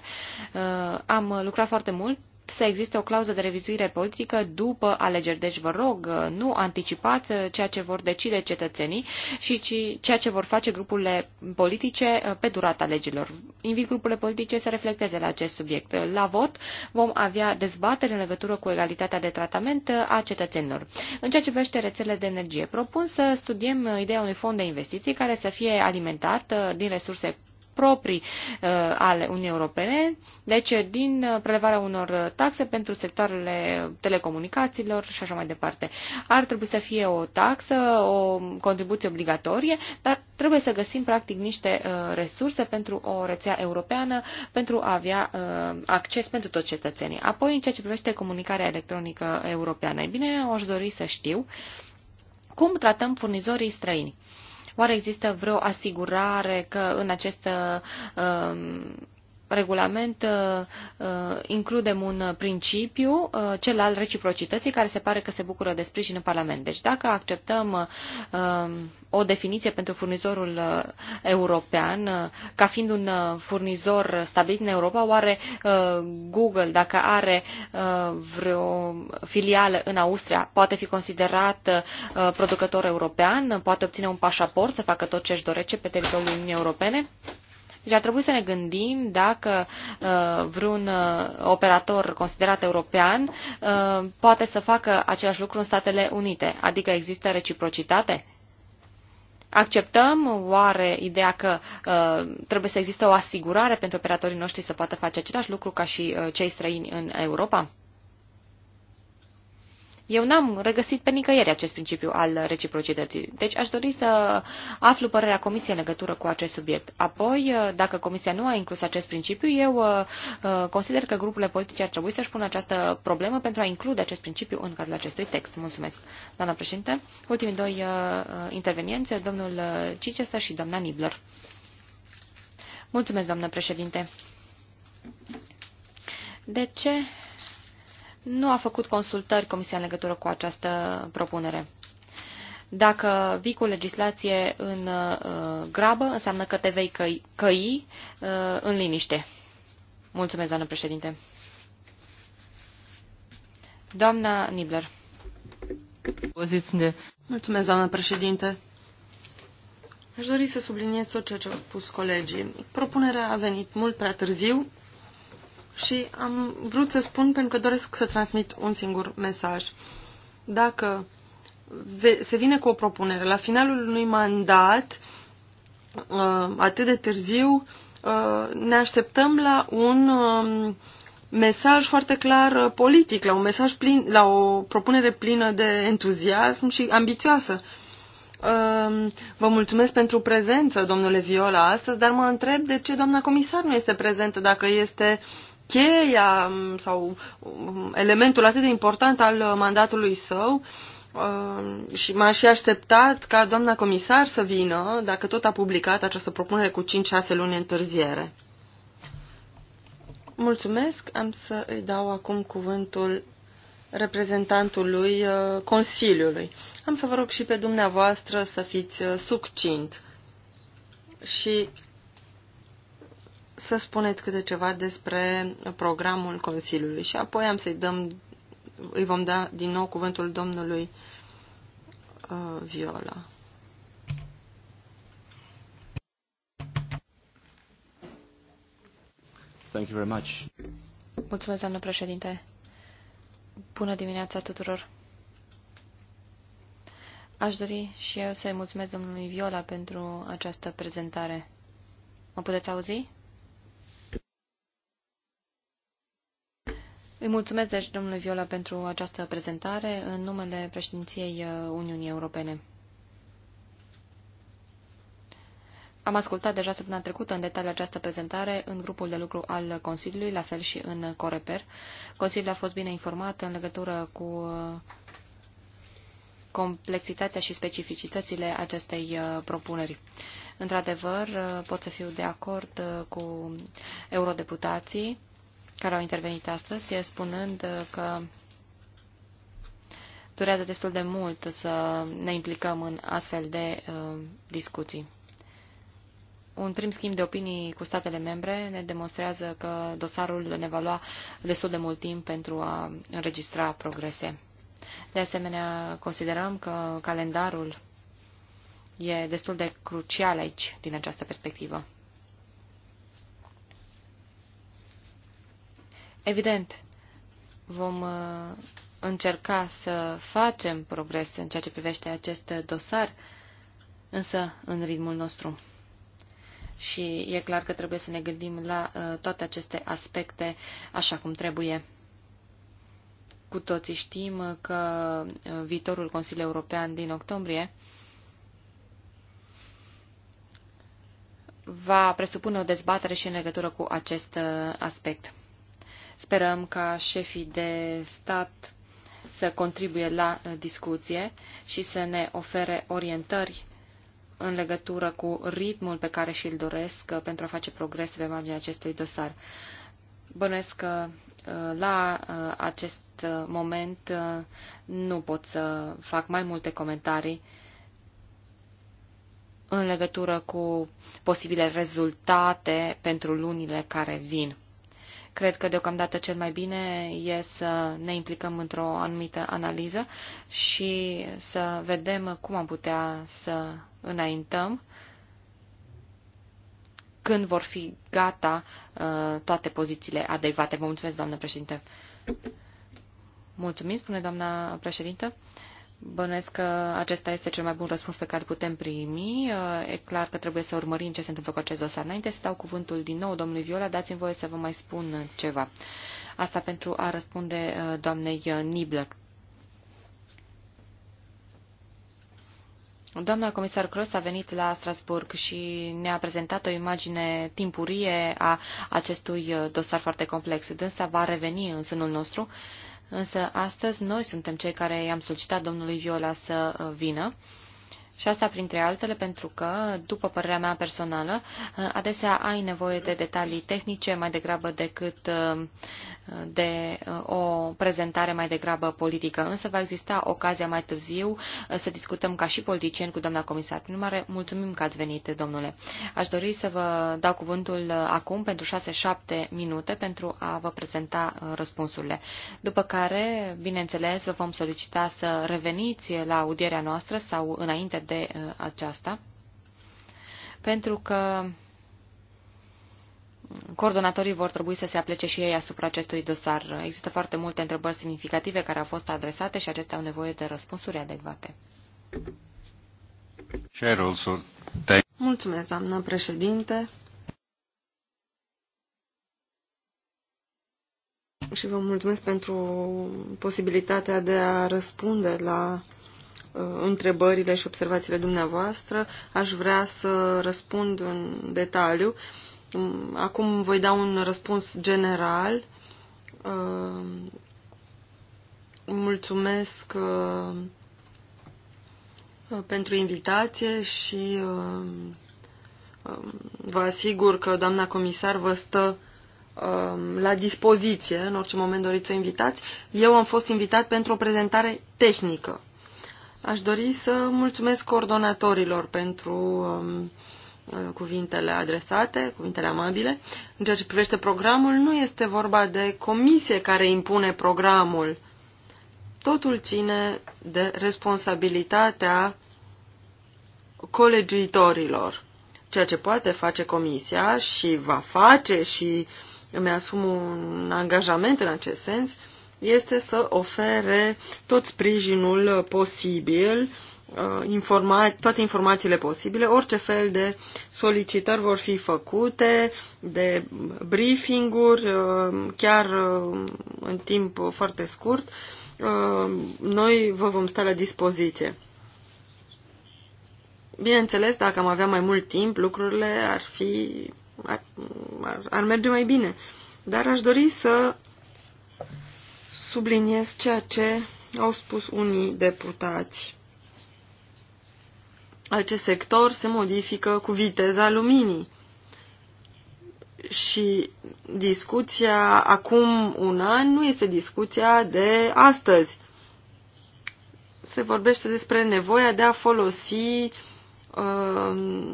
Speaker 2: uh, am lucrat foarte mult să existe o clauză de revizuire politică după alegeri. Deci vă rog, nu anticipați ceea ce vor decide cetățenii și ceea ce vor face grupurile politice uh, pe durata alegerilor. Invit grupurile politice să reflecteze la acest subiect. La vot vom avea dezbateri în legătură cu egalitatea de tratament uh, a cetățenilor. În ceea ce privește rețelele de energie, propun să studiem uh, ideea unui fond de investiții care să fie alimentat din resurse proprii uh, ale Uniunii Europene, deci din uh, prelevarea unor taxe pentru sectoarele telecomunicațiilor și așa mai departe. Ar trebui să fie o taxă, o contribuție obligatorie, dar trebuie să găsim practic niște uh, resurse pentru o rețea europeană, pentru a avea acces pentru toți cetățenii. Apoi, în ceea ce privește comunicarea electronică europeană, e bine, aș dori să știu cum tratăm furnizorii străini. Uh, Oare există vreo asigurare că în acest uh, um, regulament uh, uh, includem un principiu, uh, cel al reciprocității, care se pare că se bucură de sprijin în Parlament. Deci dacă acceptăm o definiție pentru furnizorul european ca fiind un furnizor stabilit în Europa, oare Google, dacă are vreo filială în Austria, poate fi considerat producător european, poate obține un pașaport să facă tot ce își dorește pe teritoriul Uniunii Europene? Deci ar trebui să ne gândim dacă uh, vreun uh, operator considerat european uh, poate să facă același lucru în Statele Unite, adică există reciprocitate? Acceptăm oare ideea că uh, trebuie să existe o asigurare pentru operatorii noștri să poată face același lucru ca și uh, cei străini în Europa? Eu n-am regăsit pe nicăieri acest principiu al reciprocității. Deci aș dori să aflu părerea Comisiei în legătură cu acest subiect. Apoi, uh, dacă Comisia nu a inclus acest principiu, eu uh, uh, consider că grupurile politice ar trebui să-și pună această problemă pentru a include acest principiu în cadrul acestui text. Mulțumesc, doamna președinte. Ultimii doi intervenienți, domnul Cicesta și doamna Nibler. Mulțumesc, doamnă președinte. De ce nu a făcut consultări Comisia în legătură cu această propunere. Dacă vii cu legislație în uh, grabă, înseamnă că te vei căi, căi uh, în liniște. Mulțumesc, doamnă președinte. Doamna Nibler.
Speaker 3: Mulțumesc, doamnă președinte. Aș dori să subliniez tot ceea ce au spus colegii. Propunerea a venit mult prea târziu și am vrut să spun pentru că doresc să transmit un singur mesaj. Dacă se vine cu o propunere la finalul unui mandat, uh, atât de târziu, uh, ne așteptăm la un um, mesaj foarte clar uh, politic, la un mesaj plin, la o propunere plină de entuziasm și ambițioasă. Um, vă mulțumesc pentru prezență, domnule Viola, astăzi, dar mă întreb de ce doamna comisar nu este prezentă, dacă este uh, cheia um, sau um, elementul atât de important al uh, mandatului său um, și m-aș fi așteptat ca doamna comisar să vină, dacă tot a publicat această propunere cu 5-6 luni întârziere. Mulțumesc. Am să îi dau acum cuvântul reprezentantului uh, Consiliului. Am să vă rog și pe dumneavoastră să fiți uh, succint și să spuneți câte ceva despre programul Consiliului și apoi am să-i dăm, îi vom da din nou cuvântul domnului uh, Viola.
Speaker 1: Thank you very much.
Speaker 2: Mulțumesc, doamnă președinte. Bună dimineața tuturor. Aș dori și eu să-i mulțumesc domnului Viola pentru această prezentare. Mă puteți auzi? Îi mulțumesc, deci, domnule Viola, pentru această prezentare în numele președinției uh, Uniunii Europene. Am ascultat deja săptămâna trecută în detaliu această prezentare în grupul de lucru al Consiliului, la fel și în Coreper. Consiliul a fost bine informat în legătură cu uh, complexitatea și specificitățile acestei uh, propuneri. Într-adevăr, pot să fiu de acord cu eurodeputații care au intervenit astăzi, spunând uh, că durează destul de mult să ne implicăm în astfel de uh, discuții. Un prim schimb de opinii cu statele membre ne demonstrează că dosarul ne va lua destul de mult timp pentru a înregistra progrese. De asemenea, considerăm că calendarul e destul de crucial aici, din această perspectivă. Evident, vom uh, încerca să facem progres în ceea ce privește acest dosar, însă în ritmul nostru. Și e clar că trebuie să ne gândim la uh, toate aceste aspecte așa cum trebuie. Cu toții știm că uh, viitorul Consiliu European din octombrie va presupune o dezbatere și în legătură cu acest aspect. Sperăm ca șefii de stat să contribuie la uh, discuție și să ne ofere orientări în legătură cu ritmul pe care și-l doresc uh, pentru a face progrese pe marginea acestui dosar. Bănuiesc că uh, la acest moment nu pot să fac mai multe comentarii în legătură cu posibile rezultate pentru lunile care vin. Cred că deocamdată cel mai bine e să ne implicăm într-o anumită analiză și să vedem cum am putea să înaintăm când vor fi gata uh, toate pozițiile adecvate. Vă mulțumesc, doamnă președinte. Mulțumim, spune doamna președintă. Bănuiesc că acesta este cel mai bun răspuns pe care putem primi. E clar că trebuie să urmărim ce se întâmplă cu acest dosar. Înainte să dau cuvântul din nou domnului Viola, dați-mi voie să vă mai spun ceva. Asta pentru a răspunde uh, doamnei Nibler. Doamna comisar Cross a venit la Strasburg și ne-a prezentat o imagine timpurie a acestui uh, dosar foarte complex. Dânsa va reveni în sânul nostru. Uh, Însă astăzi noi suntem cei care i-am solicitat domnului Viola să uh, vină și asta printre altele pentru că, după părerea mea personală, adesea ai nevoie de detalii tehnice mai degrabă decât de o prezentare mai degrabă politică. Însă va exista ocazia mai târziu să discutăm ca și politicieni cu doamna comisar. Prin urmare, mulțumim că ați venit, domnule. Aș dori să vă dau cuvântul acum pentru 6-7 minute pentru a vă prezenta răspunsurile. După care, bineînțeles, vă vom solicita să reveniți la audierea noastră sau înainte de uh, aceasta, pentru că coordonatorii vor trebui să se aplece și ei asupra acestui dosar. Există foarte multe întrebări semnificative care au fost adresate și acestea au nevoie de răspunsuri
Speaker 3: adecvate. Mulțumesc, doamnă președinte. Și vă mulțumesc pentru posibilitatea de a răspunde la întrebările și observațiile dumneavoastră. Aș vrea să răspund în detaliu. Acum voi da un răspuns general. Uh, mulțumesc uh, uh, pentru invitație și um, vă asigur că doamna comisar vă stă um, la dispoziție în orice moment doriți să invitați. Eu am fost invitat pentru o prezentare tehnică. Aș dori să mulțumesc coordonatorilor pentru um, uh, cuvintele adresate, cuvintele amabile. În ceea ce privește programul, nu este vorba de comisie care impune programul. Totul ține de responsabilitatea colegiuitorilor. Ceea ce poate face comisia și va face și îmi asum un angajament în acest sens, este să ofere tot sprijinul posibil, uh, informa toate informațiile posibile, orice fel de solicitări vor fi făcute, de briefing-uri, uh, chiar uh, în timp foarte scurt, noi vă vom sta la dispoziție. Bineînțeles, dacă am avea mai mult timp, lucrurile ar fi ar, ar merge mai bine. Dar aș dori să subliniez ceea ce au spus unii deputați. Acest sector se modifică cu viteza luminii și discuția acum un an nu este discuția de astăzi. Se vorbește despre nevoia de a folosi uh,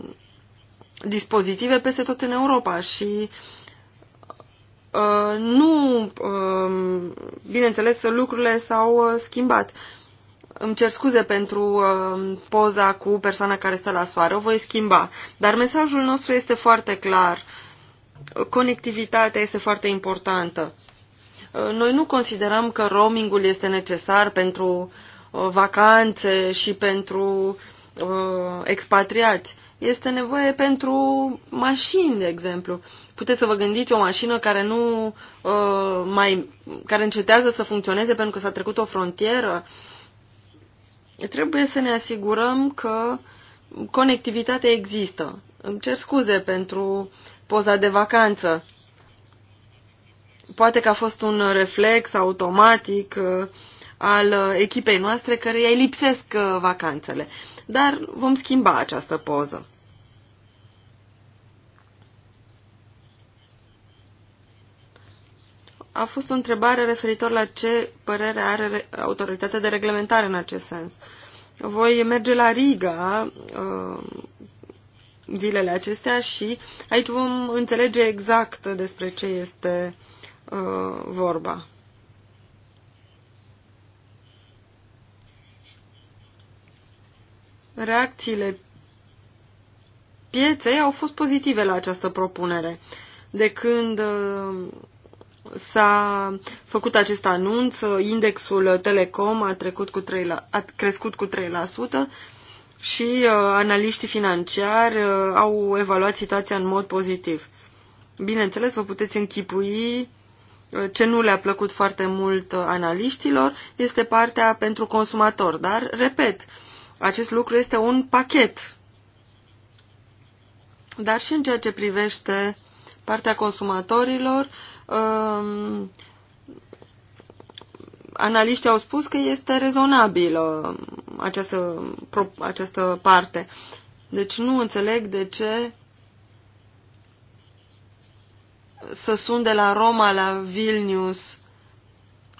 Speaker 3: dispozitive peste tot în Europa și Uh, nu, um, bineînțeles, lucrurile s-au uh, schimbat. Îmi cer scuze pentru um, poza cu persoana care stă la soară, o voi schimba. Dar mesajul nostru este foarte clar. Conectivitatea este foarte importantă. Uh, noi nu considerăm că roamingul este necesar pentru vacanțe și pentru expatriați este nevoie pentru mașini, de exemplu. Puteți să vă gândiți o mașină care nu uh, mai, care încetează să funcționeze pentru că s-a trecut o frontieră. Trebuie să ne asigurăm că conectivitatea există. Îmi cer scuze pentru poza de vacanță. Poate că a fost un reflex automatic uh, al echipei noastre care îi lipsesc uh, vacanțele dar vom schimba această poză. A fost o întrebare referitor la ce părere are autoritatea de reglementare în acest sens. Voi merge la Riga uh, zilele acestea și aici vom înțelege exact despre ce este uh, vorba. Reacțiile pieței au fost pozitive la această propunere. De când uh, s-a făcut acest anunț, indexul Telecom a, trecut cu 3 la, a crescut cu 3% și uh, analiștii financiari uh, au evaluat situația în mod pozitiv. Bineînțeles, vă puteți închipui uh, ce nu le-a plăcut foarte mult uh, analiștilor este partea pentru consumator, dar, repet, acest lucru este un pachet. Dar și în ceea ce privește partea consumatorilor, uh, um, analiștii au spus că este rezonabilă această, această parte. Deci nu înțeleg de ce să sun de la Roma la Vilnius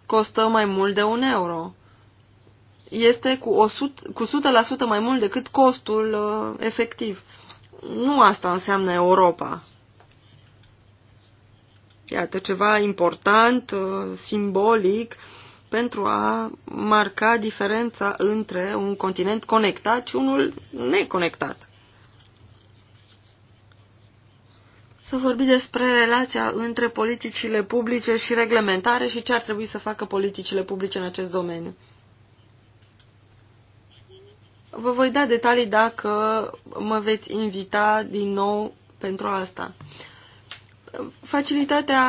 Speaker 3: costă mai mult de un euro. Este cu, 100, cu 100% mai mult decât costul uh, efectiv. Nu asta înseamnă Europa. Iată, ceva important, uh, simbolic, pentru a marca diferența între un continent conectat și unul neconectat. Să vorbim despre relația între politicile publice și reglementare și ce ar trebui să facă politicile publice în acest domeniu. Vă voi da detalii dacă mă veți invita din nou pentru asta. Facilitatea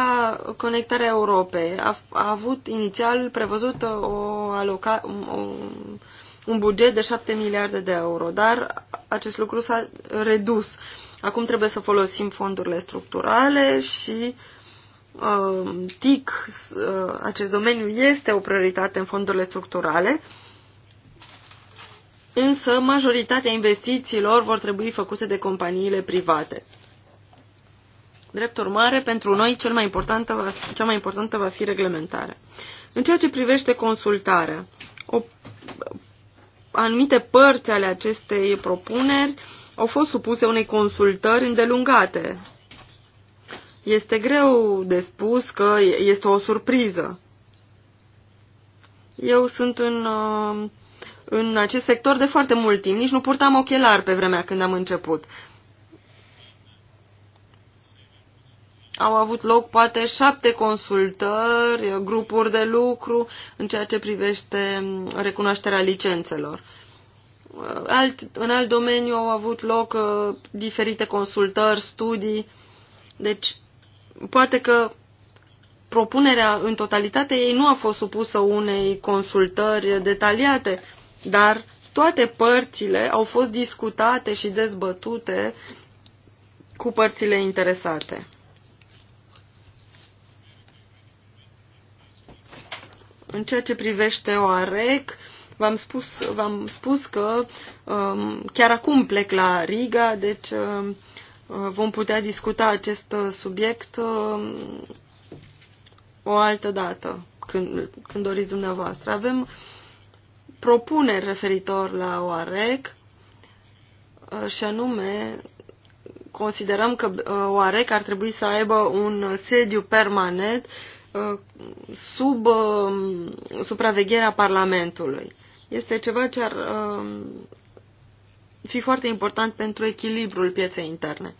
Speaker 3: Conectarea Europei a, a avut inițial prevăzut o aloca, o, un buget de 7 miliarde de euro, dar acest lucru s-a redus. Acum trebuie să folosim fondurile structurale și uh, TIC, uh, acest domeniu este o prioritate în fondurile structurale, însă majoritatea investițiilor vor trebui făcute de companiile private. Drept urmare, pentru noi cel mai importantă va, cea mai importantă va fi reglementarea. În ceea ce privește consultarea, o, anumite părți ale acestei propuneri au fost supuse unei consultări îndelungate. Este greu de spus că este o surpriză. Eu sunt în, uh, în acest sector de foarte mult timp, nici nu purtam ochelari pe vremea când am început. au avut loc poate șapte consultări, grupuri de lucru în ceea ce privește mm, recunoașterea licențelor. Uh, alt, în alt domeniu au avut loc uh, diferite consultări, studii. Deci, poate că propunerea în totalitate ei nu a fost supusă unei consultări detaliate, dar toate părțile au fost discutate și dezbătute cu părțile interesate. În ceea ce privește OAREC, v-am spus, v-am spus că um, chiar acum plec la Riga, deci um, vom putea discuta acest subiect um, o altă dată, când, când doriți dumneavoastră. Avem propuneri referitor la OAREC uh, și anume considerăm că uh, OAREC ar trebui să aibă un sediu permanent Uh, sub um, supravegherea Parlamentului. Este ceva ce ar um, fi foarte important pentru echilibrul pieței interne.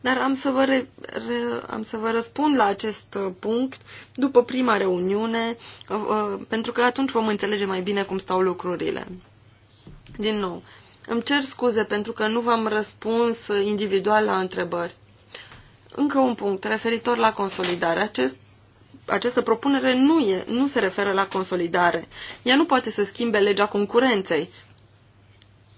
Speaker 3: Dar am să, vă re, re, am să vă răspund la acest uh, punct după prima reuniune, uh, pentru că atunci vom înțelege mai bine cum stau lucrurile. Din nou, îmi cer scuze pentru că nu v-am răspuns individual la întrebări. Încă un punct referitor la consolidare. Acest această propunere nu, e, nu se referă la consolidare. Ea nu poate să schimbe legea concurenței.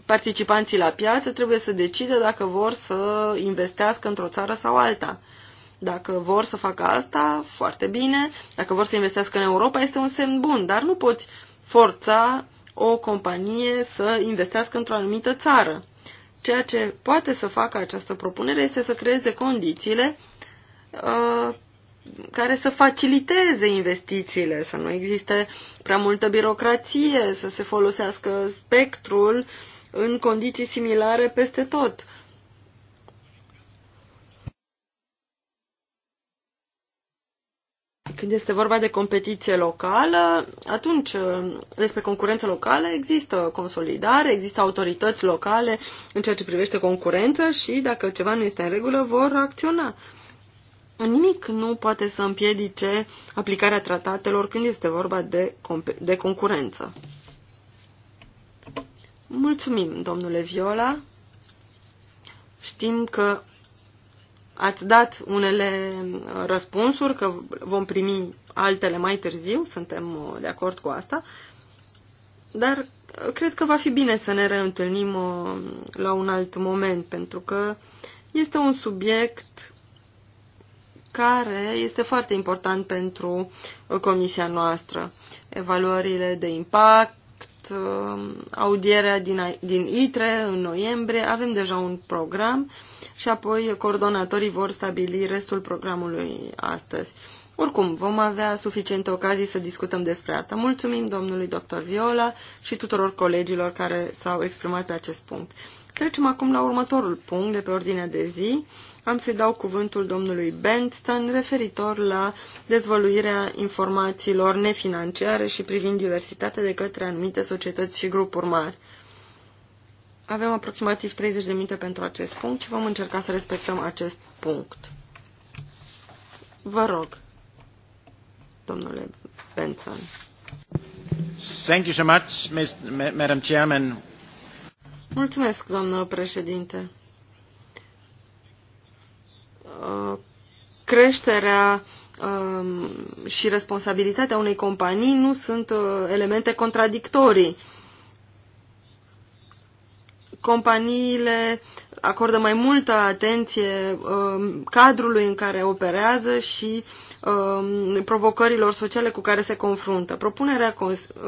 Speaker 3: Participanții la piață trebuie să decide dacă vor să investească într-o țară sau alta. Dacă vor să facă asta, foarte bine. Dacă vor să investească în Europa, este un semn bun, dar nu poți forța o companie să investească într-o anumită țară. Ceea ce poate să facă această propunere este să creeze condițiile uh, care să faciliteze investițiile, să nu existe prea multă birocrație, să se folosească spectrul în condiții similare peste tot. Când este vorba de competiție locală, atunci despre concurență locală există consolidare, există autorități locale în ceea ce privește concurență și dacă ceva nu este în regulă vor acționa nimic nu poate să împiedice aplicarea tratatelor când este vorba de, de concurență. Mulțumim, domnule Viola. Știm că ați dat unele răspunsuri, că vom primi altele mai târziu, suntem uh, de acord cu asta, dar uh, cred că va fi bine să ne reîntâlnim uh, la un alt moment, pentru că este un subiect care este foarte important pentru uh, comisia noastră. Evaluările de impact, um, audierea din, din ITRE în noiembrie, avem deja un program și apoi coordonatorii vor stabili restul programului astăzi. Oricum, vom avea suficiente ocazii să discutăm despre asta. Mulțumim domnului dr. Viola și tuturor colegilor care s-au exprimat pe acest punct. Trecem acum la următorul punct de pe ordinea de zi, am să-i dau cuvântul domnului Benton referitor la dezvăluirea informațiilor nefinanciare și privind diversitatea de către anumite societăți și grupuri mari. Avem aproximativ 30 de minute pentru acest punct și vom încerca să respectăm acest punct. Vă rog, domnule Benson. Thank you so much, Madam Chairman. Mulțumesc, doamnă președinte. Uh, creșterea um, și responsabilitatea unei companii nu sunt uh, elemente contradictorii. Companiile acordă mai multă atenție um, cadrului în care operează și um, provocărilor sociale cu care se confruntă. Propunerea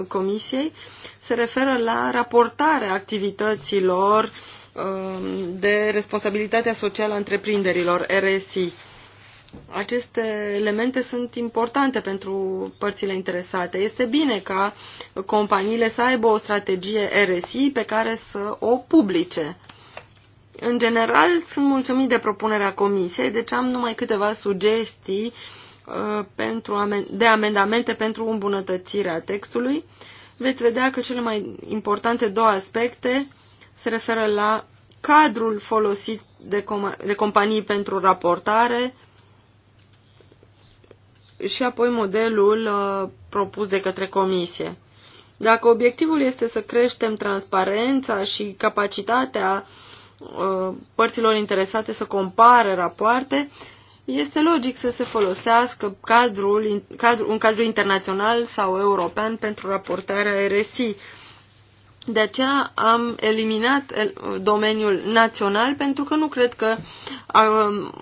Speaker 3: Comisiei se referă la raportarea activităților Um, de responsabilitatea socială a întreprinderilor, RSI. Aceste elemente sunt importante pentru părțile interesate. Este bine ca companiile să aibă o strategie RSI pe care să o publice. În general, sunt mulțumit de propunerea comisiei, deci am numai câteva sugestii uh, pentru, de amendamente pentru îmbunătățirea textului. Veți vedea că cele mai importante două aspecte se referă la cadrul folosit de, com de companii pentru raportare și apoi modelul uh, propus de către comisie. Dacă obiectivul este să creștem transparența și capacitatea uh, părților interesate să compare rapoarte, este logic să se folosească cadrul, un cadru internațional sau european pentru raportarea RSI de aceea am eliminat domeniul național pentru că nu cred că um,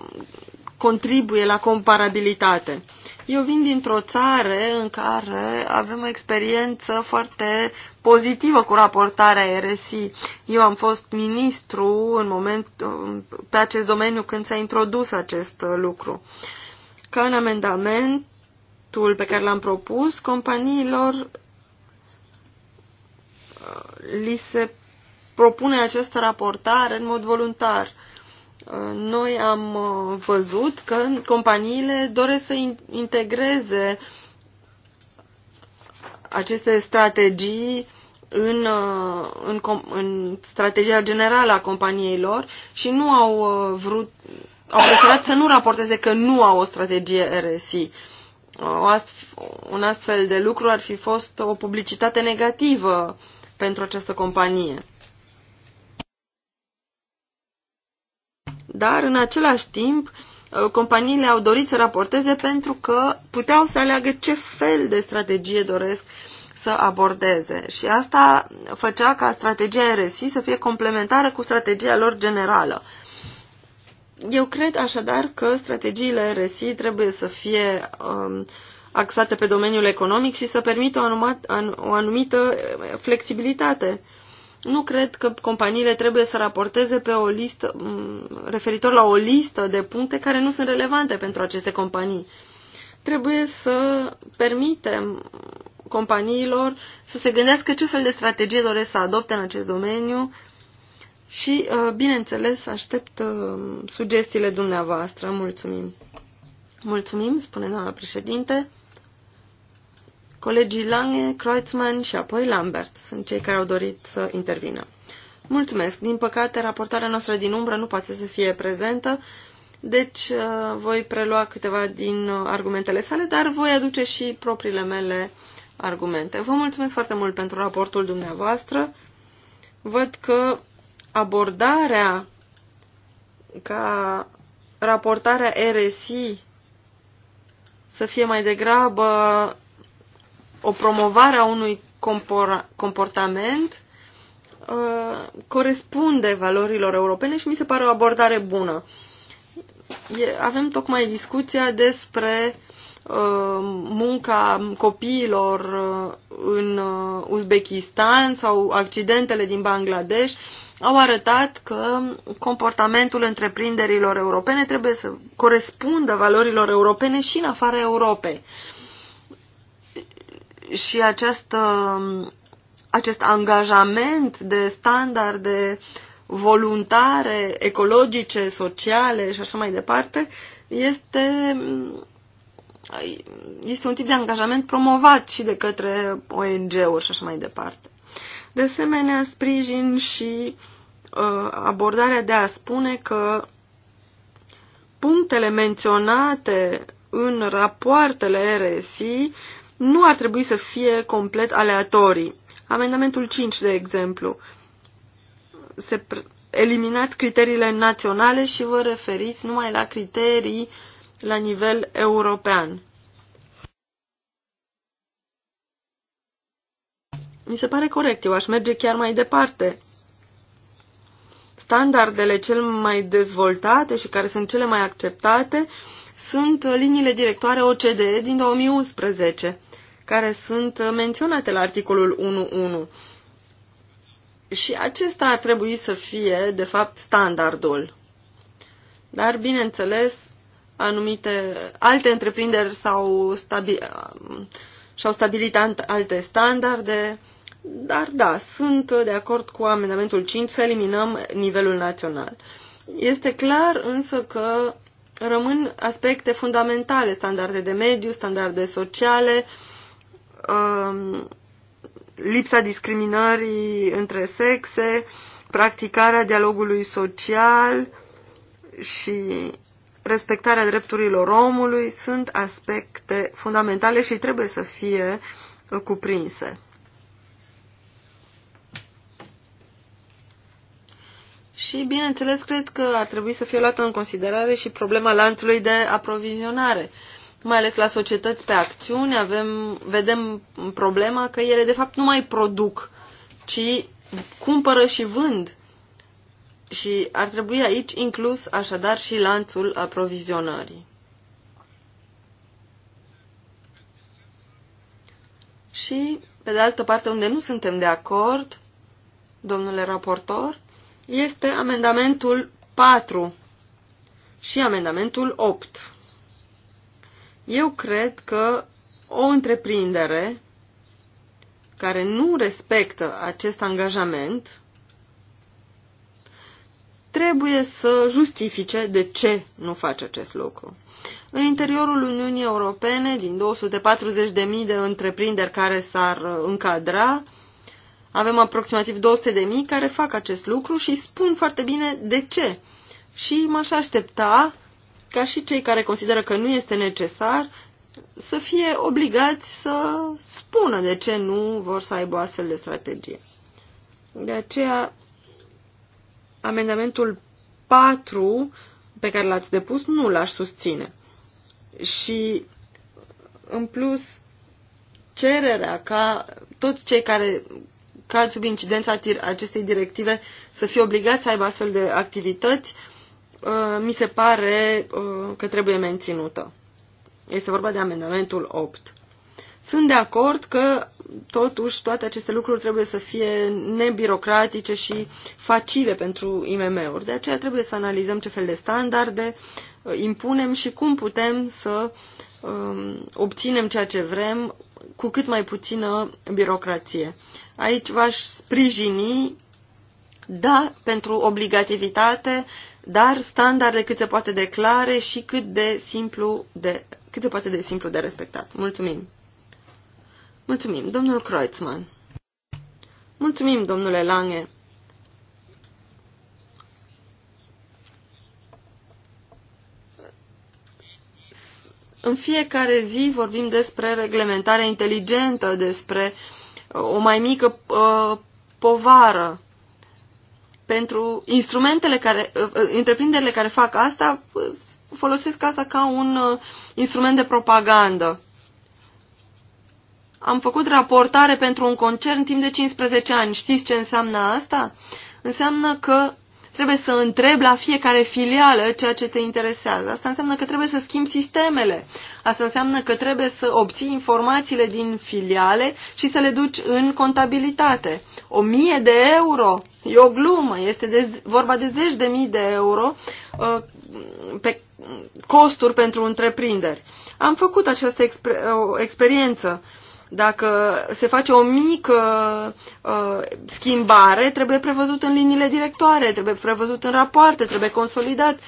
Speaker 3: contribuie la comparabilitate. Eu vin dintr-o țară în care avem o experiență foarte pozitivă cu raportarea RSI. Eu am fost ministru în moment, um, pe acest domeniu când s-a introdus acest lucru. Ca în amendamentul pe care l-am propus, companiilor li se propune această raportare în mod voluntar. Noi am uh, văzut că companiile doresc să integreze aceste strategii în, uh, în, în strategia generală a companiei lor și nu au uh, vrut, au preferat să nu raporteze că nu au o strategie RSI. O astf, un astfel de lucru ar fi fost o publicitate negativă uh, pentru această companie. Dar, în același timp, uh, companiile au dorit să raporteze pentru că puteau să aleagă ce fel de strategie doresc să abordeze. Și asta făcea ca strategia RSI să fie complementară cu strategia lor generală. Eu cred așadar că strategiile RSI trebuie să fie um, axate pe domeniul economic și să permită o, anumat, an, o anumită eh, flexibilitate. Nu cred că companiile trebuie să raporteze pe o listă, mm, referitor la o listă de puncte care nu sunt relevante pentru aceste companii. Trebuie să permitem companiilor să se gândească ce fel de strategie doresc să adopte în acest domeniu și, eh, bineînțeles, aștept eh, sugestiile dumneavoastră. Mulțumim! Mulțumim, spune doamna președinte. Colegii Lange, Kreutzmann și apoi Lambert sunt cei care au dorit să intervină. Mulțumesc! Din păcate, raportarea noastră din umbră nu poate să fie prezentă, deci uh, voi prelua câteva din uh, argumentele sale, dar voi aduce și propriile mele argumente. Vă mulțumesc foarte mult pentru raportul dumneavoastră. Văd că abordarea ca raportarea RSI să fie mai degrabă o promovare a unui comportament uh, corespunde valorilor europene și mi se pare o abordare bună. Avem tocmai discuția despre uh, munca copiilor uh, în Uzbekistan sau accidentele din Bangladesh au arătat că comportamentul întreprinderilor europene trebuie să corespundă valorilor europene și în afara Europei și acest, acest angajament de standarde voluntare, ecologice, sociale și așa mai departe, este, este un tip de angajament promovat și de către ONG-uri și așa mai departe. De asemenea, sprijin și uh, abordarea de a spune că punctele menționate în rapoartele RSI nu ar trebui să fie complet aleatorii. Amendamentul 5, de exemplu, se eliminați criteriile naționale și vă referiți numai la criterii la nivel european. Mi se pare corect, eu aș merge chiar mai departe. Standardele cel mai dezvoltate și care sunt cele mai acceptate sunt liniile directoare OCDE din 2011 care sunt menționate la articolul 1.1. Și acesta ar trebui să fie, de fapt, standardul. Dar, bineînțeles, anumite alte întreprinderi s-au stabi stabilit alte standarde, dar da, sunt de acord cu amendamentul 5 să eliminăm nivelul național. Este clar însă că rămân aspecte fundamentale, standarde de mediu, standarde sociale, uh, Um, lipsa discriminării între sexe, practicarea dialogului social și respectarea drepturilor omului sunt aspecte fundamentale și trebuie să fie uh, cuprinse. Și, bineînțeles, cred că ar trebui să fie luată în considerare și problema lanțului de aprovizionare. Uh, mai ales la societăți pe acțiuni, avem, vedem problema că ele de fapt nu mai produc, ci cumpără și vând. Și ar trebui aici inclus așadar și lanțul aprovizionării. Și, pe de altă parte, unde nu suntem de acord, domnule raportor, este amendamentul 4 și amendamentul 8. Eu cred că o întreprindere care nu respectă acest angajament trebuie să justifice de ce nu face acest lucru. În interiorul Uniunii Europene, din 240.000 de întreprinderi care s-ar uh, încadra, avem aproximativ 200.000 care fac acest lucru și spun foarte bine de ce. Și m-aș aștepta ca și cei care consideră că nu este necesar să fie obligați să spună de ce nu vor să aibă astfel de strategie. De aceea, amendamentul 4 pe care l-ați depus nu l-aș susține. Și, în plus, cererea ca toți cei care cad sub incidența acestei directive să fie obligați să aibă astfel de activități Uh, mi se pare uh, că trebuie menținută. Este vorba de amendamentul 8. Sunt de acord că totuși toate aceste lucruri trebuie să fie nebirocratice și facile pentru IMM-uri. De aceea trebuie să analizăm ce fel de standarde uh, impunem și cum putem să um, obținem ceea ce vrem cu cât mai puțină birocrație. Aici v-aș sprijini, da, pentru obligativitate dar standarde cât se poate de clare și cât, de simplu de, cât se poate de simplu de respectat. Mulțumim! Mulțumim, domnul Kreutzmann! Mulțumim, domnule Lange! În fiecare zi vorbim despre reglementarea inteligentă, despre uh, o mai mică uh, povară pentru instrumentele care, uh, uh, întreprinderile care fac asta, uh, folosesc asta ca un instrument de propagandă. Am făcut raportare pentru un concern timp de 15 ani. Știți ce înseamnă asta? Înseamnă că trebuie să întrebi la fiecare filială ceea ce te interesează. Asta înseamnă că trebuie să schimbi sistemele. Asta înseamnă că trebuie să obții informațiile din filiale și să le duci în contabilitate. O mie de euro e o glumă, este de, vorba de zeci de mii de euro uh, pe costuri pentru întreprinderi. Am făcut această exper- experiență. Uh, dacă se face o mică uh, schimbare, trebuie prevăzut în liniile directoare, trebuie prevăzut în rapoarte, trebuie consolidat.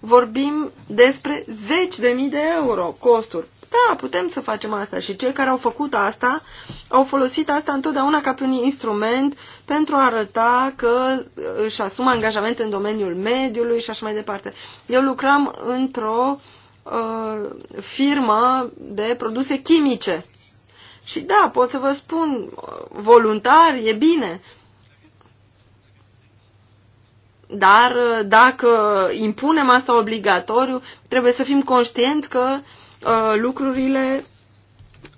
Speaker 3: Vorbim despre zeci de mii de euro costuri. Da, putem să facem asta și cei care au făcut asta au folosit asta întotdeauna ca pe un instrument pentru a arăta că își asumă angajamente în domeniul mediului și așa mai departe. Eu lucram într-o uh, firmă de produse chimice și da, pot să vă spun, voluntar e bine. Dar uh, dacă impunem asta obligatoriu, trebuie să fim conștienți că uh, lucrurile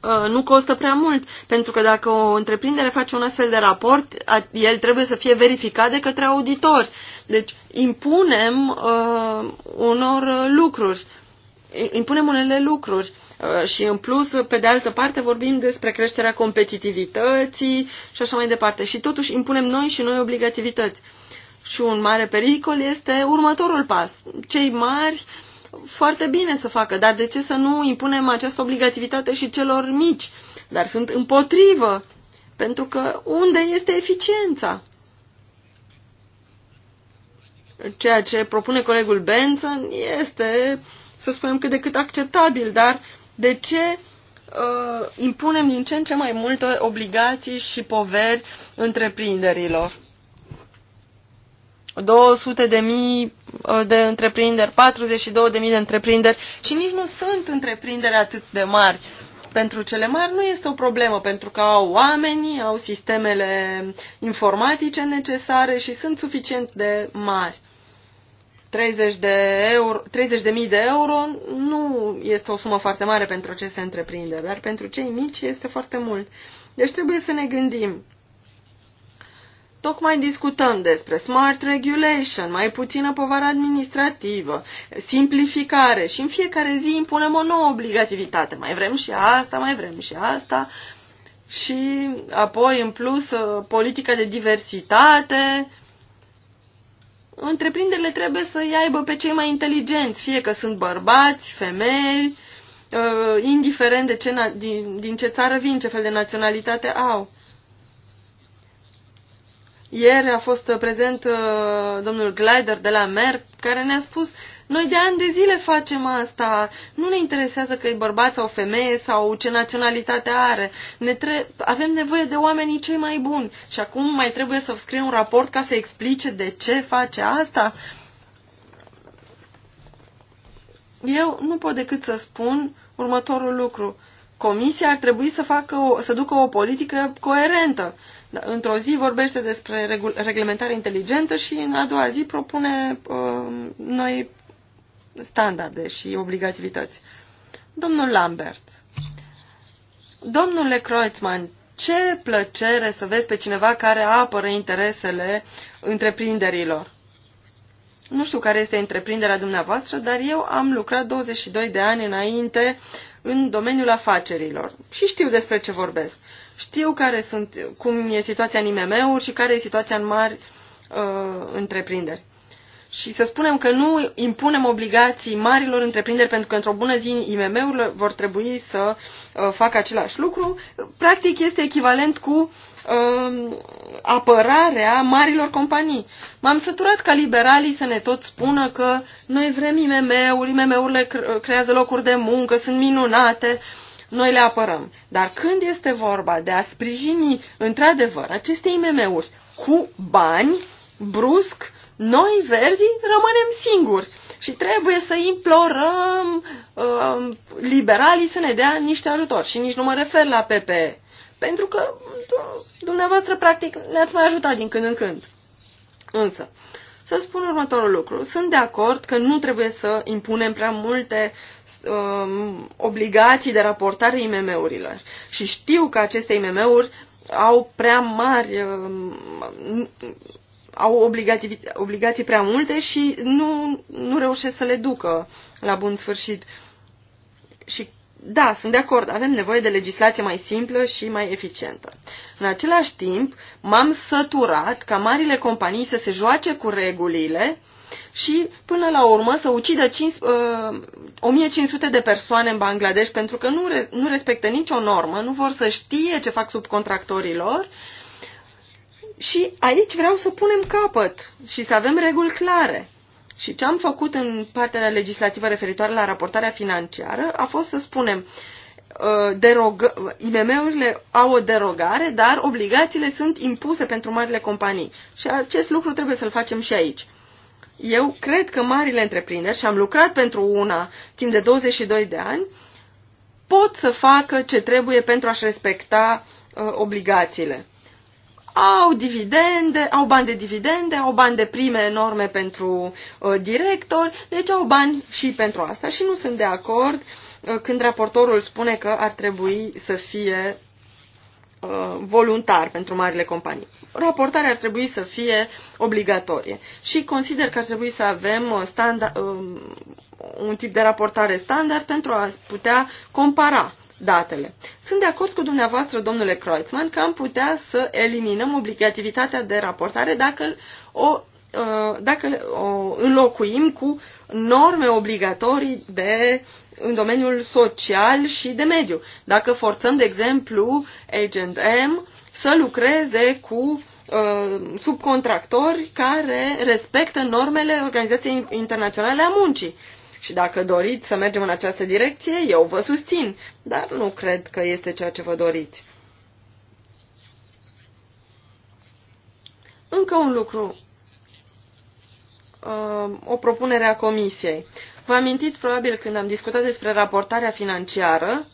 Speaker 3: uh, nu costă prea mult. Pentru că dacă o întreprindere face un astfel de raport, el trebuie să fie verificat de către auditori. Deci impunem uh, unor uh, lucruri. Impunem unele lucruri. Uh, Uh, și în plus, pe de altă parte, vorbim despre creșterea competitivității și așa mai departe. Și totuși impunem noi și noi obligativități. Și un mare pericol este următorul pas. Cei mari foarte bine să facă, dar de ce să nu impunem această obligativitate și celor mici? Dar sunt împotrivă, pentru că unde este eficiența? Ceea ce propune colegul Benson este, să spunem, cât de cât acceptabil, dar uh, de ce uh, impunem din ce în ce mai multe obligații și poveri întreprinderilor. 200 de mii uh, de întreprinderi, 42 de mii de întreprinderi și nici nu sunt întreprinderi atât de mari. Pentru cele mari nu este o problemă, pentru că au oamenii, au sistemele informatice necesare și sunt suficient de mari. 30 de euro, 30 de euro nu este o sumă foarte mare pentru aceste întreprinderi, dar pentru cei mici este foarte mult. Deci trebuie să ne gândim. Tocmai discutăm despre smart regulation, mai puțină povară administrativă, simplificare și în fiecare zi impunem o nouă obligativitate. Mai vrem și asta, mai vrem și asta și apoi în plus politica de diversitate, întreprinderile trebuie să-i aibă pe cei mai inteligenți, fie că sunt bărbați, femei, uh, indiferent de ce, din, din ce țară vin, ce fel de naționalitate au. Ieri a fost prezent uh, domnul Glider de la Merck, care ne-a spus noi de ani de zile facem asta. Nu ne interesează că e bărbat sau femeie sau ce naționalitate are. Ne tre- avem nevoie de oamenii cei mai buni. Și acum mai trebuie să scrie un raport ca să explice de ce face asta. Eu nu pot decât să spun următorul lucru. Comisia ar trebui să, facă o, să ducă o politică coerentă. Da, într-o zi vorbește despre reglementare inteligentă și în a doua zi propune uh, noi standarde și obligativități. Domnul Lambert, domnule Kreutzmann, ce plăcere să vezi pe cineva care apără interesele întreprinderilor. Nu știu care este întreprinderea dumneavoastră, dar eu am lucrat 22 de ani înainte în domeniul afacerilor și știu despre ce vorbesc. Știu care sunt, cum e situația în IMM-uri și care e situația în mari uh, întreprinderi și să spunem că nu impunem obligații marilor întreprinderi pentru că într-o bună zi IMM-urile vor trebui să uh, facă același lucru, practic este echivalent cu uh, apărarea marilor companii. M-am săturat ca liberalii să ne tot spună că noi vrem IMM-uri, IMM-urile uh, creează locuri de muncă, sunt minunate, noi le apărăm. Dar când este vorba de a sprijini într-adevăr aceste IMM-uri cu bani, brusc, noi, verzii, rămânem singuri și trebuie să implorăm uh, liberalii să ne dea niște ajutor. Și nici nu mă refer la PP, pentru că dumneavoastră, practic, ne-ați mai ajutat din când în când. Însă, să spun următorul lucru. Sunt de acord că nu trebuie să impunem prea multe uh, obligații de raportare IMM-urilor. Și știu că aceste IMM-uri au prea mari Uh, au obligații, obligații prea multe și nu, nu reușesc să le ducă la bun sfârșit. Și da, sunt de acord, avem nevoie de legislație mai simplă și mai eficientă. În același timp, m-am săturat ca marile companii să se joace cu regulile și până la urmă să ucidă 5, uh, 1500 de persoane în Bangladesh pentru că nu, re, nu respectă nicio normă, nu vor să știe ce fac subcontractorii lor și aici vreau să punem capăt și să avem reguli clare. Și ce am făcut în partea legislativă referitoare la raportarea financiară a fost să spunem uh, derog, IMM-urile au o derogare, dar obligațiile sunt impuse pentru marile companii. Și acest lucru trebuie să-l facem și aici. Eu cred că marile întreprinderi, și am lucrat pentru una timp de 22 de ani, pot să facă ce trebuie pentru a-și respecta uh, obligațiile au dividende, au bani de dividende, au bani de prime enorme pentru uh, directori, deci au bani și pentru asta și nu sunt de acord uh, când raportorul spune că ar trebui să fie uh, voluntar pentru marile companii. Raportarea ar trebui să fie obligatorie și consider că ar trebui să avem uh, standard, um, un tip de raportare standard pentru a putea compara datele. Sunt de acord cu dumneavoastră, domnule Kreutzmann, că am putea să eliminăm obligativitatea de raportare dacă o, uh, dacă o înlocuim cu norme obligatorii de în domeniul social și de mediu. Dacă forțăm, de exemplu, Agent M să lucreze cu uh, subcontractori care respectă normele Organizației Internaționale a Muncii. Și dacă doriți să mergem în această direcție, eu vă susțin, dar nu cred că este ceea ce vă doriți. Încă un lucru. Uh, o propunere a Comisiei. Vă amintiți probabil când am discutat despre raportarea financiară,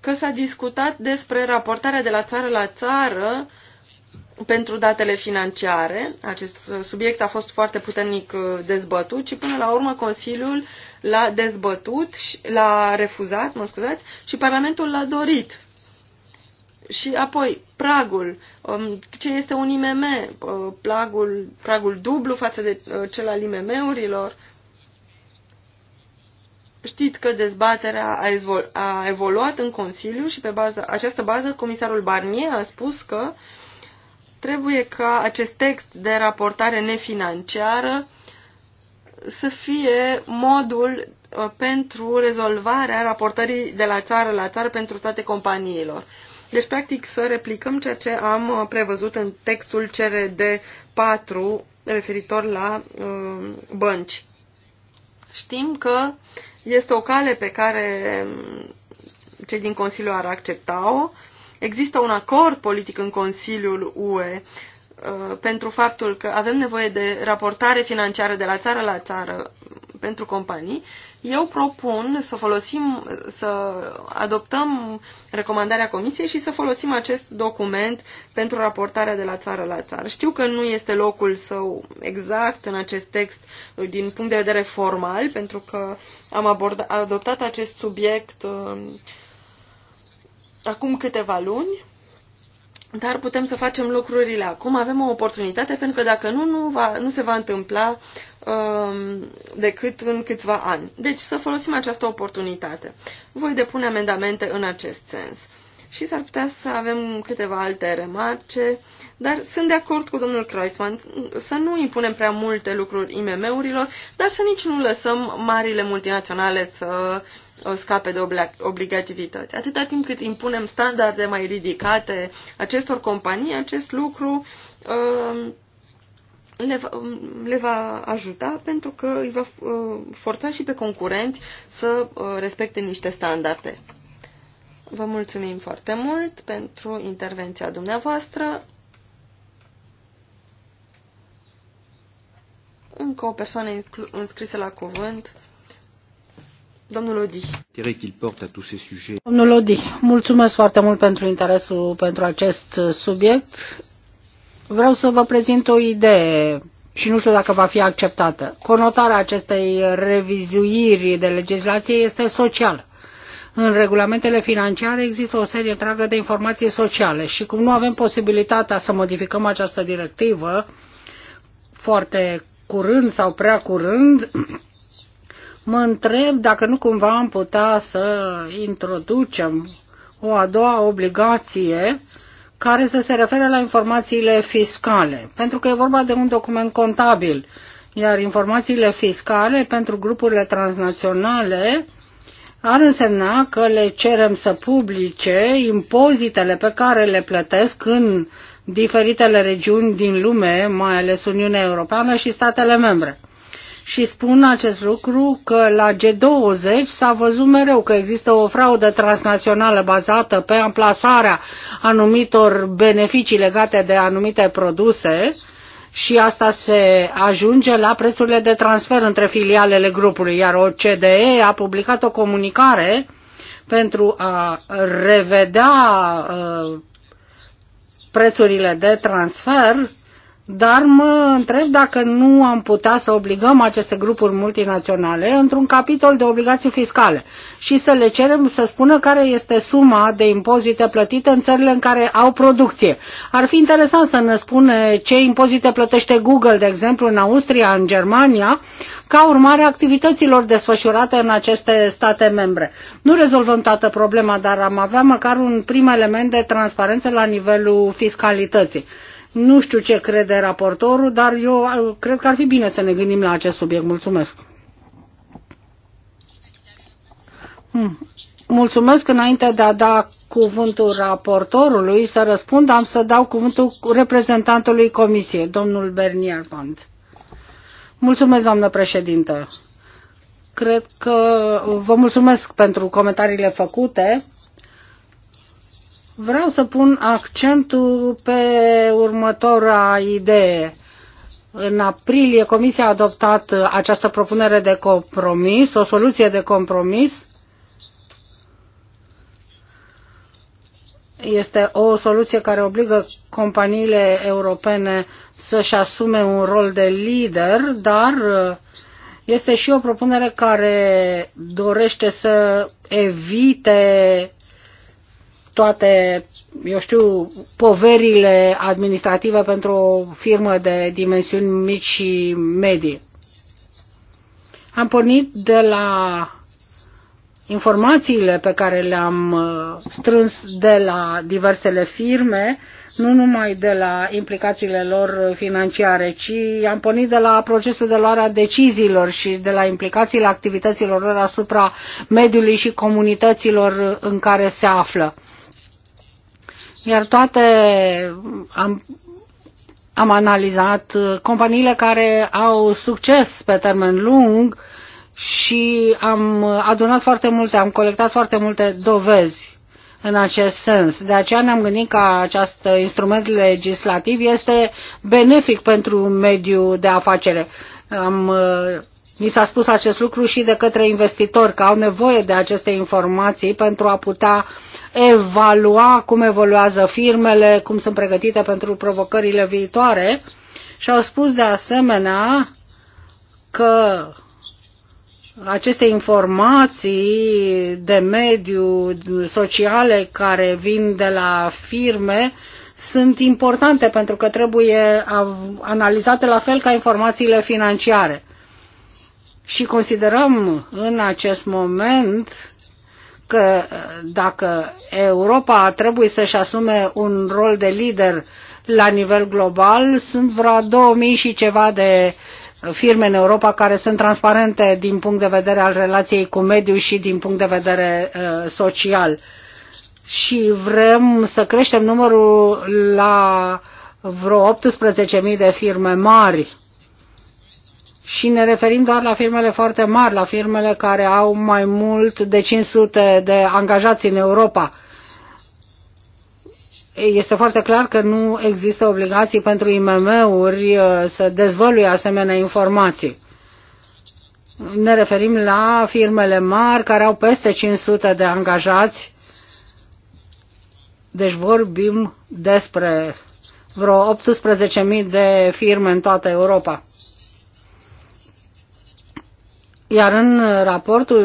Speaker 3: că s-a discutat despre raportarea de la țară la țară pentru datele financiare. Acest uh, subiect a fost foarte puternic uh, dezbătut și până la urmă Consiliul l-a dezbătut, l-a refuzat, mă scuzați, și Parlamentul l-a dorit. Și apoi, pragul, um, ce este un IMM, uh, pragul, pragul dublu față de cel al IMM-urilor. Știți că dezbaterea a, evolu a evoluat în Consiliu și pe bază, această bază comisarul Barnier a spus că uh, Trebuie ca acest text de raportare nefinanciară să fie modul uh, pentru rezolvarea raportării de la țară la țară pentru toate companiilor. Deci, practic, să replicăm ceea ce am uh, prevăzut în textul CRD 4 referitor la uh, bănci. Știm că este o cale pe care um, cei din Consiliu ar accepta-o Există un acord politic în Consiliul UE uh, pentru faptul că avem nevoie de raportare financiară de la țară la țară pentru companii, eu propun să folosim, să adoptăm recomandarea Comisiei și să folosim acest document pentru raportarea de la țară la țară. Știu că nu este locul său exact în acest text din punct de vedere formal, pentru că am aborda, adoptat acest subiect uh, acum câteva luni, dar putem să facem lucrurile acum. Avem o oportunitate pentru că dacă nu, nu, va, nu se va întâmpla um, decât în câțiva ani. Deci să folosim această oportunitate. Voi depune amendamente în acest sens. Și s-ar putea să avem câteva alte remarce, dar sunt de acord cu domnul Kreuzmann să nu impunem prea multe lucruri IMM-urilor, dar să nici nu lăsăm marile multinaționale să uh, scape de obligativități. Atâta timp cât impunem standarde mai ridicate acestor companii, acest lucru um, le va, um, le va ajuta pentru că îi va uh, forța și pe concurenți să uh, respecte niște standarde. Vă mulțumim foarte mult pentru intervenția dumneavoastră. Încă o persoană înscrisă la cuvânt. Domnul Odi.
Speaker 1: Domnul Odi, mulțumesc foarte mult pentru interesul pentru acest subiect. Vreau să vă prezint o idee și nu știu dacă va fi acceptată. Conotarea acestei revizuiri de legislație este socială. În regulamentele financiare există o serie întreagă de informații sociale și cum nu avem posibilitatea să modificăm această directivă foarte curând sau prea curând, mă întreb dacă nu cumva am putea să introducem o a doua obligație care să se refere la informațiile fiscale, pentru că e vorba de un document contabil, iar informațiile fiscale pentru grupurile transnaționale ar însemna că le cerem să publice impozitele pe care le plătesc în diferitele regiuni din lume, mai ales Uniunea Europeană și statele membre și spun acest lucru că la G20 s-a văzut mereu că există o fraudă transnațională bazată pe amplasarea anumitor beneficii legate de anumite produse și asta se ajunge la prețurile de transfer între filialele grupului, iar OCDE a publicat o comunicare pentru a revedea uh, prețurile de transfer dar mă întreb dacă nu am putea să obligăm aceste grupuri multinaționale într-un capitol de obligații fiscale și să le cerem să spună care este suma de impozite plătite în țările în care au producție. Ar fi interesant să ne spune ce impozite plătește Google, de exemplu, în Austria, în Germania, ca urmare a activităților desfășurate în aceste state membre. Nu rezolvăm toată problema, dar am avea măcar un prim element de transparență la nivelul fiscalității. Nu știu ce crede raportorul, dar eu cred că ar fi bine să ne gândim la acest subiect. Mulțumesc. Hmm. Mulțumesc înainte de a da cuvântul raportorului să răspund, am să dau cuvântul reprezentantului comisiei, domnul Bernier Band. Mulțumesc, doamnă președintă. Cred că vă mulțumesc pentru comentariile făcute. Vreau să pun accentul pe următoarea idee. În aprilie Comisia a adoptat această propunere de compromis, o soluție de compromis. Este o soluție care obligă companiile europene să-și asume un rol de lider, dar este și o propunere care dorește să evite toate, eu știu, poverile administrative pentru o firmă de dimensiuni mici și medii. Am pornit de la informațiile pe care le-am uh, strâns de la diversele firme, nu numai de la implicațiile lor financiare, ci am pornit de la procesul de luare a deciziilor și de la implicațiile activităților lor asupra mediului și comunităților în care se află. Iar toate am, am analizat companiile care au succes pe termen lung și am adunat foarte multe, am colectat foarte multe dovezi în acest sens. De aceea ne-am gândit că acest instrument legislativ este benefic pentru mediul de afacere. Am, mi s-a spus acest lucru și de către investitori, că au nevoie de aceste informații pentru a putea uh, evalua cum evoluează firmele, cum sunt pregătite pentru provocările viitoare și au spus de asemenea că aceste informații de mediu sociale care vin de la firme sunt importante pentru că trebuie analizate la fel ca informațiile financiare. Și considerăm în acest moment că dacă Europa trebuie să-și asume un rol de lider la nivel global, sunt vreo 2000 și ceva de firme în Europa care sunt transparente din punct de vedere al relației cu mediul și din punct de vedere uh, social. Și vrem să creștem numărul la vreo 18.000 de firme mari și ne referim doar la firmele foarte mari, la firmele care au mai mult de 500 de angajați în Europa. Este foarte clar că nu există obligații pentru IMM-uri uh, să dezvăluie asemenea informații. Ne referim la firmele mari care au peste 500 de angajați, deci vorbim despre vreo 18.000 de firme în toată Europa. Iar în raportul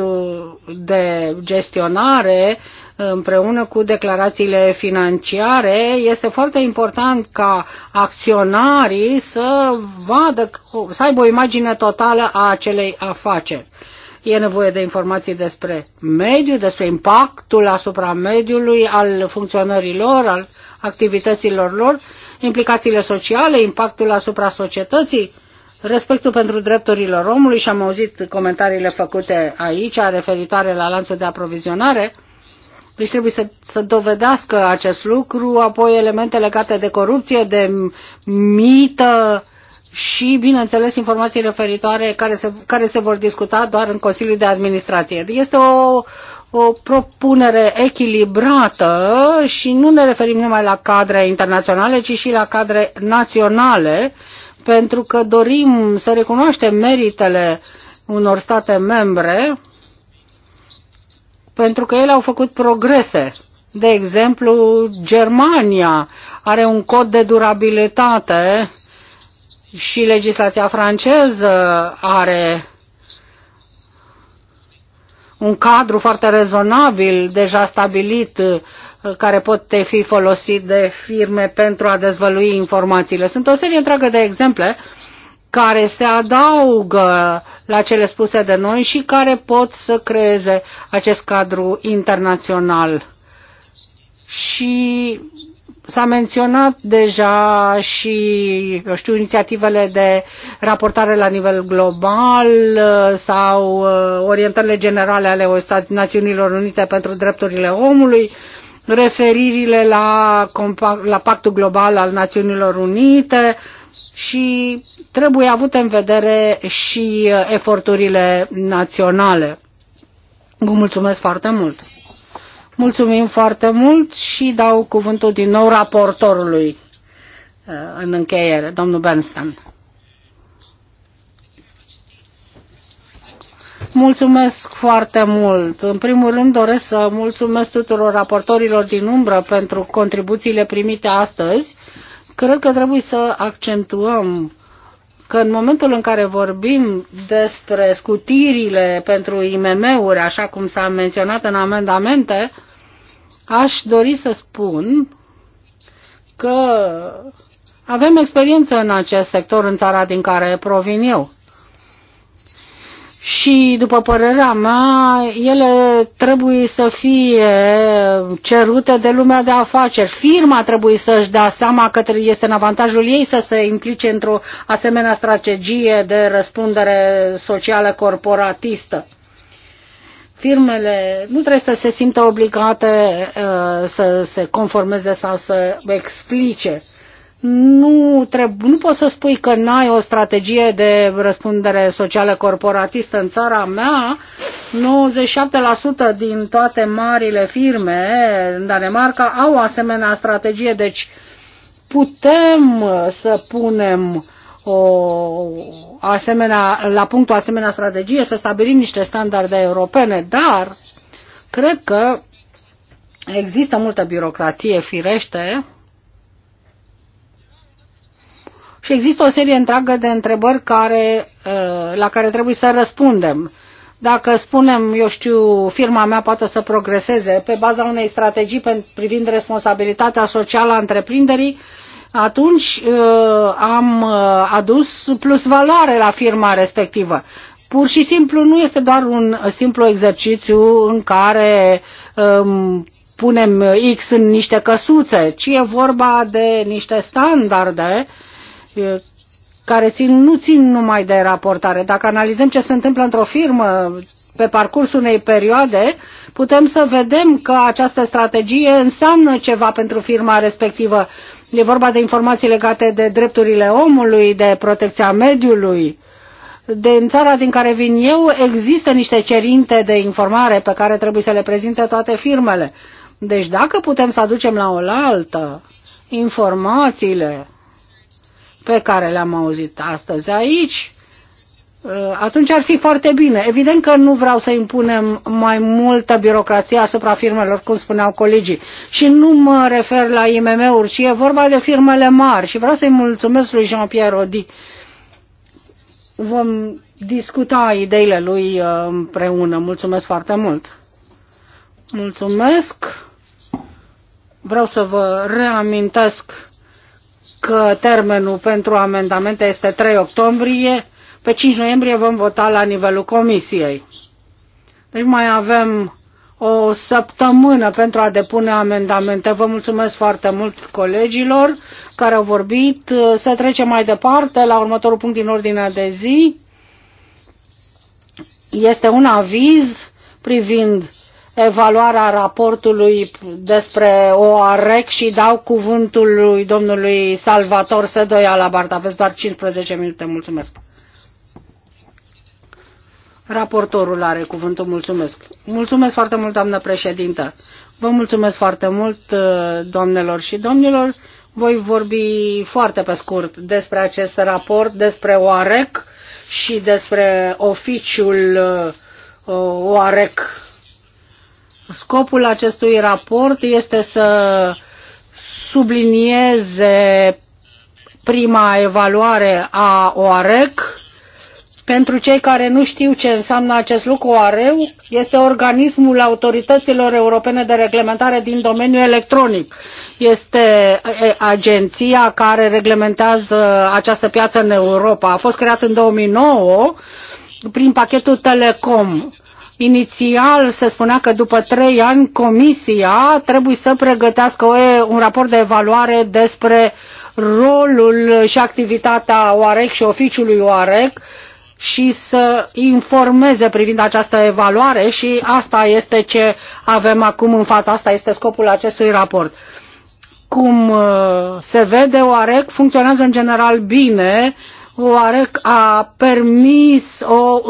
Speaker 1: de gestionare, împreună cu declarațiile financiare, este foarte important ca acționarii să vadă, să aibă o imagine totală a acelei afaceri. E nevoie de informații despre mediu, despre impactul asupra mediului, al funcționărilor, al activităților lor, implicațiile sociale, impactul asupra societății, respectul pentru drepturile omului și am auzit comentariile făcute aici referitoare la lanțul de aprovizionare, deci trebuie să, să dovedească acest lucru, apoi elemente legate de corupție, de mită și, bineînțeles, informații referitoare care se, care se vor discuta doar în Consiliul de Administrație. Este o, o propunere echilibrată și nu ne referim numai la cadre internaționale, ci și la cadre naționale pentru că dorim să recunoaștem meritele unor state membre, pentru că ele au făcut progrese. De exemplu, Germania are un cod de durabilitate și legislația franceză are un cadru foarte rezonabil deja stabilit care pot fi folosit de firme pentru a dezvălui informațiile. Sunt o serie întreagă de exemple care se adaugă la cele spuse de noi și care pot să creeze acest cadru internațional. Și s-a menționat deja și, eu știu, inițiativele de raportare la nivel global sau uh, orientările generale ale Națiunilor Unite pentru drepturile omului referirile la, la Pactul Global al Națiunilor Unite și trebuie avut în vedere și uh, eforturile naționale. Vă mulțumesc foarte mult! Mulțumim foarte mult și dau cuvântul din nou raportorului uh, în încheiere, domnul Bernstein. Mulțumesc foarte mult. În primul rând doresc să mulțumesc tuturor raportorilor din umbră pentru contribuțiile primite astăzi. Cred că trebuie să accentuăm că în momentul în care vorbim despre scutirile pentru IMM-uri, așa cum s-a menționat în amendamente, aș dori să spun că avem experiență în acest sector în țara din care provin eu și, după părerea mea, ele trebuie să fie cerute de lumea de afaceri. Firma trebuie să-și dea seama că este în avantajul ei să se implice într-o asemenea strategie de răspundere socială corporatistă. Firmele nu trebuie să se simtă obligate uh, să se conformeze sau să explice uh, nu, trebuie, nu poți să spui că n-ai o strategie de răspundere socială corporatistă în țara mea. 97% din toate marile firme în Danemarca au o asemenea strategie, deci putem să punem o asemenea, la punct o asemenea strategie, să stabilim niște standarde europene, dar cred că există multă birocrație firește Și există o serie întreagă de întrebări care, la care trebuie să răspundem. Dacă spunem, eu știu, firma mea poate să progreseze pe baza unei strategii privind responsabilitatea socială a întreprinderii, atunci am adus plus valoare la firma respectivă. Pur și simplu nu este doar un simplu exercițiu în care um, punem X în niște căsuțe, ci e vorba de niște standarde uh, Eh, care țin, nu țin numai de raportare. Dacă analizăm ce se întâmplă într-o firmă pe parcursul unei perioade, putem să vedem că această strategie înseamnă ceva pentru firma respectivă. E vorba de informații legate de drepturile omului, de protecția mediului. De în țara din care vin eu există niște cerinte de informare pe care trebuie să le prezinte toate firmele. Deci dacă putem să aducem la oaltă informațiile pe care le-am auzit astăzi aici, uh, atunci ar fi foarte bine. Evident că nu vreau să impunem mai multă birocrație asupra firmelor, cum spuneau colegii. Și nu mă refer la IMM-uri, ci e vorba de firmele mari. Și vreau să-i mulțumesc lui Jean-Pierre Rodi. Vom discuta ideile lui uh, împreună. Mulțumesc foarte mult. Mulțumesc. Vreau să vă reamintesc că termenul pentru amendamente este 3 octombrie, pe 5 noiembrie vom vota la nivelul comisiei. Deci mai avem o săptămână pentru a depune amendamente. Vă mulțumesc foarte mult colegilor care au vorbit. Să trecem mai departe la următorul punct din ordinea de zi. Este un aviz privind evaluarea raportului despre OAREC și dau cuvântul lui domnului Salvator Sedoia la Bart. Aveți doar 15 minute. Mulțumesc. Raportorul are cuvântul. Mulțumesc. Mulțumesc foarte mult, doamnă președintă. Vă mulțumesc foarte mult, doamnelor și domnilor. Voi vorbi foarte pe scurt despre acest raport, despre OAREC și despre oficiul uh, OAREC Scopul acestui raport este să sublinieze prima evaluare a OAREC. Pentru cei care nu știu ce înseamnă acest lucru, OAREU este organismul autorităților europene de reglementare din domeniul electronic. Este agenția care reglementează această piață în Europa. A fost creat în 2009 prin pachetul Telecom Inițial se spunea că după trei ani Comisia trebuie să pregătească un raport de evaluare despre rolul și activitatea OAREC și oficiului OAREC și să informeze privind această evaluare și asta este ce avem acum în fața asta este scopul acestui raport. Cum uh, se vede, OAREC funcționează în general bine, OAREC a permis o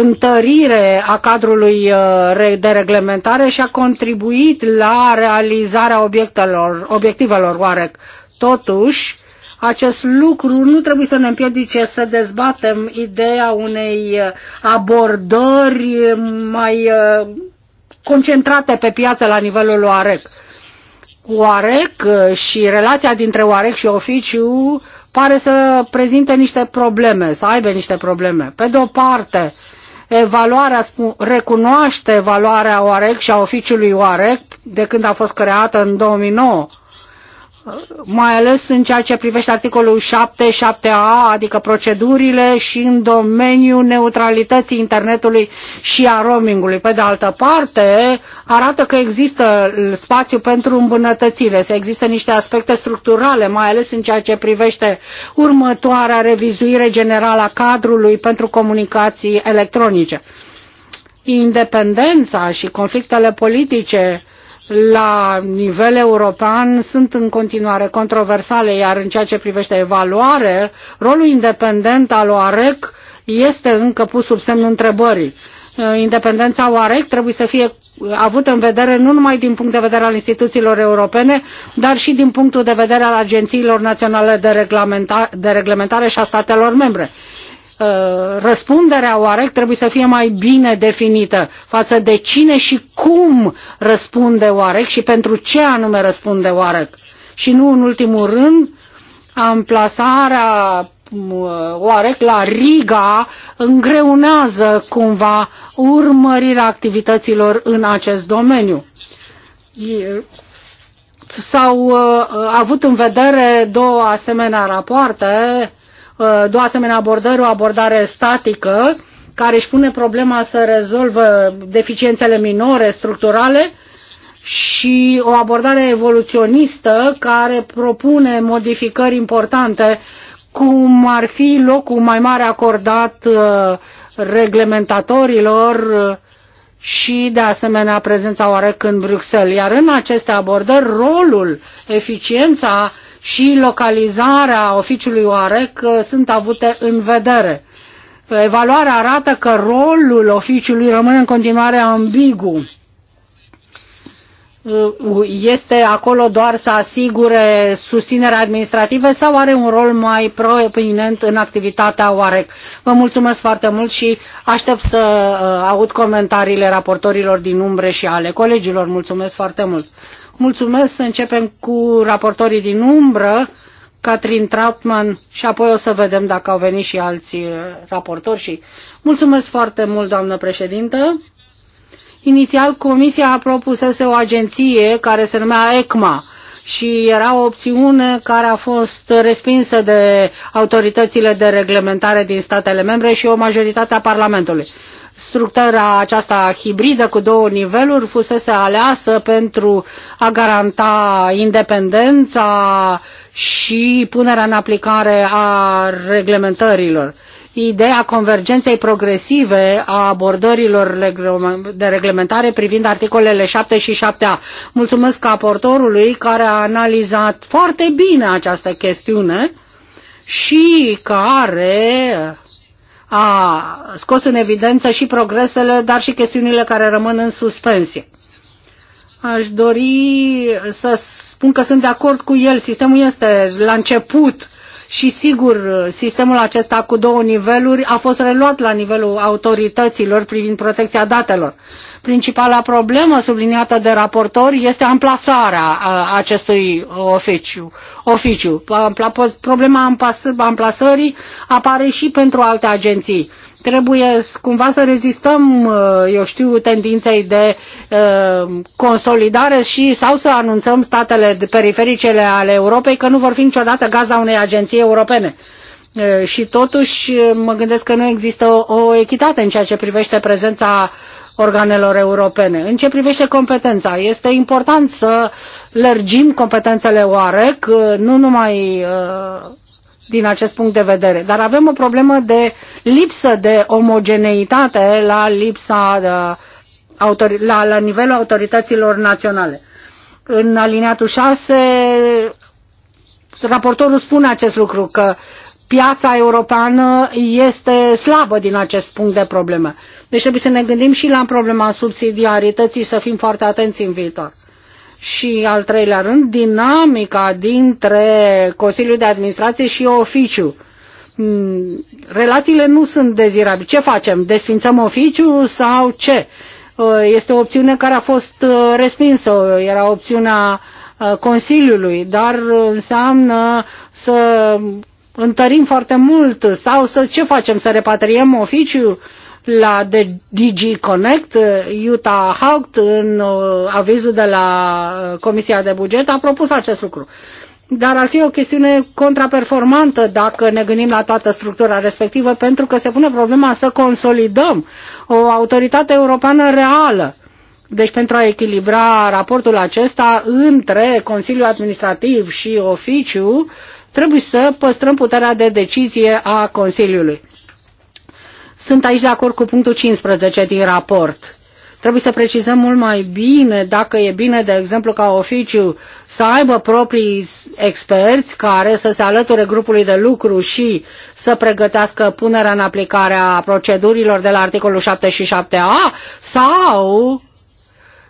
Speaker 1: întărire a cadrului uh, de reglementare și a contribuit la realizarea obiectelor, obiectivelor OAREC. Totuși, acest lucru nu trebuie să ne împiedice să dezbatem ideea unei uh, abordări mai uh, concentrate pe piață la nivelul OAREC. OAREC și relația dintre OAREC și oficiu pare să prezinte niște probleme, să aibă niște probleme. Pe de o parte, uh, evaluarea, recunoaște valoarea OAREC și a oficiului OAREC de când a fost creată în 2009 mai ales în ceea ce privește articolul 7, 7a, adică procedurile și în domeniul neutralității internetului și a roamingului. Pe de altă parte, arată că există spațiu pentru îmbunătățire, să există niște aspecte structurale, mai ales în ceea ce privește următoarea revizuire generală a cadrului pentru comunicații electronice. Independența și conflictele politice la nivel european sunt în continuare controversale, iar în ceea ce privește evaluare, rolul independent al OAREC este încă pus sub semnul întrebării. Uh, independența OAREC trebuie să fie avută în vedere nu numai din punct de vedere al instituțiilor europene, dar și din punctul de vedere al agențiilor naționale de, de reglementare și a statelor membre. Uh, răspunderea OAREC trebuie să fie mai bine definită față de cine și cum răspunde OAREC și pentru ce anume răspunde OAREC. Și nu în ultimul rând, amplasarea uh, OAREC la Riga îngreunează cumva urmărirea activităților în acest domeniu. S-au uh, avut în vedere două asemenea rapoarte Uh, două asemenea abordări, o abordare statică, care își pune problema să rezolvă deficiențele minore, structurale, și o abordare evoluționistă care propune modificări importante, cum ar fi locul mai mare acordat uh, reglementatorilor uh, și, de asemenea, prezența oarecând în Bruxelles. Iar în aceste abordări, rolul, eficiența și localizarea oficiului OAREC uh, sunt avute în vedere. Evaluarea arată că rolul oficiului rămâne în continuare ambigu. Uh, este acolo doar să asigure susținerea administrativă sau are un rol mai proeminent în activitatea OAREC? Vă mulțumesc foarte mult și aștept să uh, aud comentariile raportorilor din umbre și ale colegilor. Mulțumesc foarte mult! Mulțumesc, să începem cu raportorii din umbră, Catrin Trautmann și apoi o să vedem dacă au venit și alți eh, raportori. Și... Mulțumesc foarte mult, doamnă președintă. Inițial, Comisia a propusese o agenție care se numea ECMA și era o opțiune care a fost respinsă de autoritățile de reglementare din statele membre și o majoritate a Parlamentului structura aceasta hibridă cu două niveluri fusese aleasă pentru a garanta independența și punerea în aplicare a reglementărilor. Ideea convergenței progresive a abordărilor de reglementare privind articolele 7 și 7a. Mulțumesc aportorului care a analizat foarte bine această chestiune și care a scos în evidență și progresele, dar și chestiunile care rămân în suspensie. Aș dori să spun că sunt de acord cu el. Sistemul este la început și sigur sistemul acesta cu două niveluri a fost reluat la nivelul autorităților privind protecția datelor. Principala problemă subliniată de raportor este amplasarea acestui oficiu. oficiu. Problema amplasării apare și pentru alte agenții trebuie cumva să rezistăm, uh, eu știu, tendinței de uh, consolidare și sau să anunțăm statele perifericele ale Europei că nu vor fi niciodată gazda unei agenții europene. Uh, și totuși mă gândesc că nu există o, o echitate în ceea ce privește prezența organelor europene. În ce privește competența, este important să lărgim competențele OAREC, uh, nu numai uh, din acest punct de vedere. Dar avem o problemă de lipsă de omogeneitate la lipsa de, uh, la, la nivelul autorităților naționale. În aliniatul 6, raportorul spune acest lucru, că piața europeană este slabă din acest punct de problemă. Deci trebuie să ne gândim și la problema subsidiarității, să fim foarte atenți în viitor. Și al treilea rând, dinamica dintre Consiliul de Administrație și oficiu. Hmm, relațiile nu sunt dezirabile. Ce facem? Desfințăm oficiu sau ce? Uh, este o opțiune care a fost uh, respinsă. Era opțiunea uh, Consiliului, dar înseamnă să întărim foarte mult sau să ce facem, să repatriem oficiu la DG Connect, Utah Haupt, în uh, avizul de la uh, Comisia de Buget, a propus acest lucru. Dar ar fi o chestiune contraperformantă dacă ne gândim la toată structura respectivă, pentru că se pune problema să consolidăm o autoritate europeană reală. Deci pentru a echilibra raportul acesta între Consiliul Administrativ și Oficiu, uh, Trebuie să păstrăm puterea de decizie a Consiliului. Sunt aici de acord cu punctul 15 din raport. Trebuie să precizăm mult mai bine dacă e bine, de exemplu, ca oficiu să aibă proprii experți care să se alăture grupului de lucru și să pregătească punerea în aplicare a procedurilor de la articolul 7 a sau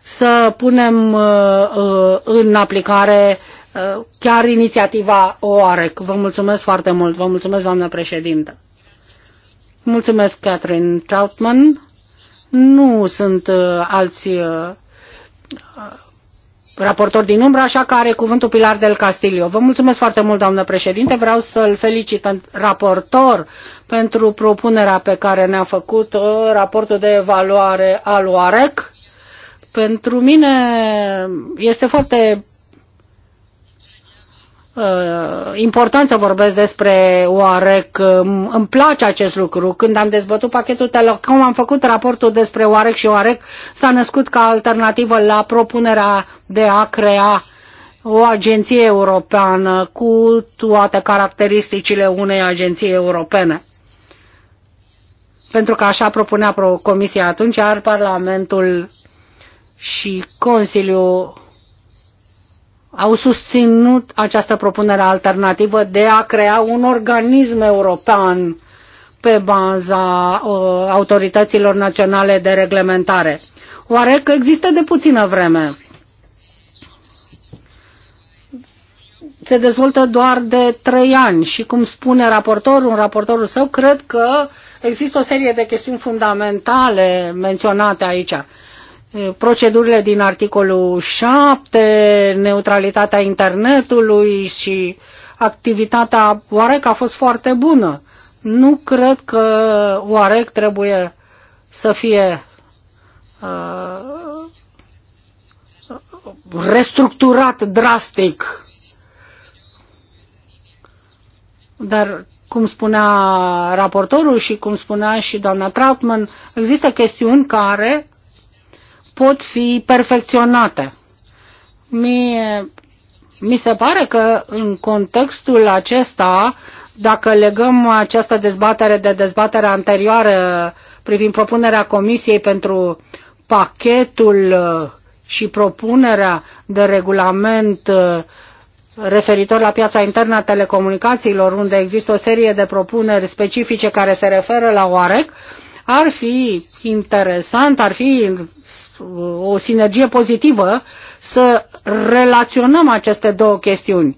Speaker 1: să punem uh, uh, în aplicare Uh, chiar inițiativa OAREC. Vă mulțumesc foarte mult. Vă mulțumesc, doamnă președintă. Mulțumesc, Catherine Troutman. Nu sunt uh, alți uh, raportori din umbră, așa că are cuvântul Pilar del Castillo. Vă mulțumesc foarte mult, doamnă președinte. Vreau să-l felicit pe raportor pentru propunerea pe care ne-a făcut uh, raportul de evaluare al OAREC. Pentru mine este foarte Uh, important să vorbesc despre OAREC. Um, îmi place acest lucru. Când am dezbătut pachetul Telecom, am făcut raportul despre OAREC și OAREC s-a născut ca alternativă la propunerea de a crea o agenție europeană cu toate caracteristicile unei agenții europene. Pentru că așa propunea Comisia atunci, iar Parlamentul și Consiliul au susținut această propunere alternativă de a crea un organism european pe baza uh, autorităților naționale de reglementare. Oare că există de puțină vreme? Se dezvoltă doar de trei ani și, cum spune raportorul, raportorul său, cred că există o serie de chestiuni fundamentale menționate aici procedurile din articolul 7, neutralitatea internetului și activitatea OAREC a fost foarte bună. Nu cred că OAREC trebuie să fie
Speaker 2: uh,
Speaker 1: restructurat drastic. Dar, cum spunea raportorul și cum spunea și doamna Trautmann, există chestiuni care pot fi perfecționate. Mie, mi se pare că în contextul acesta, dacă legăm această dezbatere de dezbaterea anterioară privind propunerea Comisiei pentru pachetul uh, și propunerea de regulament uh, referitor la piața internă a telecomunicațiilor, unde există o serie de propuneri specifice care se referă la OAREC, ar fi interesant, ar fi uh, o sinergie pozitivă să relaționăm aceste două chestiuni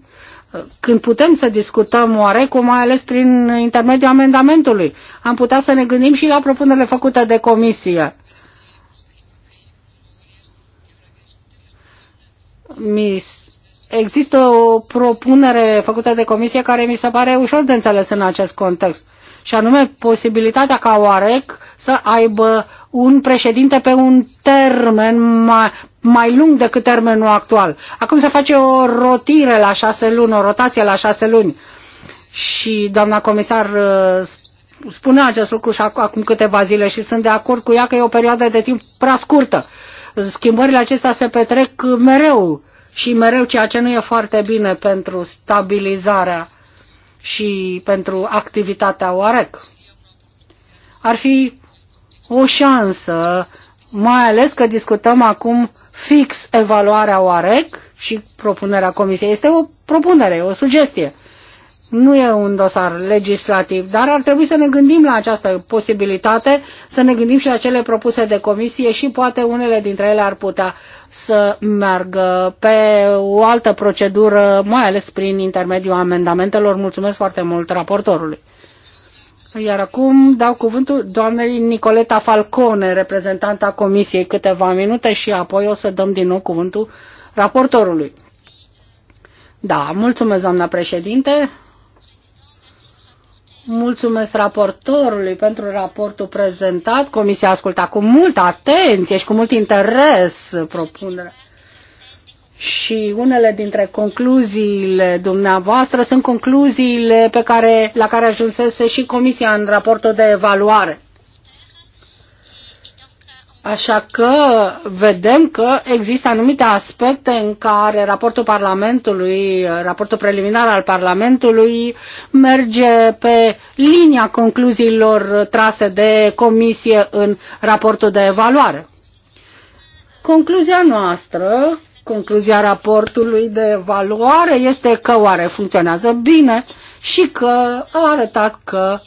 Speaker 1: când putem să discutăm oarecum, mai ales prin intermediul amendamentului. Am putea să ne gândim și la propunerile făcute de comisie. Mi există o propunere făcută de comisie care mi se pare ușor de înțeles în acest context. Uh, și anume posibilitatea ca OAREC să aibă un președinte pe un termen mai, mai lung decât termenul actual. Acum se face o rotire la șase luni, o rotație la șase luni. Și doamna comisar uh, spunea acest lucru și acum câteva zile și sunt de acord cu ea că e o perioadă de timp prea scurtă. Schimbările acestea se petrec mereu și mereu, ceea ce nu e foarte bine pentru stabilizarea și pentru activitatea OAREC. Ar fi o șansă, mai ales că discutăm acum fix evaluarea OAREC și propunerea Comisiei. Este o propunere, o sugestie. Nu e un dosar legislativ, dar ar trebui să ne gândim la această posibilitate, să ne gândim și la cele propuse de comisie și poate unele dintre ele ar putea să meargă pe o altă procedură, mai ales prin intermediul amendamentelor. Mulțumesc foarte mult raportorului. Iar acum dau cuvântul doamnei Nicoleta Falcone, reprezentanta Comisiei, câteva minute și apoi o să dăm din nou cuvântul raportorului. Da, mulțumesc, doamna președinte. Mulțumesc raportorului pentru raportul prezentat. Comisia a ascultat cu multă atenție și cu mult interes propunerea. Și unele dintre concluziile dumneavoastră sunt concluziile pe care, la care ajunsese și Comisia în raportul de evaluare. Așa că vedem că există anumite aspecte în care raportul Parlamentului, raportul preliminar al Parlamentului merge pe linia concluziilor trase de comisie în raportul de evaluare. Concluzia noastră, concluzia raportului de evaluare este că oare funcționează bine și că a arătat că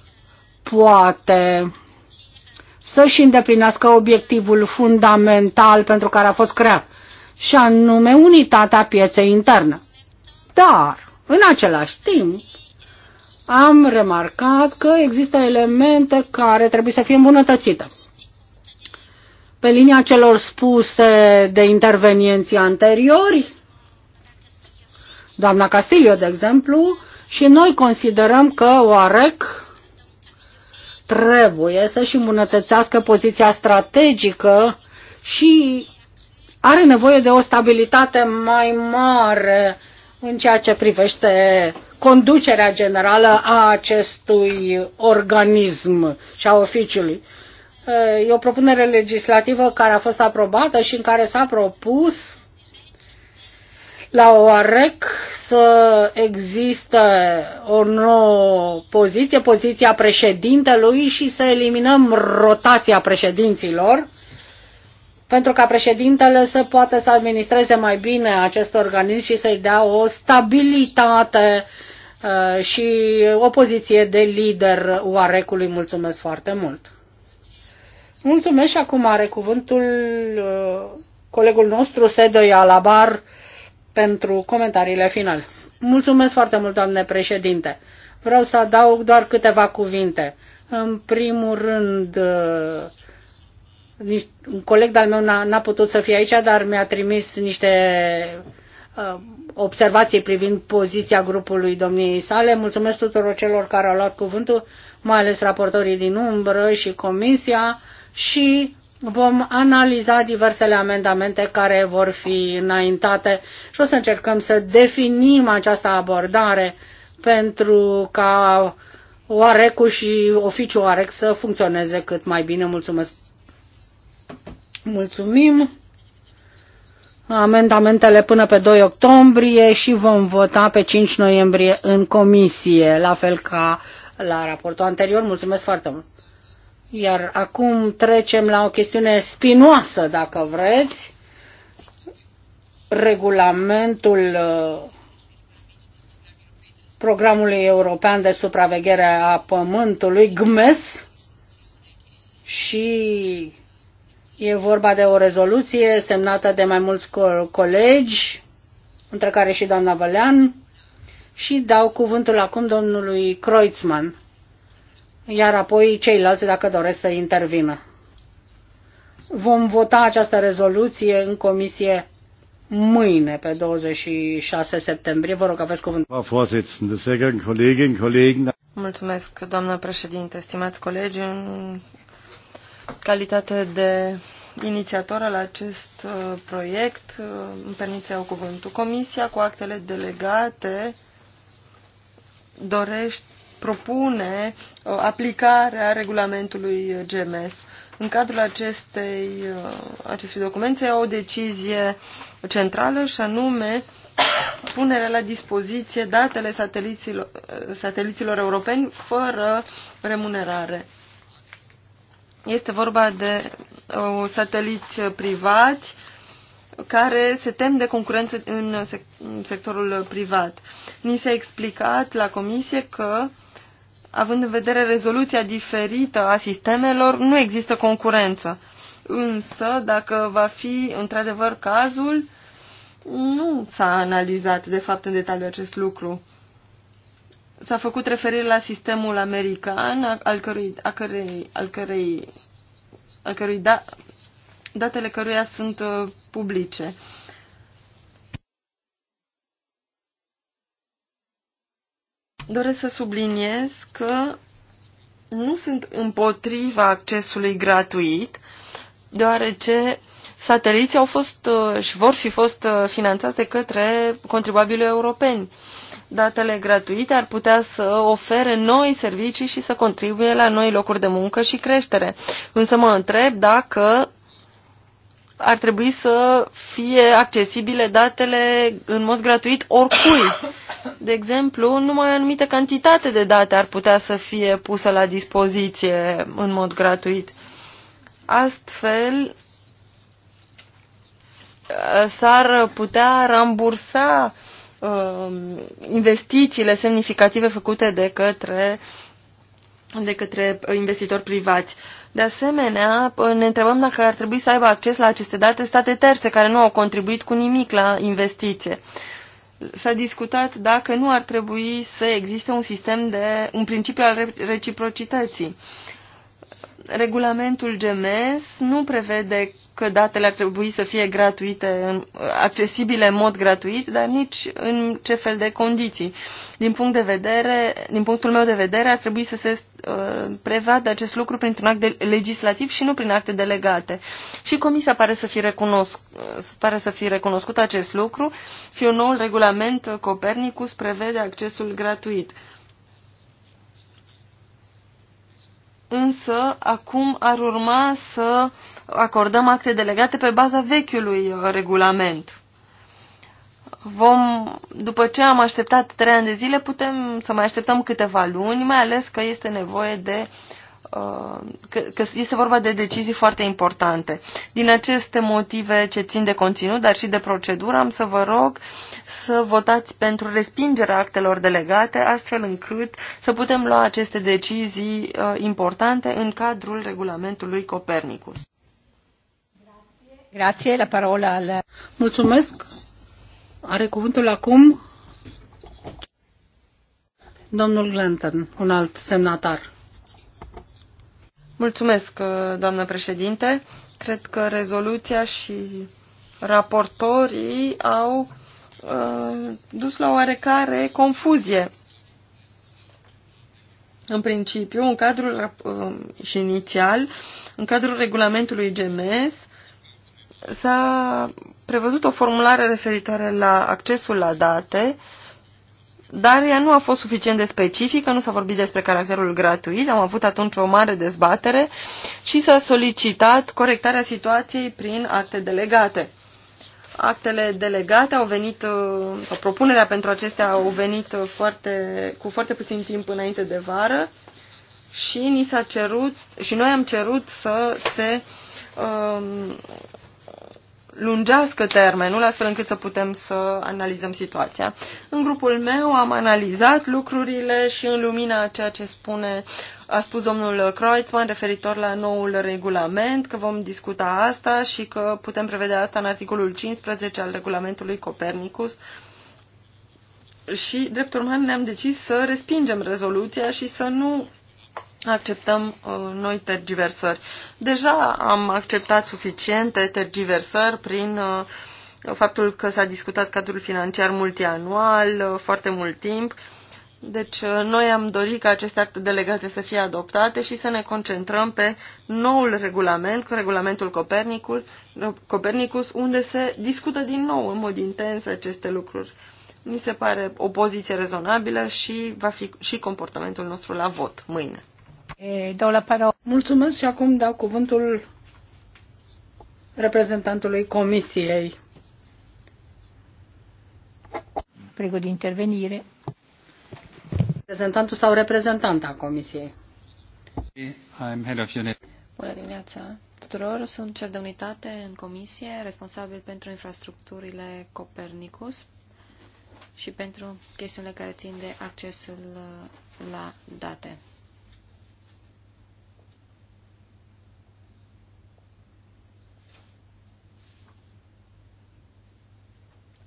Speaker 1: poate să-și îndeplinească obiectivul fundamental pentru care a fost creat, și anume unitatea pieței interne. Dar, în același timp, am remarcat că există elemente care trebuie să fie îmbunătățite. Pe linia celor spuse de intervenienții anteriori, doamna Castilio, de exemplu, și noi considerăm că OAREC trebuie să-și îmbunătățească poziția strategică și are nevoie de o stabilitate mai mare în ceea ce privește conducerea generală a acestui organism și a oficiului. E o propunere legislativă care a fost aprobată și în care s-a propus la OAREC să există o nouă poziție, poziția președintelui și să eliminăm rotația președinților pentru ca președintele să poată să administreze mai bine acest organism și să-i dea o stabilitate uh, și o poziție de lider oarecului. Mulțumesc foarte mult! Mulțumesc și acum are cuvântul uh, colegul nostru, Sedoi Alabar, pentru comentariile finale. Mulțumesc foarte mult, doamne președinte. Vreau să adaug doar câteva cuvinte. În primul rând, uh, un coleg de-al meu n-a putut să fie aici, dar mi-a trimis niște uh, observații privind poziția grupului domniei sale. Mulțumesc tuturor celor care au luat cuvântul, mai ales raportorii din umbră și comisia și Vom analiza diversele amendamente care vor fi înaintate și o să încercăm să definim această abordare pentru ca oarec și oficiul OAREC să funcționeze cât mai bine. Mulțumesc! Mulțumim! Amendamentele până pe 2 octombrie și vom vota pe 5 noiembrie în comisie, la fel ca la raportul anterior. Mulțumesc foarte mult! Iar acum trecem la o chestiune spinoasă, dacă vreți. Regulamentul uh, programului european de supraveghere a pământului, GMES, și e vorba de o rezoluție semnată de mai mulți co- colegi, între care și doamna Vălean, și dau cuvântul acum domnului Kreutzmann iar apoi ceilalți dacă doresc să intervină. Vom vota această rezoluție în comisie mâine, pe 26 septembrie. Vă rog, aveți cuvântul.
Speaker 3: Mulțumesc, doamnă președinte, stimați colegi. În calitate de inițiator al acest uh, proiect, uh, îmi permit să iau cuvântul. Comisia cu actele delegate dorește propune uh, aplicarea regulamentului GMS. În cadrul acestei, uh, acestui document se ia o decizie centrală și anume punerea la dispoziție datele sateliților, uh, sateliților europeni fără remunerare. Este vorba de uh, sateliți privați care se tem de concurență în, sec în sectorul privat. Ni s-a explicat la comisie că uh, având în vedere rezoluția diferită a sistemelor, nu există concurență. Însă, dacă va fi într-adevăr cazul, nu s-a analizat de fapt în detaliu acest lucru. S-a făcut referire la sistemul american, al cărui, a cărei, al cărei, al cărui da, datele căruia sunt uh, publice. doresc să subliniez că nu sunt împotriva accesului gratuit, deoarece sateliții au fost uh, și vor fi fost uh, finanțați de către contribuabilii europeni. Datele gratuite ar putea să ofere noi servicii și să contribuie la noi locuri de muncă și creștere. Însă mă întreb dacă ar trebui să fie accesibile datele în mod gratuit oricui. De exemplu, numai o anumită cantitate de date ar putea să fie pusă la dispoziție în mod gratuit. Astfel, s-ar putea rambursa um, investițiile semnificative făcute de către, de către investitori privați. Uh, de asemenea, ne întrebăm dacă ar trebui să aibă acces la aceste date state terțe care nu au contribuit cu nimic la investiție. S-a discutat dacă nu ar trebui să existe un sistem de un principiu al reciprocității regulamentul GMS nu prevede că datele ar trebui să fie gratuite, accesibile în mod gratuit, dar nici în ce fel de condiții. Din, punct de vedere, din punctul meu de vedere, ar trebui să se uh, prevadă acest lucru printr-un act de, legislativ și nu prin acte delegate. Și Comisia pare să, fi recunosc, pare să fi recunoscut acest lucru, fiu noul regulament Copernicus prevede accesul gratuit. Uh, însă acum ar urma să acordăm acte delegate pe baza vechiului uh, regulament. Vom, după ce am așteptat trei ani de zile, putem să mai așteptăm câteva luni, mai ales că este nevoie de Uh, că, este vorba de decizii foarte importante. Din aceste motive ce țin de conținut, dar și de procedură, am să vă rog să votați pentru respingerea actelor delegate, astfel încât să putem lua aceste decizii uh, importante în cadrul regulamentului Copernicus.
Speaker 1: Grație, la parola al... Mulțumesc. Are cuvântul acum domnul Glanton, un alt semnatar. Mulțumesc, uh, doamnă președinte.
Speaker 3: Cred că rezoluția și raportorii au uh, dus la oarecare confuzie. În principiu, în cadrul uh, și inițial, în cadrul regulamentului GMS, s-a prevăzut o formulare referitoare la accesul la date uh, dar ea nu a fost suficient de specifică, nu s-a vorbit despre caracterul gratuit, am avut atunci o mare dezbatere și s-a solicitat corectarea situației prin acte delegate. Actele delegate au venit, uh, sau propunerea pentru acestea au venit foarte, cu foarte puțin timp înainte de vară și ni s-a cerut, și noi am cerut să se um, lungească termenul, astfel încât să putem să analizăm situația. În grupul meu am analizat lucrurile și în lumina a ceea ce spune, a spus domnul Kreutzmann referitor la noul regulament, că vom discuta asta și că putem prevedea asta în articolul 15 al regulamentului Copernicus. Și, drept urmare, ne-am decis să respingem rezoluția și să nu acceptăm uh, noi tergiversări. Deja am acceptat suficiente tergiversări prin uh, faptul că s-a discutat cadrul financiar multianual uh, foarte mult timp. Deci noi am dorit ca aceste acte delegate să fie adoptate și să ne concentrăm pe noul regulament, regulamentul Copernicul, Copernicus, unde se discută din nou în mod intens aceste lucruri. Mi se pare o poziție rezonabilă și va fi și comportamentul nostru
Speaker 1: la vot mâine. Mulțumesc și acum dau cuvântul reprezentantului Comisiei. Prego de intervenire. Reprezentantul sau reprezentanta Comisiei.
Speaker 3: I'm head of unit.
Speaker 1: Bună dimineața tuturor,
Speaker 2: sunt cel de unitate în comisie, responsabil pentru infrastructurile Copernicus și pentru chestiunile care țin de accesul la date.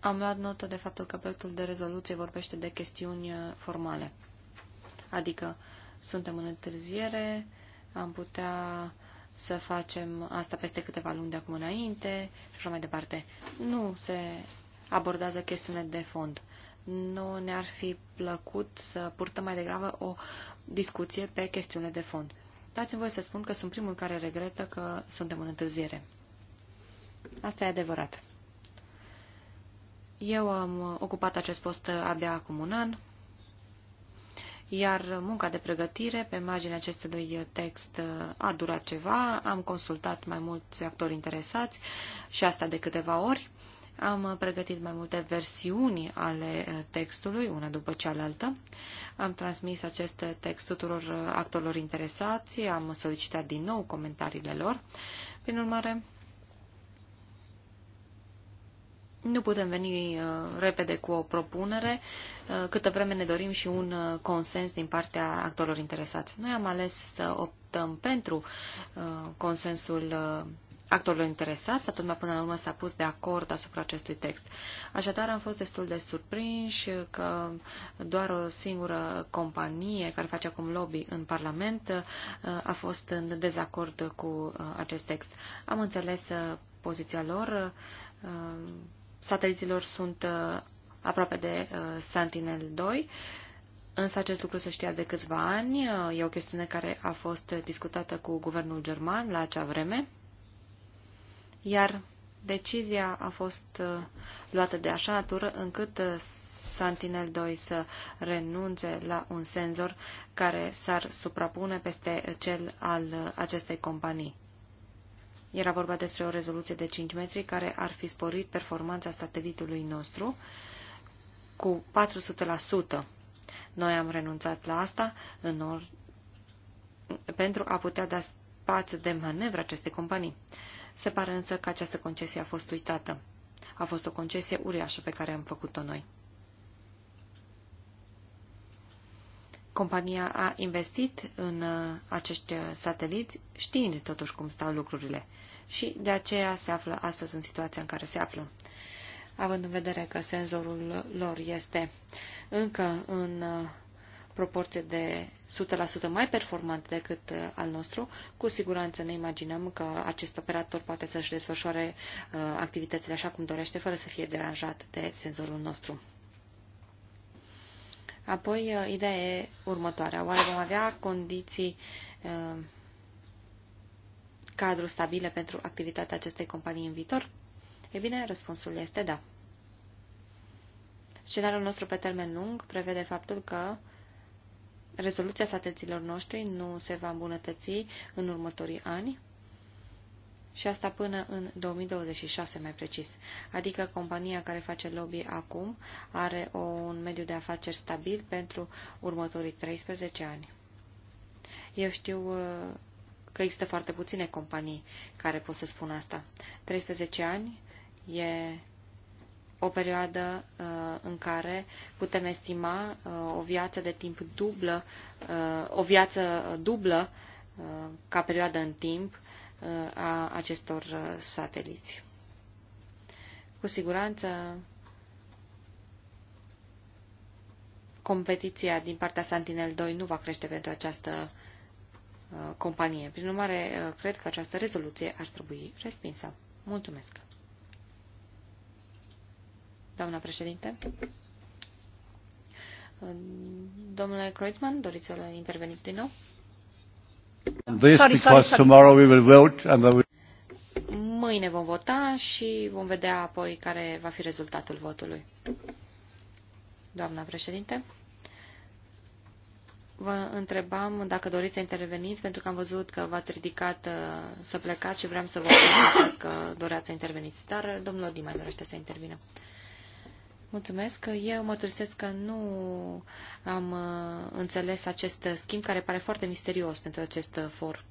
Speaker 2: Am luat notă de faptul că proiectul de rezoluție vorbește de chestiuni uh, formale. Adică suntem în întârziere, am putea să facem asta peste câteva luni de acum înainte și așa mai departe. Nu se abordează chestiune de fond. Nu ne-ar fi plăcut să purtăm mai degrabă o discuție pe chestiune de fond. Dați-mi voi să spun că sunt primul care regretă că suntem în întârziere. Asta e adevărat. Eu am ocupat acest post abia acum un an, iar munca de pregătire pe marginea acestui text a durat ceva, am consultat mai mulți actori interesați și asta de câteva ori, am pregătit mai multe versiuni ale textului, una după cealaltă, am transmis acest text tuturor actorilor interesați, am solicitat din nou comentariile lor, prin urmare, Nu putem veni uh, repede cu o propunere, uh, câtă vreme ne dorim și un uh, consens din partea actorilor interesați. Noi am ales să optăm pentru consensul actorilor interesați, atât lumea până la urmă s-a pus de acord asupra acestui text. Așadar, am fost destul de surprinși că doar o singură companie care face acum lobby în Parlament a fost în dezacord cu acest text. Am înțeles poziția lor sateliților sunt uh, aproape de uh, Sentinel-2, însă acest lucru se știa de câțiva ani. Uh, e o chestiune care a fost discutată cu guvernul german la acea vreme, iar decizia a fost luată de așa natură încât Sentinel-2 să renunțe la un senzor care s-ar suprapune peste cel al acestei companii. Era vorba despre o rezoluție de 5 metri care ar fi sporit performanța satelitului nostru cu 400%. Noi am renunțat la asta în or... pentru a putea da spațiu de manevră acestei companii. Se pare însă că această concesie a fost uitată. A fost o concesie uriașă pe care am făcut-o noi. Compania a investit în uh, acești uh, sateliți, știind totuși cum stau lucrurile și de aceea se află astăzi în situația în care se află. Având în vedere că senzorul lor este încă în uh, proporție de 100% mai performant decât uh, al nostru, cu siguranță ne imaginăm că acest operator poate să-și desfășoare uh, activitățile așa cum dorește, fără să fie deranjat de senzorul nostru. Apoi, ideea e următoarea. Oare vom avea condiții uh, cadru stabile pentru activitatea acestei companii în viitor? E bine, răspunsul este da. Scenariul nostru pe termen lung prevede faptul că rezoluția satelților noștri nu se va îmbunătăți în următorii ani și asta până în 2026 mai precis. Adică compania care face lobby acum are un mediu de afaceri stabil pentru următorii 13 ani. Eu știu uh, că există foarte puține companii care pot să spună asta. 13 ani e o perioadă uh, în care putem estima uh, o viață de timp dublă, uh, o viață dublă uh, ca perioadă în timp uh, a acestor uh, sateliți. Cu siguranță competiția din partea Sentinel-2 nu va crește pentru această Uh, companie. Prin urmare, uh, cred că această rezoluție ar trebui respinsă. Mulțumesc. Doamna președinte? Uh, domnule Kreutzmann, doriți să interveniți din nou?
Speaker 1: sorry, because tomorrow we will vote and we...
Speaker 2: Mâine vom vota și vom vedea apoi care va fi rezultatul votului. Doamna președinte? Vă întrebam dacă doriți să interveniți, pentru că am văzut că v-ați ridicat uh, să plecați și vreau să vă mulțumesc că doreați să interveniți. Dar uh, domnul Odi mai dorește să intervină. Mulțumesc. Eu mărturisesc că nu am uh, înțeles acest schimb care pare foarte misterios pentru acest for.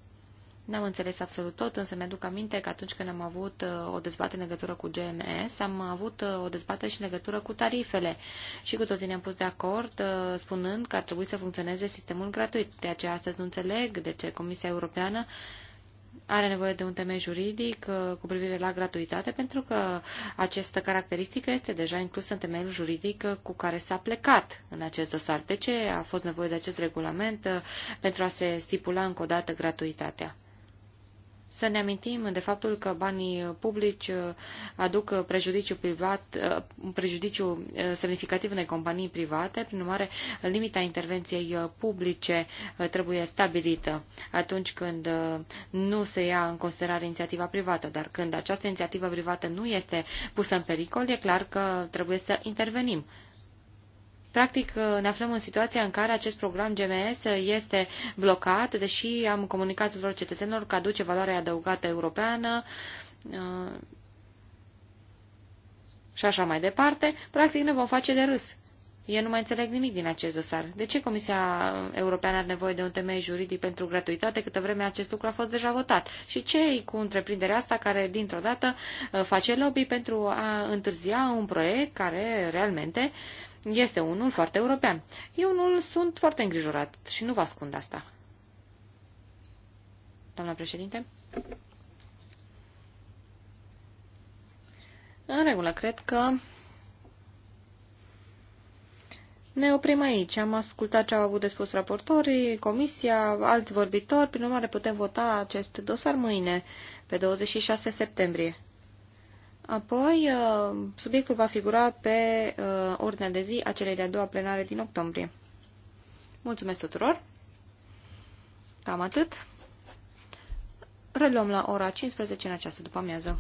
Speaker 2: N-am înțeles absolut tot, însă mi-aduc aminte că atunci când am avut uh, o dezbatere în legătură cu GMS, am avut uh, o dezbatere și în legătură cu tarifele. Și cu toții ne-am pus de acord, uh, spunând că ar trebui să funcționeze sistemul gratuit. De aceea astăzi nu înțeleg de ce Comisia Europeană are nevoie de un temei juridic cu privire la gratuitate, pentru că această caracteristică este deja inclusă în temeiul juridic cu care s-a plecat în acest dosar. De ce a fost nevoie de acest regulament pentru a se stipula încă o dată gratuitatea? să ne amintim de faptul că banii publici aduc prejudiciu, privat, uh, prejudiciu uh, semnificativ unei companii private, prin urmare limita intervenției uh, publice trebuie stabilită atunci când nu se ia în considerare inițiativa privată, dar când această inițiativă privată nu este pusă în pericol, e clar că trebuie să intervenim. Practic, uh, ne aflăm în situația în care acest program GMS uh, este blocat, deși am comunicat tuturor cetățenilor că aduce valoare adăugată europeană uh, și așa mai departe, practic ne vom face de râs. Eu nu mai înțeleg nimic din acest dosar. De ce Comisia Europeană are nevoie de un temei juridic pentru gratuitate câtă vreme acest lucru a fost deja votat? Și ce e cu întreprinderea asta care dintr-o dată face lobby pentru a întârzia un proiect care realmente uh, este unul foarte european. Eu unul sunt foarte îngrijorat și nu vă ascund asta. Doamna președinte? În regulă, cred că ne oprim aici. Am ascultat ce au avut de spus raportorii, comisia, alți vorbitori. Prin urmare, putem vota acest dosar mâine, pe 26 septembrie. Apoi, uh, subiectul va figura pe uh, ordinea de zi a celei de-a doua plenare din octombrie. Mulțumesc tuturor! Cam atât. Reluăm la ora 15 în această după-amiază.